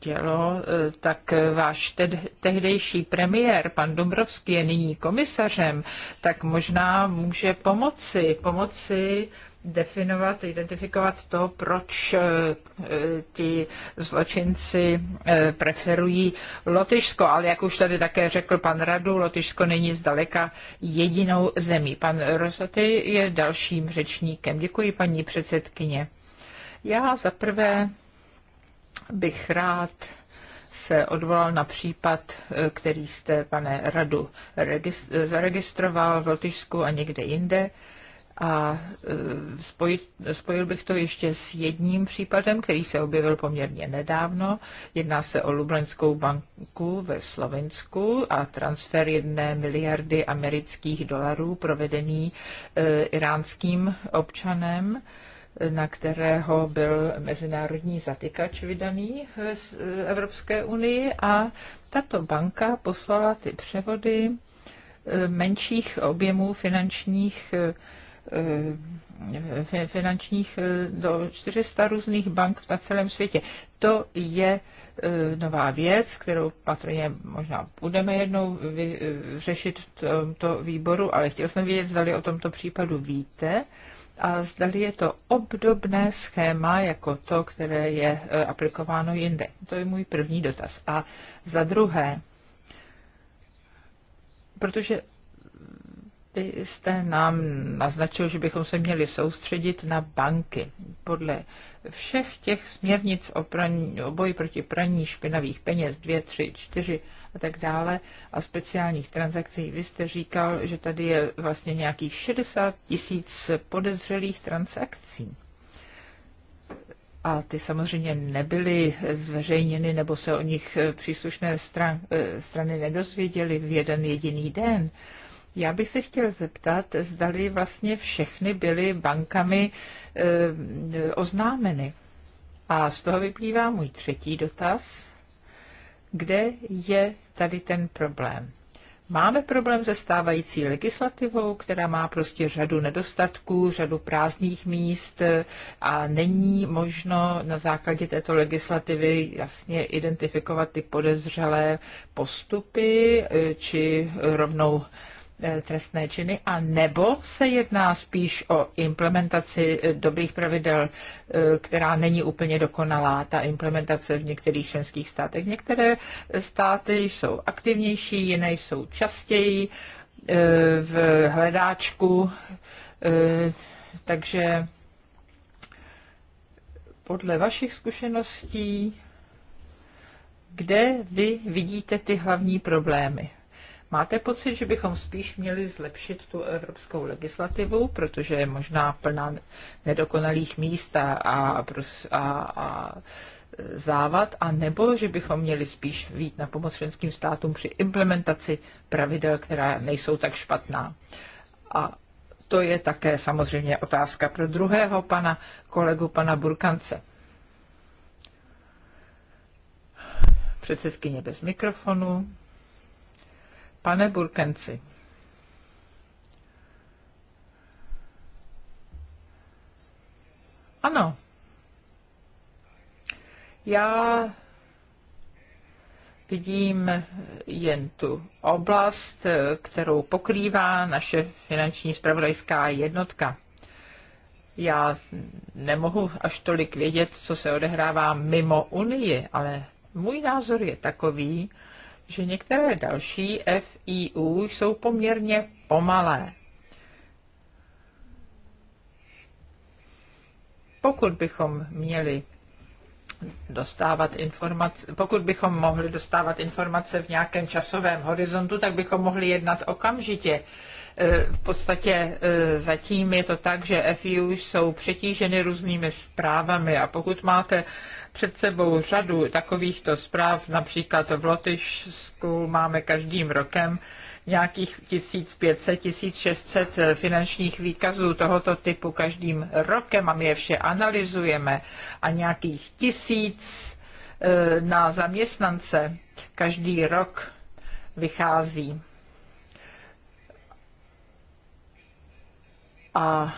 dělo, tak váš te- tehdejší premiér, pan Dombrovský, je nyní komisařem, tak možná může pomoci, pomoci definovat, identifikovat to, proč eh, eh, ti zločinci eh, preferují Lotyšsko. Ale jak už tady také řekl pan Radu, Lotyšsko není zdaleka jedinou zemí. Pan Rosaty je dalším řečníkem. Děkuji, paní předsedkyně. Já zaprvé bych rád se odvolal na případ, který jste, pane Radu, zaregistroval v Lotyšsku a někde jinde. A e, spojit, spojil bych to ještě s jedním případem, který se objevil poměrně nedávno. Jedná se o Lublenskou banku ve Slovensku a transfer jedné miliardy amerických dolarů provedený e, iránským občanem na kterého byl mezinárodní zatykač vydaný v e, Evropské unii a tato banka poslala ty převody menších objemů finančních Eh, finančních eh, do 400 různých bank na celém světě. To je eh, nová věc, kterou patrně možná budeme jednou řešit v tomto výboru, ale chtěl jsem vědět, zdali o tomto případu víte a zdali je to obdobné schéma jako to, které je aplikováno jinde. To je můj první dotaz. A za druhé, protože jste nám naznačil, že bychom se měli soustředit na banky. Podle všech těch směrnic o, praní, o boji proti praní špinavých peněz 2, 3, 4 a tak dále a speciálních transakcí, vy jste říkal, že tady je vlastně nějakých 60 tisíc podezřelých transakcí. A ty samozřejmě nebyly zveřejněny nebo se o nich příslušné stran, eh, strany nedozvěděly v jeden jediný den. Já bych se chtěl zeptat, zdali vlastně všechny byly bankami e, oznámeny. A z toho vyplývá můj třetí dotaz, kde je tady ten problém. Máme problém se stávající legislativou, která má prostě řadu nedostatků, řadu prázdných míst eh, a není možno na základě této legislativy jasně identifikovat ty podezřelé postupy eh, či rovnou Eh, trestné činy, a nebo se jedná spíš o implementaci eh, dobrých pravidel, eh, která není úplně dokonalá, ta implementace v některých členských státech. Některé státy jsou aktivnější, jiné jsou častěji v hledáčku, takže podle vašich zkušeností, kde vy vidíte ty hlavní problémy? Máte pocit, že bychom spíš měli zlepšit tu evropskou legislativu, protože je možná plná nedokonalých míst a, a, a, a závad, a nebo že bychom měli spíš vít na pomoc členským státům při implementaci pravidel, která nejsou tak špatná. A to je také samozřejmě otázka pro druhého pana kolegu, pana Burkance. Předsedkyně bez mikrofonu. Pane Burkenci. Ano. Já vidím jen tu oblast, kterou pokrývá naše finanční spravodajská jednotka. Já nemohu až tolik vědět, co se odehrává mimo Unii, ale můj názor je takový, že některé další FIU jsou poměrně pomalé. Pokud bychom měli dostávat informace, pokud bychom mohli dostávat informace v nějakém časovém horizontu, tak bychom mohli jednat okamžitě. E, v podstatě e, zatím je to tak, že FIU jsou přetíženy různými zprávami a pokud máte před sebou řadu takovýchto zpráv, například v Lotyšsku máme každým rokem nějakých 1500, 1600 finančních výkazů tohoto typu každým rokem a my je vše analyzujeme a nějakých tisíc e, na zaměstnance každý rok vychází. a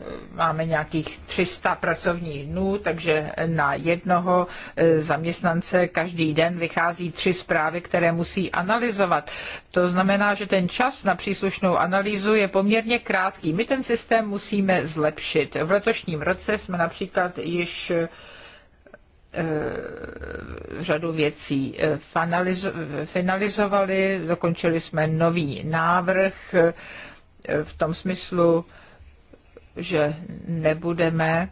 e, máme nějakých 300 pracovních dnů, takže na jednoho e, zaměstnance každý den vychází tři zprávy, které musí analyzovat. To znamená, že ten čas na příslušnou analýzu je poměrně krátký. My ten systém musíme zlepšit. V letošním roce jsme například již e, řadu věcí finalizovali, dokončili jsme nový návrh v tom smyslu, že nebudeme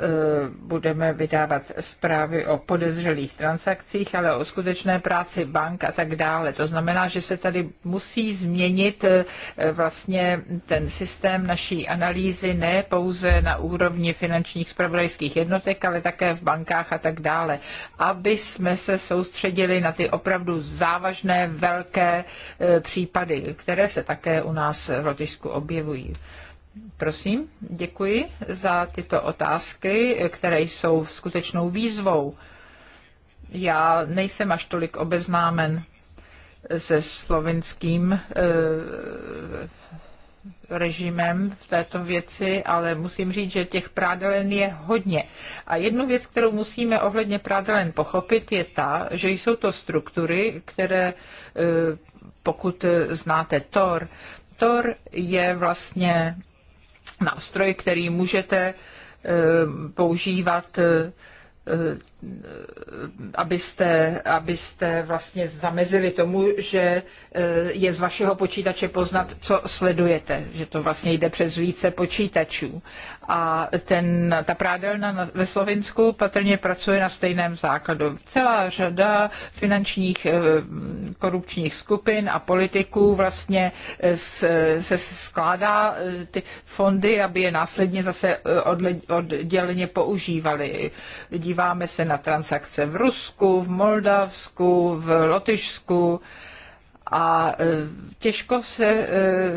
Eh, budeme vydávat zprávy o podezřelých transakcích, ale o skutečné práci bank a tak dále. To znamená, že se tady musí změnit eh, vlastně ten systém naší analýzy ne pouze na úrovni finančních spravodajských jednotek, ale také v bankách a tak dále, aby jsme se soustředili na ty opravdu závažné velké eh, případy, které se také u nás v Lotyšsku objevují. Prosím, děkuji za tyto otázky, které jsou skutečnou výzvou. Já nejsem až tolik obeznámen se slovinským eh, režimem v této věci, ale musím říct, že těch prádelen je hodně. A jednu věc, kterou musíme ohledně prádelen pochopit, je ta, že jsou to struktury, které, eh, pokud znáte TOR, Tor je vlastně nástroj, který můžete eh, používat eh, abyste, abyste vlastně zamezili tomu, že eh, je z vašeho počítače poznat, co sledujete, že to vlastně jde přes více počítačů. A ten, ta prádelna ve Slovinsku patrně pracuje na stejném základu. Celá řada finančních eh, korupčních skupin a politiků vlastně eh, se skládá ty fondy, aby je následně zase odděleně používali. Díváme se na transakce v Rusku, v Moldavsku, v Lotyšsku a e, těžko se e,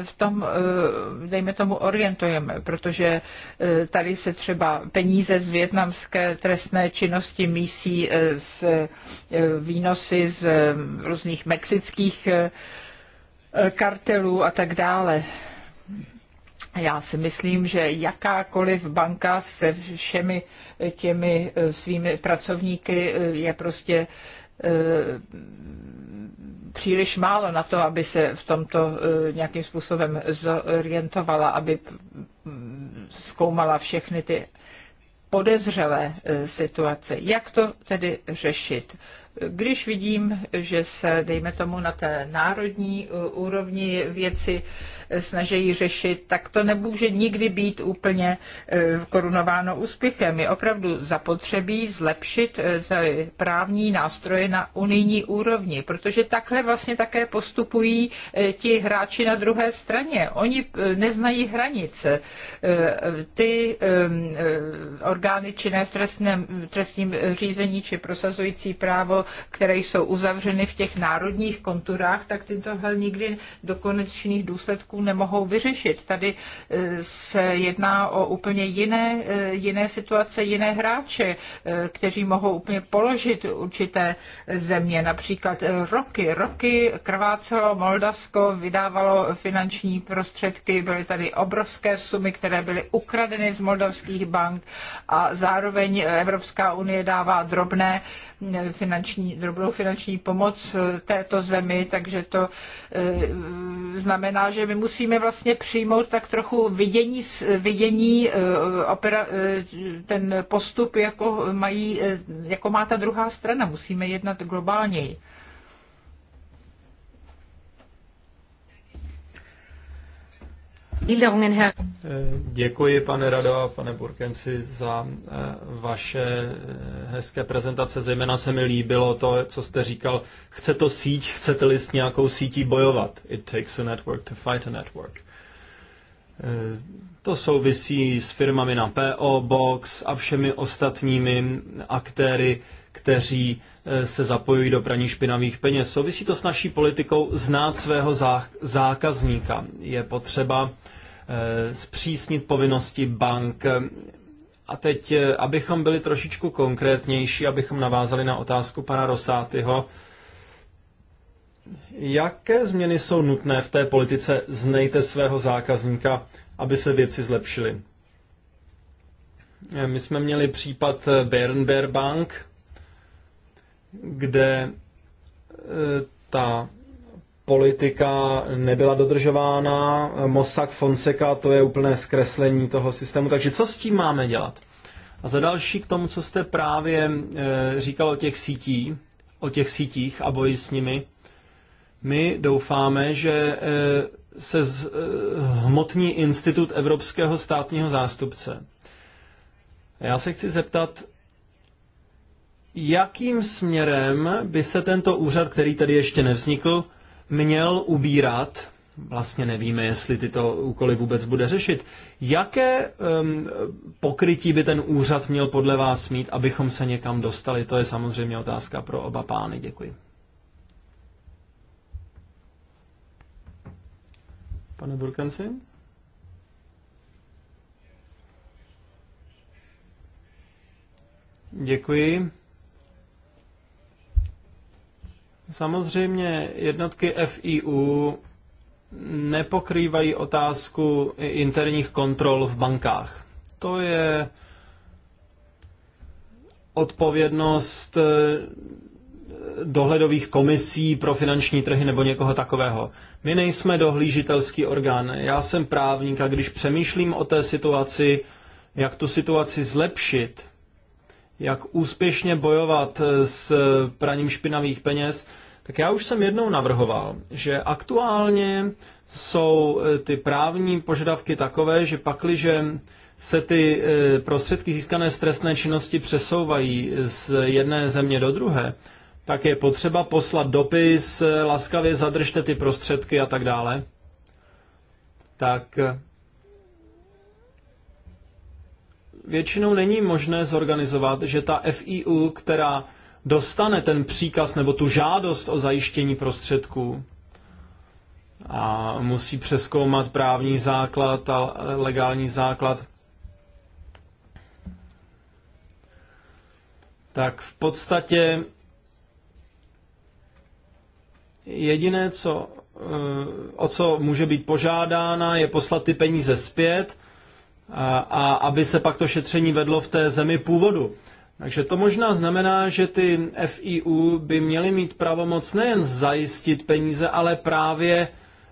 v tom, e, dejme tomu, orientujeme, protože tady se třeba peníze z větnamské trestné činnosti mísí s výnosy z různých mexických kartelů a tak dále. Já si myslím, že jakákoliv banka se všemi těmi eh, svými pracovníky eh, je prostě eh, příliš málo na to, aby se v tomto nějakým způsobem zorientovala, aby mm, zkoumala všechny ty podezřelé situace. Jak to tedy řešit? Když vidím, že se, dejme tomu, na té národní úrovni věci snaží řešit, tak to nemůže nikdy být úplně e, korunováno úspěchem. Je opravdu zapotřebí zlepšit e, právní nástroje na unijní úrovni, protože takhle vlastně také postupují e, ti hráči na druhé straně. Oni neznají hranice. Ty orgány činné v trestném, trestním řízení či prosazující právo, které jsou uzavřeny v těch národních konturách, tak tyto nikdy do konečných důsledků nemohou vyřešit. Tady eh, se jedná o úplně jiné, eh, jiné situace, jiné hráče, eh, kteří mohou úplně položit určité země, například roky. Roky krvácelo Moldavsko, vydávalo finanční prostředky, byly tady obrovské sumy, které byly ukradeny z moldavských bank a zároveň Evropská unie dává drobné finanční, drobnou finanční pomoc této zemi, takže to znamená, že my musíme musíme vlastně přijmout tak trochu vidění, vidění e, opera, e, ten postup, jako, mají, e, jako má ta druhá strana. Musíme jednat globálněji. Eh, děkuji, pane Rado a pane Burkenci, za eh, vaše eh, hezké prezentace. Zejména se mi líbilo to, co jste říkal. Chce to síť, chcete-li s nějakou sítí bojovat. It takes a network to fight a network. To souvisí s firmami na PO Box a všemi ostatními aktéry, kteří eh, se zapojují do praní špinavých peněz. Souvisí to s naší politikou znát svého zákazníka. Je potřeba eh, zpřísnit povinnosti bank. A teď, eh, abychom byli trošičku konkrétnější, abychom navázali na otázku pana Rosátyho, jaké změny jsou nutné v té politice znejte svého zákazníka, aby se věci zlepšily? My jsme měli případ Bernberg Bank, kde e, ta politika nebyla dodržována, Mossack Fonseca, to je úplné zkreslení toho systému. Takže co s tím máme dělat? A za další k tomu, co jste právě e, říkal o těch sítí, o těch sítích a boji s nimi, my doufáme, že e, se z hmotní institut Evropského státního zástupce. Já se chci zeptat, jakým směrem by se tento úřad, který tady ještě nevznikl, měl ubírat, vlastně nevíme, jestli tyto úkoly vůbec bude řešit, jaké um, pokrytí by ten úřad měl podle vás mít, abychom se někam dostali? To je samozřejmě otázka pro oba pány. Děkuji. Pane Burkanci? Děkuji. Samozřejmě jednotky FIU nepokrývají otázku interních kontrol v bankách. To je odpovědnost eh, dohledových komisí pro finanční trhy nebo někoho takového. My nejsme dohlížitelský orgán. Já jsem právník a když přemýšlím o té situaci, jak tu situaci zlepšit, jak úspěšně bojovat s praním špinavých peněz, tak já už jsem jednou navrhoval, že aktuálně jsou eh, ty právní požadavky takové, že pakliže se ty eh, prostředky získané z trestné činnosti přesouvají z jedné země do druhé, tak je potřeba poslat dopis, eh, laskavě zadržte ty prostředky a tak dále. Tak většinou není možné zorganizovat, že ta FIU, která dostane ten příkaz nebo tu žádost o zajištění prostředků a musí přeskoumat právní základ a legální základ, tak v podstatě jediné, co, eh, o co může být požádána, je poslat ty peníze zpět a, a aby se pak to šetření vedlo v té zemi původu. Takže to možná znamená, že ty FIU by měly mít pravomoc nejen zajistit peníze, ale právě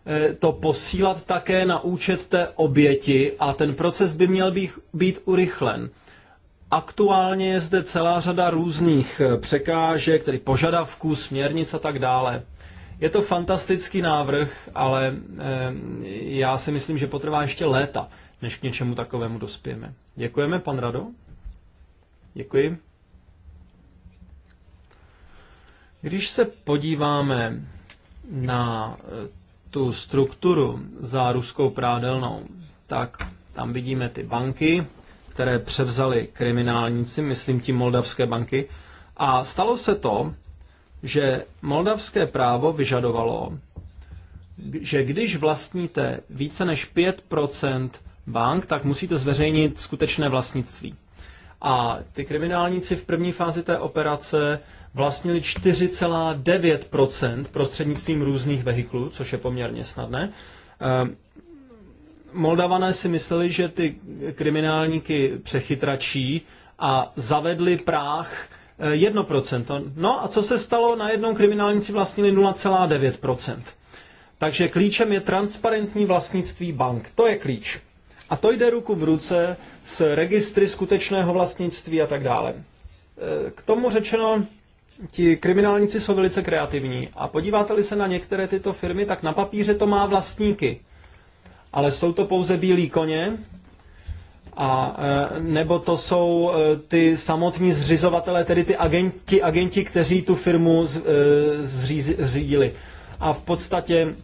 e, to posílat také na účet té oběti a ten proces by měl být, být urychlen. Aktuálně je zde celá řada různých e, překážek, tedy požadavků, směrnic a tak dále. Je to fantastický návrh, ale e, já si myslím, že potrvá ještě léta, než k něčemu takovému dospějeme. Děkujeme, pan Rado. Děkuji. Když se podíváme na eh, tu strukturu za ruskou prádelnou, tak tam vidíme ty banky, které převzali kriminálníci, myslím tím moldavské banky. A stalo se to, že moldavské právo vyžadovalo, že když vlastníte více než 5 bank, tak musíte zveřejnit skutečné vlastnictví. A ty kriminálníci v první fázi té operace vlastnili 4,9% prostřednictvím různých vehiklů, což je poměrně snadné. Ehm, Moldavané si mysleli, že ty kriminálníky přechytračí a zavedli práh 1%. Eh, no a co se stalo? Na jednom kriminálníci vlastnili 0,9%. Takže klíčem je transparentní vlastnictví bank. To je klíč. A to jde ruku v ruce s registry skutečného vlastnictví a tak dále. E, k tomu řečeno, ti kriminálníci jsou velice kreativní a podíváte-li se na některé tyto firmy, tak na papíře to má vlastníky. Ale jsou to pouze bílí koně, a e, nebo to jsou e, ty samotní zřizovatelé, tedy ty agenti, agenti kteří tu firmu zřídili. A v podstatě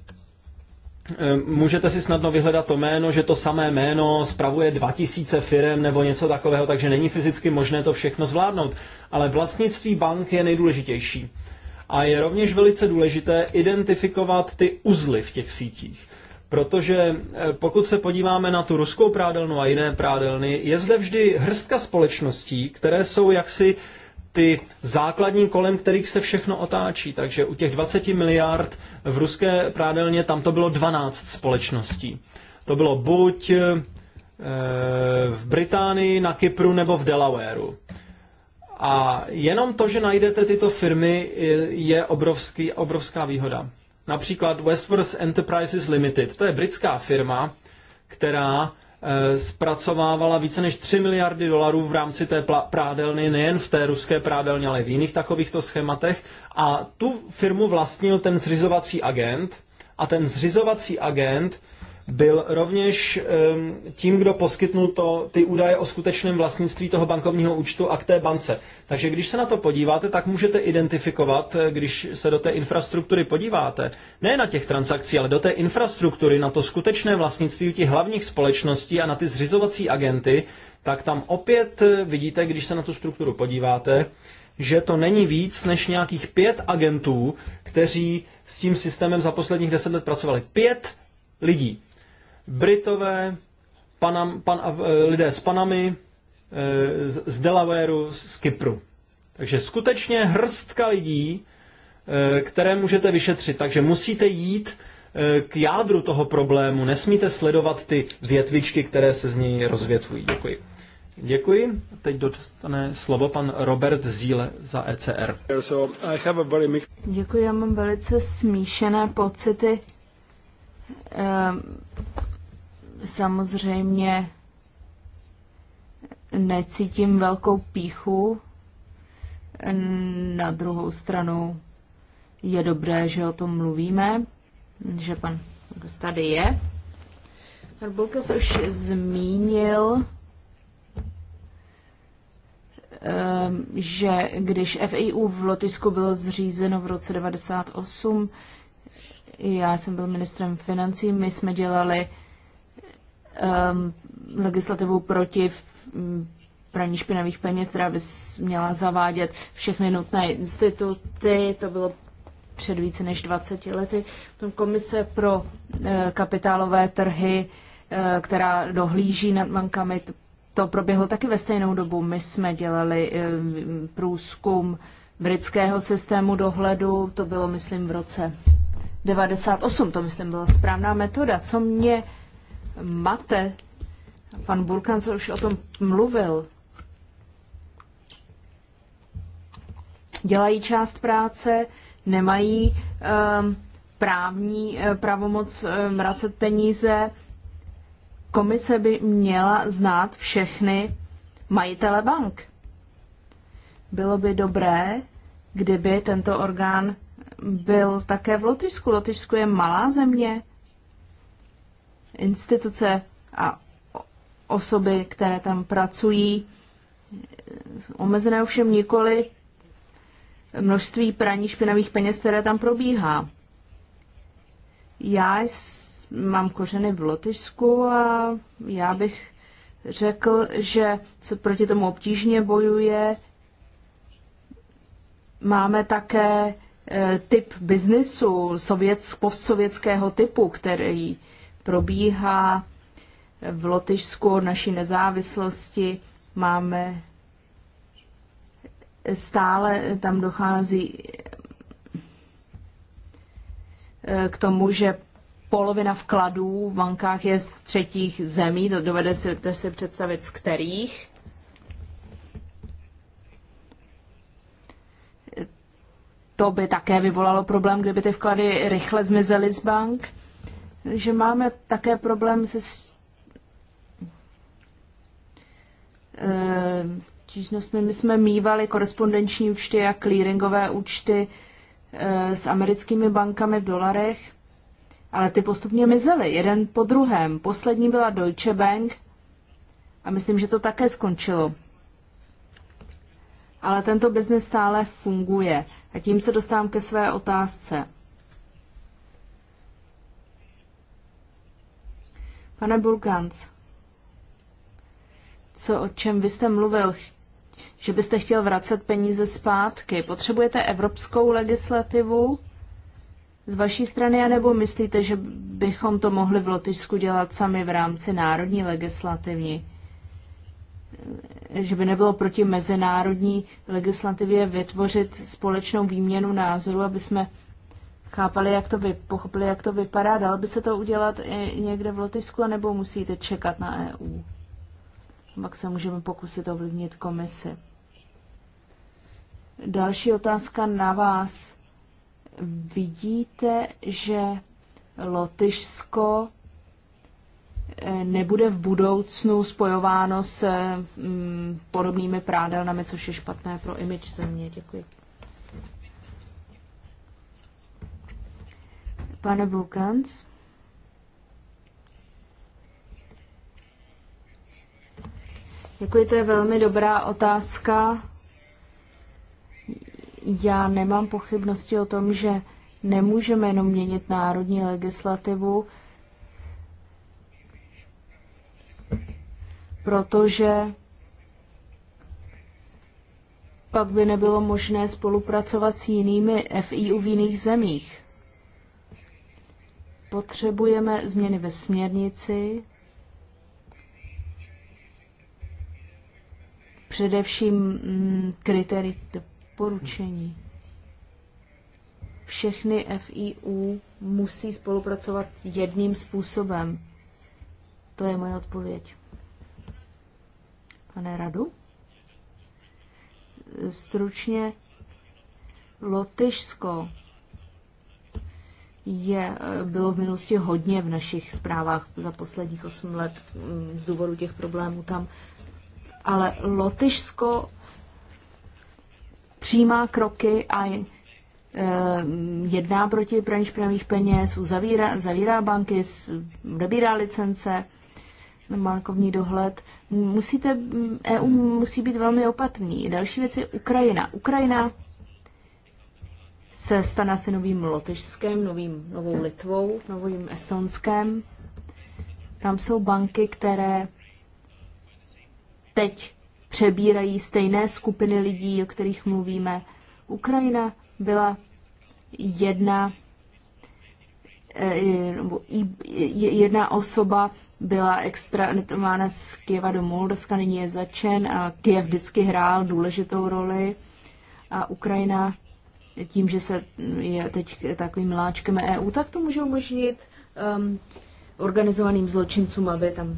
Ehm, můžete si snadno vyhledat to jméno, že to samé jméno spravuje 2000 firm nebo něco takového, takže není fyzicky možné to všechno zvládnout. Ale vlastnictví bank je nejdůležitější. A je rovněž velice důležité identifikovat ty uzly v těch sítích. Protože eh, pokud se podíváme na tu ruskou prádelnu a jiné prádelny, je zde vždy hrstka společností, které jsou jaksi ty základní kolem, kterých se všechno otáčí. Takže u těch 20 miliard v ruské prádelně tam to bylo 12 společností. To bylo buď eh, v Británii, na Kypru nebo v Delawareu. A jenom to, že najdete tyto firmy, je obrovský, obrovská výhoda. Například Westworth Enterprises Limited, to je britská firma, která Eh, zpracovávala více než 3 miliardy dolarů v rámci té prádelny, nejen v té ruské prádelně, ale v jiných takovýchto schématech. A tu firmu vlastnil ten zřizovací agent a ten zřizovací agent byl rovněž tím, kdo poskytnul to, ty údaje o skutečném vlastnictví toho bankovního účtu a k té bance. Takže když se na to podíváte, tak můžete identifikovat, eh, když se do té infrastruktury podíváte, ne na těch transakcí, ale do té infrastruktury, na to skutečné vlastnictví těch hlavních společností a na ty zřizovací agenty, tak tam opět eh, vidíte, když se na tu strukturu podíváte, že to není víc než nějakých pět agentů, kteří s tím systémem za posledních deset let pracovali. Pět lidí. Britové, panam, pan, eh, lidé z Panamy, eh, z, z Delawareu, z Kypru. Takže skutečně hrstka lidí, eh, které můžete vyšetřit. Takže musíte jít k jádru toho problému. Nesmíte sledovat ty větvičky, které se z něj rozvětvují. Děkuji. Děkuji. Teď dostane slovo pan Robert Zíle za ECR. Děkuji, já mám velice smíšené pocity. Ehm, samozřejmě necítím velkou píchu. Na druhou stranu je dobré, že o tom mluvíme, že pan tady je. Pan Bulkes už zmínil, ehm, že když FIU v Lotisku bylo zřízeno v roce 98, já jsem byl ministrem financí, my jsme dělali um, legislativu proti mm, praní špinavých peněz, která by měla zavádět všechny nutné instituty. To bylo před více než 20 lety. Potom komise pro eh, kapitálové trhy, eh, která dohlíží nad bankami, to, to proběhlo taky ve stejnou dobu. My jsme dělali eh, průzkum britského systému dohledu, to bylo, myslím, v roce 98, to myslím byla správná metoda. Co mě mate. Pan Burkan se už o tom mluvil. Dělají část práce, nemají um, právní eh, pravomoc ehm, vracet peníze. Komise by měla znát všechny majitele bank. Bylo by dobré, kdyby tento orgán byl také v Lotyšsku. Lotyšsku je malá země, instituce a osoby, které tam pracují, omezené ovšem nikoli množství praní špinavých peněz, které tam probíhá. Já mám kořeny v Lotyšsku a já bych řekl, že se proti tomu obtížně bojuje. Máme také eh, typ biznisu sovětsk, postsovětského typu, který probíhá. V Lotyšsku naší nezávislosti máme stále tam dochází eh, k tomu, že polovina vkladů v bankách je z třetích zemí, to dovede si, to si představit z kterých. To by také vyvolalo problém, kdyby ty vklady rychle zmizely z bank že máme také problém se Čížnostmi. Eh, My jsme mývali korespondenční účty a clearingové účty eh, s americkými bankami v dolarech, ale ty postupně mizely, jeden po druhém. Poslední byla Deutsche Bank a myslím, že to také skončilo. Ale tento biznis stále funguje. A tím se dostávám ke své otázce. Pane Burgans, co, o čem vy jste mluvil, že byste chtěl vracet peníze zpátky. Potřebujete evropskou legislativu z vaší strany, anebo myslíte, že bychom to mohli v Lotyšsku dělat sami v rámci národní legislativní? Že by nebylo proti mezinárodní legislativě vytvořit společnou výměnu názorů, aby jsme chápali, jak to vy, pochopili, jak to vypadá. Dalo by se to udělat i někde v Lotyšsku, nebo musíte čekat na EU? Pak se můžeme pokusit ovlivnit komisi. Další otázka na vás. Vidíte, že Lotyšsko eh, nebude v budoucnu spojováno s mm, podobnými prádelnami, což je špatné pro imič země. Děkuji. Pane Bukans. Děkuji, jako to je velmi dobrá otázka. Já nemám pochybnosti o tom, že nemůžeme jenom měnit národní legislativu, protože pak by nebylo možné spolupracovat s jinými FIU v jiných zemích. Potřebujeme změny ve směrnici, především mm, kritérii doporučení. Všechny FIU musí spolupracovat jedním způsobem. To je moje odpověď. Pane Radu? Stručně Lotyšsko je, eh, bylo v minulosti hodně v našich zprávách za posledních 8 let mm, z důvodu těch problémů tam. Ale Lotyšsko přijímá kroky a eh, jedná proti praní špinavých peněz, uzavírá, zavírá banky, odebírá licence, bankovní dohled. Musíte, mm, EU musí být velmi opatrný. Další věc je Ukrajina. Ukrajina se stane se novým Lotyšskem, novým, novou Litvou, novým Estonskem. Tam jsou banky, které teď přebírají stejné skupiny lidí, o kterých mluvíme. Ukrajina byla jedna, eh, jedna osoba byla extraditována z Kieva do Moldovska, nyní je začen a Kiev vždycky hrál důležitou roli a Ukrajina tím, že se je teď takovým láčkem EU, tak to může umožnit um, organizovaným zločincům, aby tam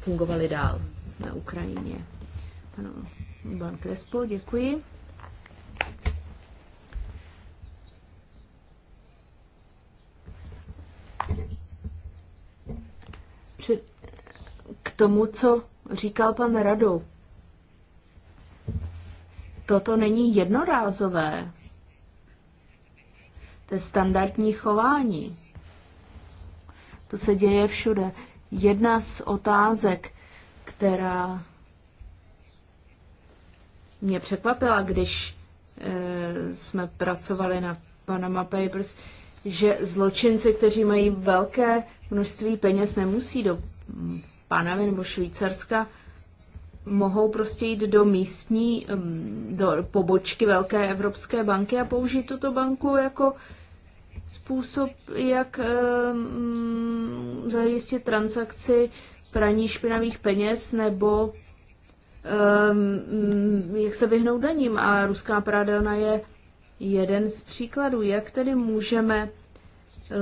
fungovali dál na Ukrajině. Ano, Ivan Krespo, děkuji. Před, k tomu, co říkal pan Radu. Toto není jednorázové to je standardní chování. To se děje všude. Jedna z otázek, která mě překvapila, když e, jsme pracovali na Panama Papers, že zločinci, kteří mají velké množství peněz, nemusí do Panamy nebo Švýcarska, mohou prostě jít do místní, do pobočky Velké Evropské banky a použít tuto banku jako způsob, jak zajistit transakci praní špinavých peněz nebo jak se vyhnout daním. A ruská prádelna je jeden z příkladů, jak tedy můžeme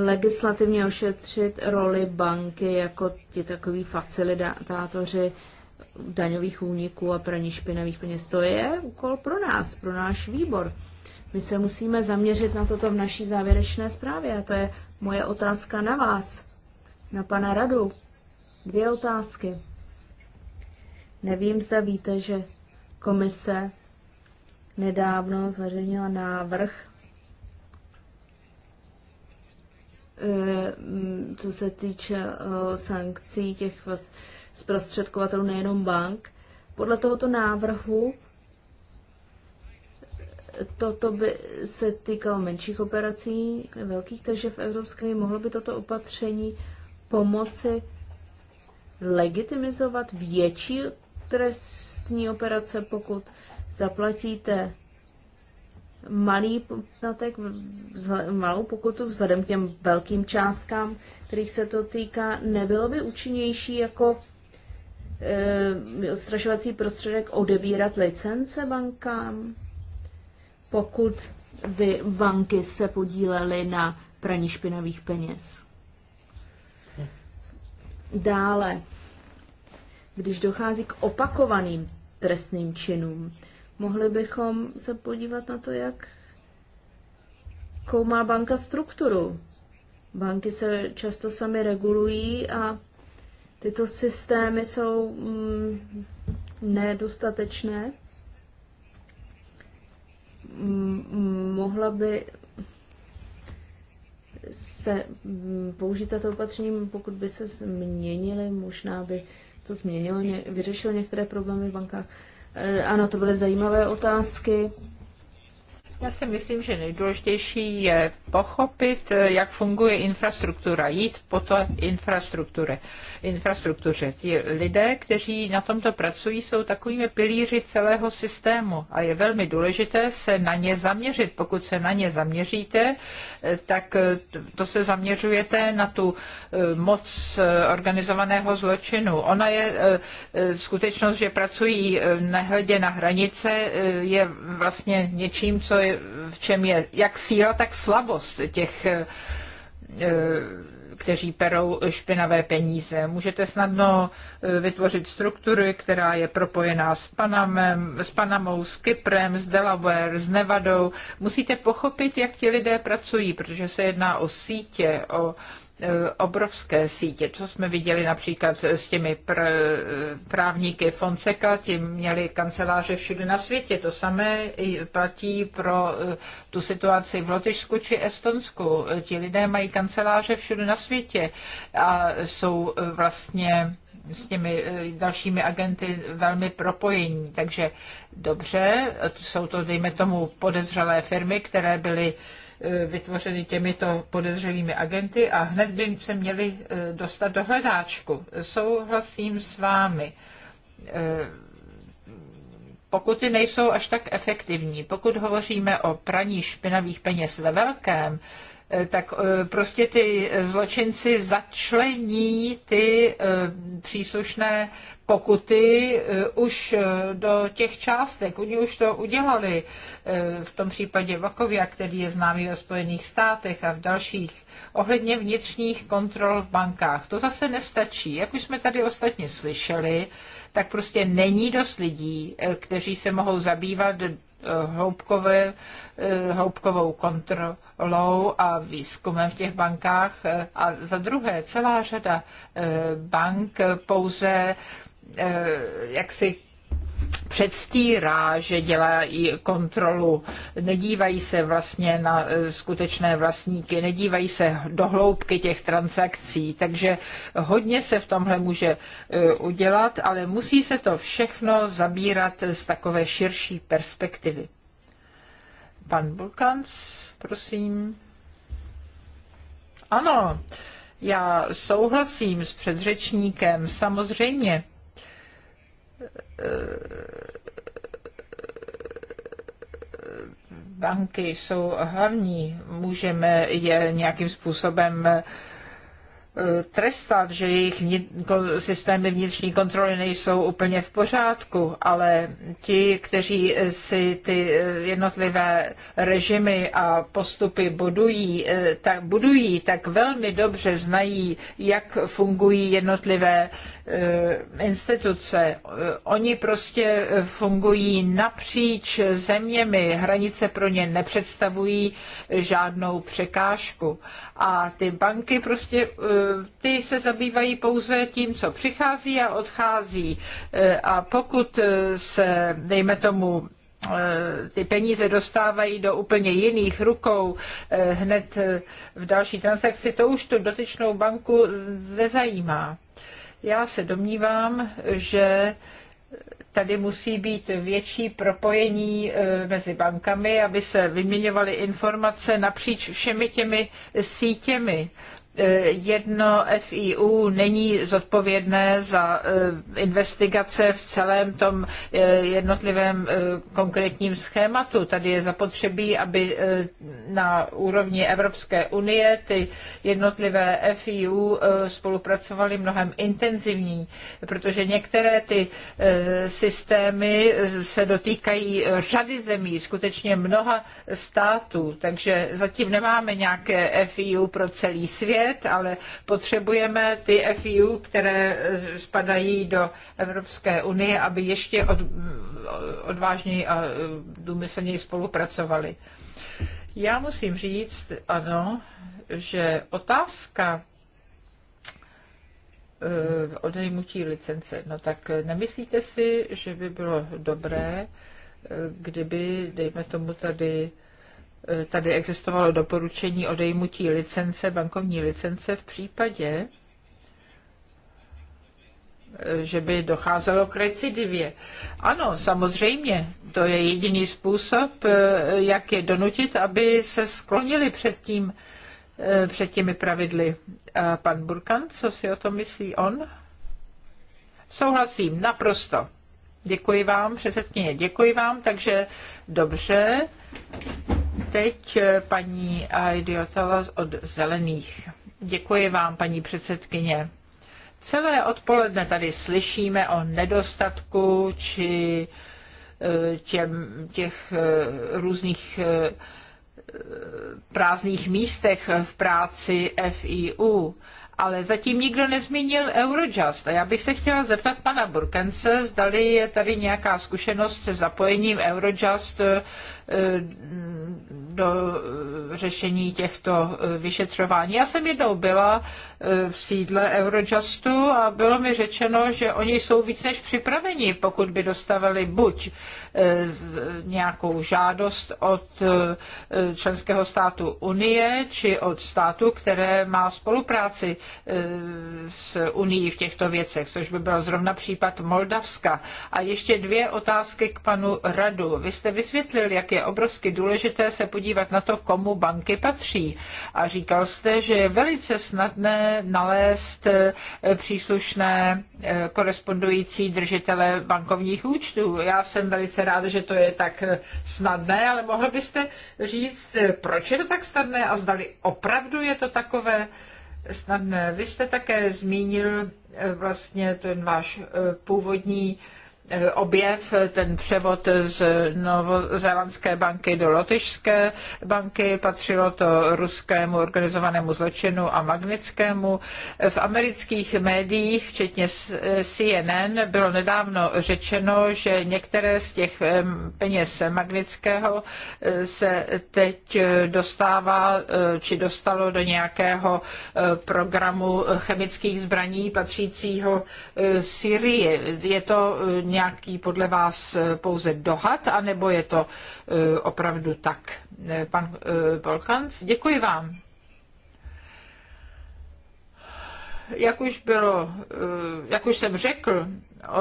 legislativně ošetřit roli banky jako ti takový facilitátoři daňových úniků a praní špinavých peněz. To je úkol pro nás, pro náš výbor. My se musíme zaměřit na toto v naší závěrečné zprávě a to je moje otázka na vás, na pana Radu. Dvě otázky. Nevím, zda víte, že komise nedávno zveřejnila návrh, eh, co se týče eh, sankcí těch zprostředkovatelů, nejenom bank. Podle tohoto návrhu toto by se týkalo menších operací, velkých, takže v Evropské unii mohlo by toto opatření pomoci legitimizovat větší trestní operace, pokud zaplatíte malý poplatek, malou pokutu vzhledem k těm velkým částkám, kterých se to týká, nebylo by účinnější jako Eh, odstrašovací prostředek odebírat licence bankám, pokud by banky se podílely na praní špinavých peněz. Dále, když dochází k opakovaným trestným činům, mohli bychom se podívat na to, jak koumá má banka strukturu. Banky se často sami regulují a Tyto systémy jsou mm, nedostatečné. Mm, mohla by se mm, použít tato opatření, pokud by se změnily, možná by to změnilo, vyřešilo některé problémy v bankách. Eh, ano, to byly zajímavé otázky. Já si myslím, že nejdůležitější je pochopit, jak funguje infrastruktura, jít po té infrastruktuře. infrastruktuře. Ti lidé, kteří na tomto pracují, jsou takovými pilíři celého systému a je velmi důležité se na ně zaměřit. Pokud se na ně zaměříte, tak to se zaměřujete na tu eh, moc eh, organizovaného zločinu. Ona je eh, skutečnost, že pracují nehledě na hranice, je vlastně něčím, co je v čem je jak síla, tak slabost těch, eh, eh, kteří perou špinavé peníze. Můžete snadno eh, vytvořit struktury, která je propojená s, Panamem, s Panamou, s Kyprem, s Delaware, s Nevadou. Musíte pochopit, jak ti lidé pracují, protože se jedná o sítě, o E, obrovské sítě, co jsme viděli například s těmi pr- právníky Fonseca, ti měli kanceláře všude na světě. To samé platí pro e, tu situaci v Lotyšsku či Estonsku. Ti lidé mají kanceláře všude na světě a jsou e, vlastně s těmi dalšími agenty velmi propojení. Takže dobře, jsou to, dejme tomu, podezřelé firmy, které byly uh, Eh, vytvořeny těmito podezřelými agenty a hned by se měli eh, dostat do hledáčku. Souhlasím s vámi eh, pokud ty nejsou až tak efektivní. Pokud hovoříme o praní špinavých peněz ve velkém, Eh, tak eh, prostě ty eh, zločinci začlení ty příslušné pokuty už do těch částek. Oni už to udělali v tom případě Vakovia, který je známý ve Spojených státech a v dalších ohledně vnitřních kontrol v bankách. To zase nestačí. Jak už jsme tady ostatně slyšeli, tak prostě není dost lidí, kteří se mohou zabývat hloubkové, eh, hloubkovou kontrolou a výzkumem v těch bankách. Eh, a za druhé, celá řada eh, bank pouze jak si předstírá, že dělají kontrolu, nedívají se vlastně na eh, skutečné vlastníky, nedívají se do hloubky těch transakcí, takže hodně se v tomhle může eh, udělat, ale musí se to všechno zabírat z takové širší perspektivy. Pan Bulkans, prosím. Ano, já souhlasím s předřečníkem, samozřejmě banky jsou hlavní, můžeme je nějakým způsobem Eh, trestat, že jejich systémy vnitřní kontroly nejsou úplně v pořádku, ale ti, kteří si ty eh, jednotlivé režimy a postupy budují, eh, tak, budují, tak velmi dobře znají, jak fungují jednotlivé instituce. Oni prostě fungují napříč zeměmi, hranice pro ně nepředstavují žádnou překážku. A ty banky prostě, eh, ty se zabývají pouze tím, co přichází a odchází. Eh, a pokud eh, se, dejme tomu, ty peníze dostávají do úplně jiných rukou hned v další transakci, to už tu dotyčnou banku nezajímá. Já se domnívám, že tady musí být větší propojení e, mezi bankami, aby se vyměňovaly informace napříč všemi těmi sítěmi jedno FIU není zodpovědné za eh, investigace v celém tom eh, jednotlivém eh, konkrétním schématu. Tady je zapotřebí, aby na úrovni Evropské unie ty jednotlivé FIU spolupracovaly mnohem intenzivní, protože některé ty systémy se dotýkají řady zemí, skutečně mnoha států, takže zatím nemáme nějaké FIU pro celý svět, opět, ale potřebujeme ty FIU, které eh, spadají do Evropské unie, aby ještě od, eh, odvážněji a eh, důmyslněji spolupracovali. Já musím říct, ano, že otázka odejmutí licence. No tak nemyslíte si, že by bylo dobré, kdyby, dejme tomu tady, Eh, tady existovalo doporučení odejmutí licence, bankovní licence v případě, eh, že by docházelo k recidivě. Ano, samozřejmě, to je jediný způsob, eh, jak je donutit, aby se sklonili před, tím, před těmi pravidly. A pan Burkan, co si o tom myslí on? Souhlasím, naprosto. Děkuji vám, předsedkyně, děkuji vám, takže dobře. Teď eh, paní Idiotala od Zelených. Děkuji vám, paní předsedkyně. Celé odpoledne tady slyšíme o nedostatku či eh, těm, těch eh, různých prázdných místech v práci FIU ale zatím nikdo nezmínil Eurojust. A já bych se chtěla zeptat pana Burkence, zdali je tady nějaká zkušenost se zapojením Eurojust Eh, do řešení těchto eh, vyšetřování. Já jsem jednou byla eh, v sídle Eurojustu a bylo mi řečeno, že oni jsou víc než připraveni, pokud by dostavili buď nějakou žádost od členského státu Unie či od státu, které má spolupráci s Unii v těchto věcech, což by byl zrovna případ Moldavska. A ještě dvě otázky k panu Radu. Vy jste vysvětlil, jak je je obrovsky důležité se podívat na to, komu banky patří. A říkal jste, že je velice snadné nalézt eh, příslušné eh, korespondující držitele bankovních účtů. Já jsem velice ráda, že to je tak eh, snadné, ale mohla byste říct, proč je to tak snadné a zdali opravdu je to takové snadné. Vy jste také zmínil vlastně ten váš původní Eh, objev, ten převod z Novozélandské banky do Lotyšské banky, patřilo to ruskému organizovanému zločinu a magnickému. V amerických médiích, včetně CNN, bylo nedávno řečeno, že některé z těch peněz magnického eh, se teď eh, dostává, či dostalo do nějakého programu chemických zbraní patřícího Syrii. Je to nějaký podle vás eh, pouze dohad, anebo je to eh, opravdu tak? Eh, pan Polkanc, děkuji vám. Jak už, bylo, jak už jsem řekl,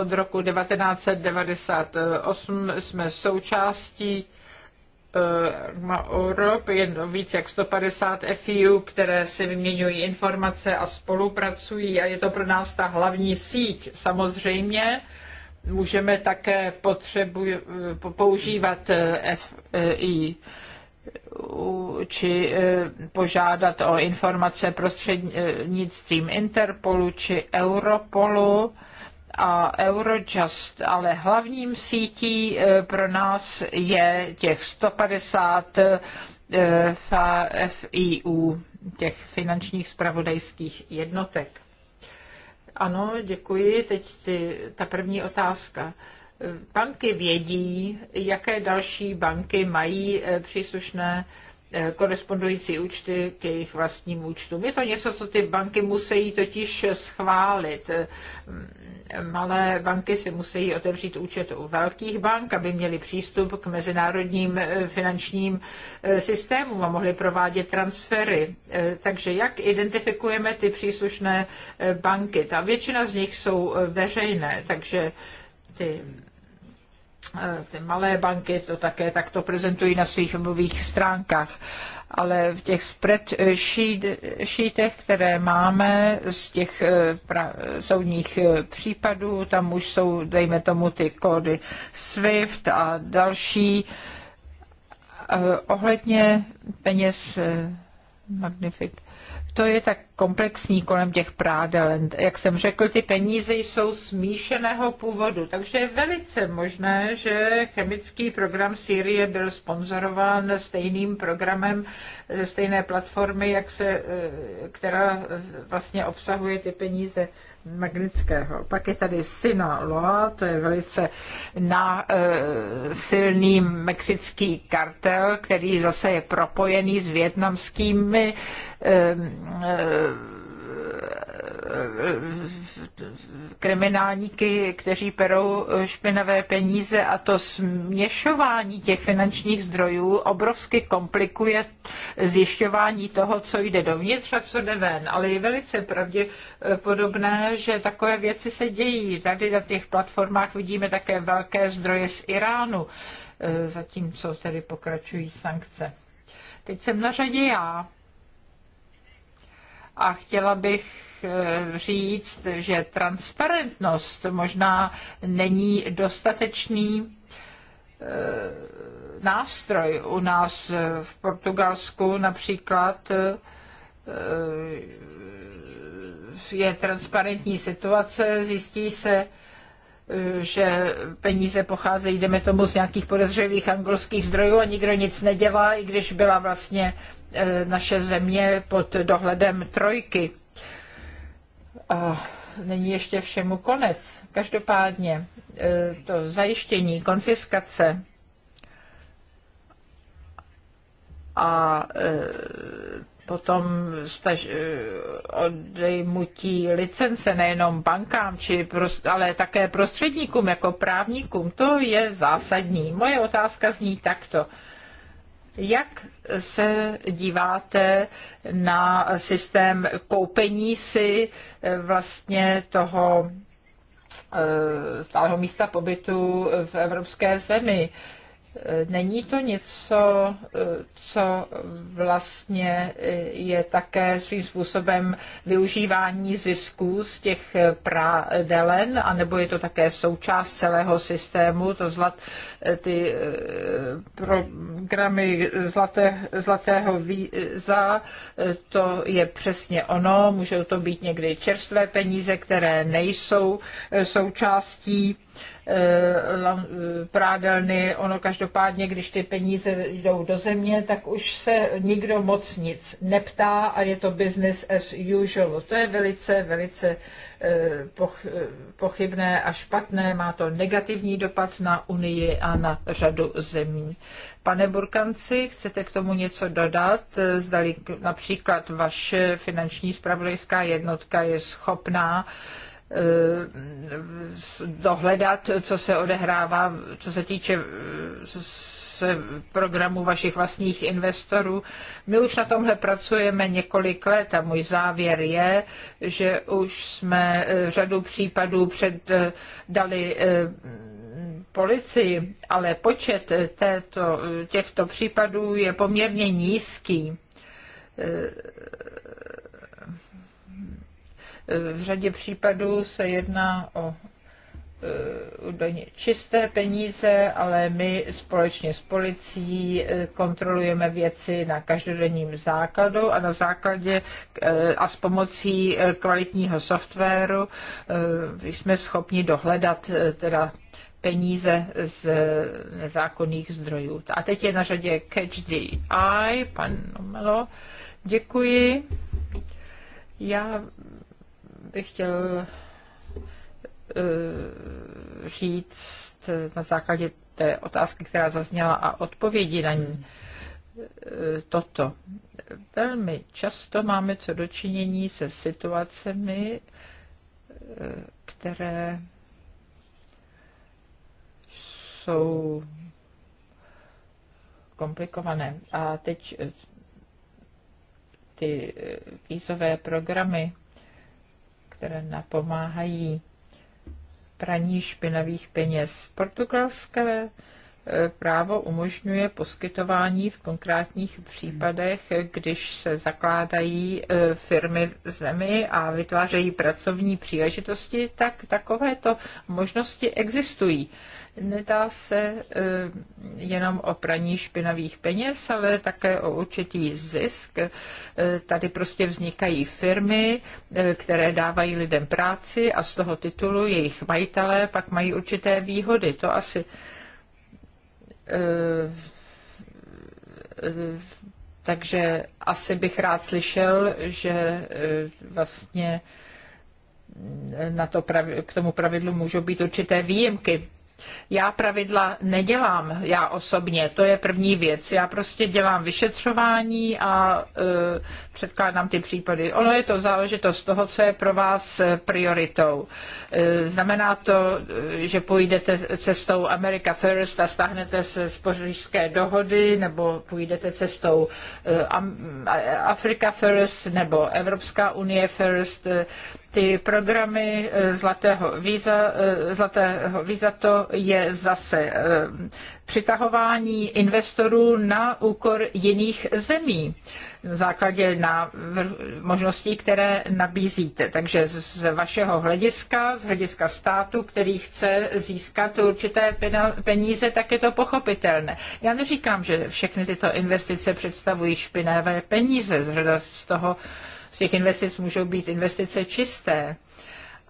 od roku 1998 jsme součástí Europe, jen více jak 150 FIU, které si vyměňují informace a spolupracují a je to pro nás ta hlavní síť. Samozřejmě můžeme také potřebu, používat eh, FI e či eh, požádat o informace prostřednictvím Interpolu či Europolu a Eurojust, ale hlavním sítí eh, pro nás je těch 150 FIU, těch finančních spravodajských jednotek. Ano, děkuji. Teď ty, ta první otázka. Banky vědí, jaké další banky mají eh, příslušné korespondující účty k jejich vlastním účtům. Je to něco, co ty banky musí totiž schválit. Malé banky si musí otevřít účet u velkých bank, aby měli přístup k mezinárodním finančním systémům a mohli provádět transfery. Takže jak identifikujeme ty příslušné banky? Ta většina z nich jsou veřejné, takže ty Eh, ty malé banky to také takto prezentují na svých webových stránkách ale v těch spreadsheetech, které máme z těch eh, pra, soudních eh, případů, tam už jsou, dejme tomu, ty kódy SWIFT a další. Ohledně peněz Magnific to je tak komplexní kolem těch prádel. Jak jsem řekl, ty peníze jsou smíšeného původu, takže je velice možné, že chemický program Sýrie byl sponzorován stejným programem ze stejné platformy, jak se, eh, která vlastně obsahuje ty peníze Magnického. Pak je tady Sina Loa, to je velice na, e, silný mexický kartel, který zase je propojený s větnamskými Ehm, ehm, kriminálníky, kteří perou špinavé peníze a to směšování těch finančních zdrojů obrovsky komplikuje zjišťování toho, co jde dovnitř a co jde ven. Ale je velice pravděpodobné, že takové věci se dějí. Tady na těch platformách vidíme také velké zdroje z Iránu, ehm, zatímco tedy pokračují sankce. Teď jsem na řadě já. A chtěla bych eh, říct, že transparentnost možná není dostatečný eh, nástroj u nás v Portugalsku například eh, je transparentní situace, zjistí se, že peníze pocházejí, jdeme tomu, z nějakých podezřelých anglických zdrojů a nikdo nic nedělá, i když byla vlastně Eh, naše země pod dohledem trojky. A není ještě všemu konec. Každopádně eh, to zajištění, konfiskace a eh, potom staž, odejmutí licence nejenom bankám, či prost, ale také prostředníkům jako právníkům, to je zásadní. Moje otázka zní takto. Jak se díváte na systém koupení si eh, vlastně toho stáleho eh, místa pobytu v evropské zemi? Eh, není to něco, eh, co vlastně eh, je také svým způsobem využívání zisků z těch pradelen, anebo je to také součást celého systému, to zlat, ty programy zlaté, zlatého víza, to je přesně ono, můžou to být někdy čerstvé peníze, které nejsou součástí Eh, eh, prádelny. Ono každopádně, když ty peníze jdou do země, tak už se nikdo moc nic neptá a je to business as usual. To je velice, velice eh, pochybné a špatné. Má to negativní dopad na Unii a na řadu zemí. Pane Burkanci, chcete k tomu něco dodat? Zdali například vaše finanční spravodajská jednotka je schopná Eh, dohledat, co se odehrává, co se týče eh, se programu vašich vlastních investorů. My už na tomhle pracujeme několik let a můj závěr je, že už jsme eh, řadu případů předdali policii, ale počet této, těchto případů je poměrně nízký v řadě případů se jedná o eh, údajně čisté peníze, ale my společně s policií eh, kontrolujeme věci na každodenním základu a na základě eh, a s pomocí kvalitního softwaru jsme schopni dohledat teda peníze z nezákonných zdrojů. A teď je na řadě Catch the Eye, pan Nomelo. Děkuji. Já bych chtěl eh, říct na základě té otázky, která zazněla a odpovědi na ní eh, toto. Velmi často máme co dočinění se situacemi, eh, které jsou komplikované. A teď ty vízové programy které napomáhají praní špinavých peněz. Portugalské eh, právo umožňuje poskytování v konkrétních případech, když se zakládají eh, firmy v zemi a vytvářejí pracovní příležitosti, tak takovéto možnosti existují. Nedá se eh, jenom o praní špinavých peněz, ale také o určitý zisk. Eh, tady prostě vznikají firmy, eh, které dávají lidem práci a z toho titulu jejich majitelé pak mají určité výhody. To asi takže asi bych rád slyšel, že vlastně na to k tomu pravidlu můžou být určité výjimky. Já pravidla nedělám, já osobně, to je první věc. Já prostě dělám vyšetřování a e, předkládám ty případy. Ono je to záležitost toho, co je pro vás e, prioritou. E, znamená to, e, že půjdete cestou America First a stáhnete se z pořížské dohody, nebo půjdete cestou e, Africa First, nebo Evropská unie First. E, ty programy eh, zlatého víza, eh, zlatého víza to je zase eh, přitahování investorů na úkor jiných zemí na základě na možností, které nabízíte. Takže z vašeho hlediska, z hlediska státu, který chce získat určité peníze, tak je to pochopitelné. Já neříkám, že všechny tyto investice představují špinavé peníze, z toho z těch investic můžou být investice čisté,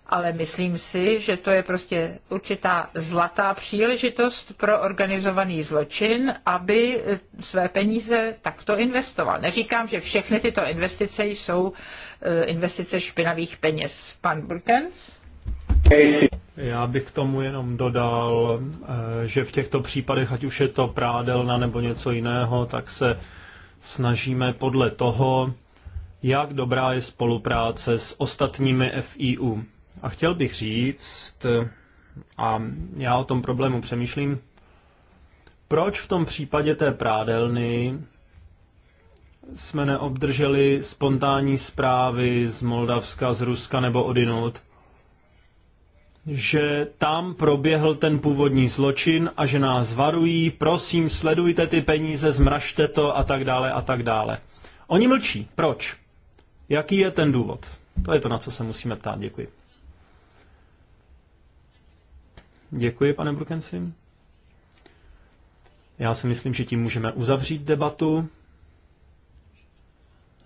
ale myslím si, že to je prostě určitá zlatá příležitost pro organizovaný zločin, aby své peníze takto investoval. Neříkám, že všechny tyto investice jsou eh, investice špinavých peněz. Pan Burkens? Já bych k tomu jenom dodal, eh, že v těchto případech, ať už je to prádelna nebo něco jiného, tak se snažíme podle toho, jak dobrá je spolupráce s ostatními FIU. A chtěl bych říct, a já o tom problému přemýšlím, proč v tom případě té prádelny jsme neobdrželi spontánní zprávy z Moldavska, z Ruska nebo odinut, že tam proběhl ten původní zločin a že nás varují, prosím, sledujte ty peníze, zmražte to a tak dále a tak dále. Oni mlčí. Proč? Jaký je ten důvod? To je to, na co se musíme ptát. Děkuji. Děkuji, pane Brukensi. Já si myslím, že tím můžeme uzavřít debatu.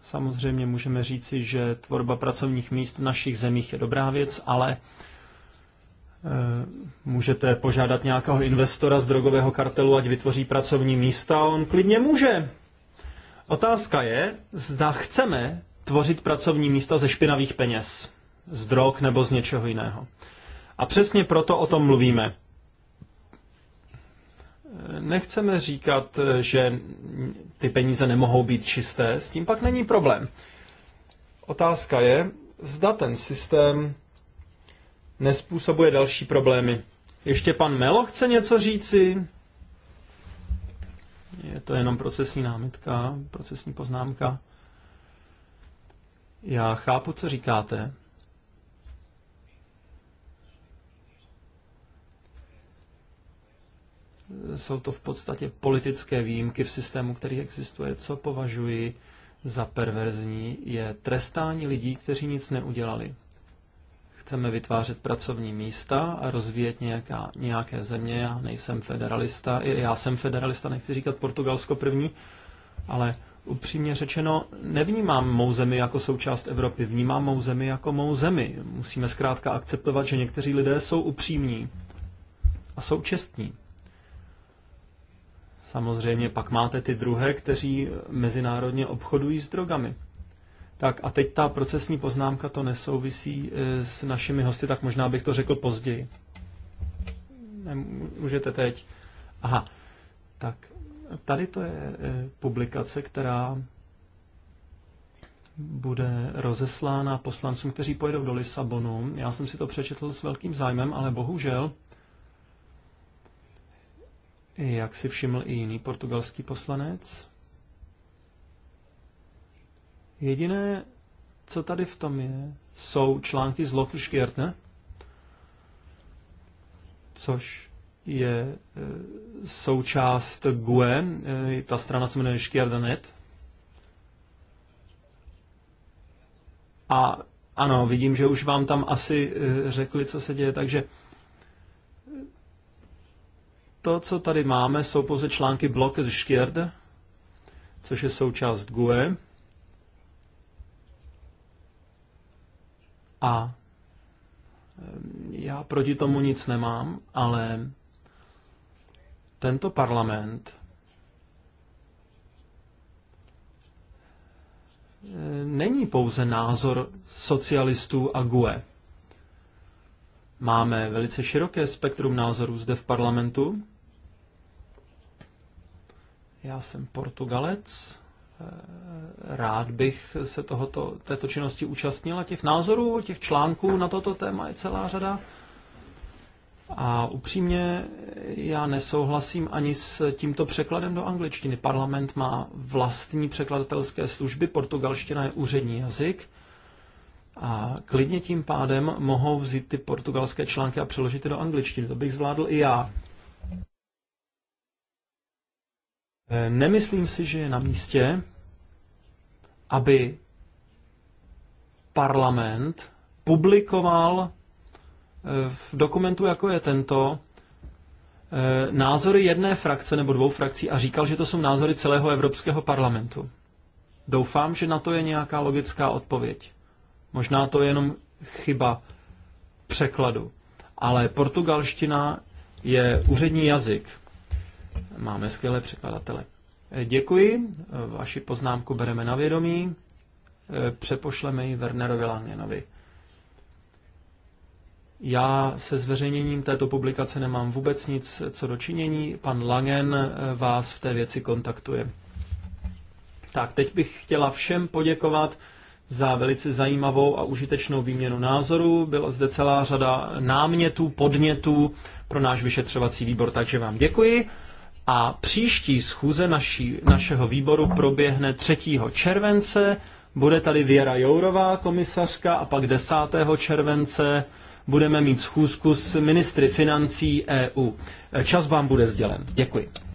Samozřejmě můžeme říci, že tvorba pracovních míst v našich zemích je dobrá věc, ale e, můžete požádat nějakého investora z drogového kartelu, ať vytvoří pracovní místa, on klidně může. Otázka je, zda chceme tvořit pracovní místa ze špinavých peněz, z drog nebo z něčeho jiného. A přesně proto o tom mluvíme. Nechceme říkat, že ty peníze nemohou být čisté, s tím pak není problém. Otázka je, zda ten systém nespůsobuje další problémy. Ještě pan Melo chce něco říci? Je to jenom procesní námitka, procesní poznámka. Já chápu, co říkáte. Jsou to v podstatě politické výjimky v systému, který existuje. Co považuji za perverzní, je trestání lidí, kteří nic neudělali. Chceme vytvářet pracovní místa a rozvíjet nějaká, nějaké země. Já nejsem federalista, já jsem federalista, nechci říkat Portugalsko první, ale upřímně řečeno, nevnímám mou zemi jako součást Evropy, vnímám mou zemi jako mou zemi. Musíme zkrátka akceptovat, že někteří lidé jsou upřímní a jsou čestní. Samozřejmě pak máte ty druhé, kteří mezinárodně obchodují s drogami. Tak a teď ta procesní poznámka to nesouvisí e, s našimi hosty, tak možná bych to řekl později. Nemůžete teď. Aha, tak Tady to je eh, publikace, která bude rozeslána poslancům, kteří pojedou do Lisabonu. Já jsem si to přečetl s velkým zájmem, ale bohužel, jak si všiml i jiný portugalský poslanec, jediné, co tady v tom je, jsou články z Lokruškirtne, což je e, součást GUE, e, ta strana se jmenuje Škjardanet. A ano, vidím, že už vám tam asi e, řekli, co se děje, takže to, co tady máme, jsou pouze články Blocket Škjard, což je součást GUE. A já proti tomu nic nemám, ale tento parlament eh, není pouze názor socialistů a GUE. Máme velice široké spektrum názorů zde v parlamentu. Já jsem Portugalec, eh, rád bych se tohoto, této činnosti účastnil a těch názorů, těch článků na toto téma je celá řada. A upřímně já nesouhlasím ani s tímto překladem do angličtiny. Parlament má vlastní překladatelské služby, portugalština je úřední jazyk a klidně tím pádem mohou vzít ty portugalské články a přeložit je do angličtiny. To bych zvládl i já. Nemyslím si, že je na místě, aby parlament publikoval v dokumentu, jako je tento, eh, názory jedné frakce nebo dvou frakcí a říkal, že to jsou názory celého Evropského parlamentu. Doufám, že na to je nějaká logická odpověď. Možná to je jenom chyba překladu. Ale portugalština je úřední jazyk. Máme skvělé překladatele. Eh, děkuji, vaši poznámku bereme na vědomí, eh, přepošleme ji Wernerovi Langenovi. Já se zveřejněním této publikace nemám vůbec nic co dočinění. Pan Langen eh, vás v té věci kontaktuje. Tak, teď bych chtěla všem poděkovat za velice zajímavou a užitečnou výměnu názorů. Byla zde celá řada námětů, podnětů pro náš vyšetřovací výbor, takže vám děkuji. A příští schůze naší, našeho výboru proběhne 3. července. Bude tady Věra Jourová, komisařka, a pak 10. července budeme mít schůzku s ministry financí EU. Čas vám bude sdělen. Děkuji.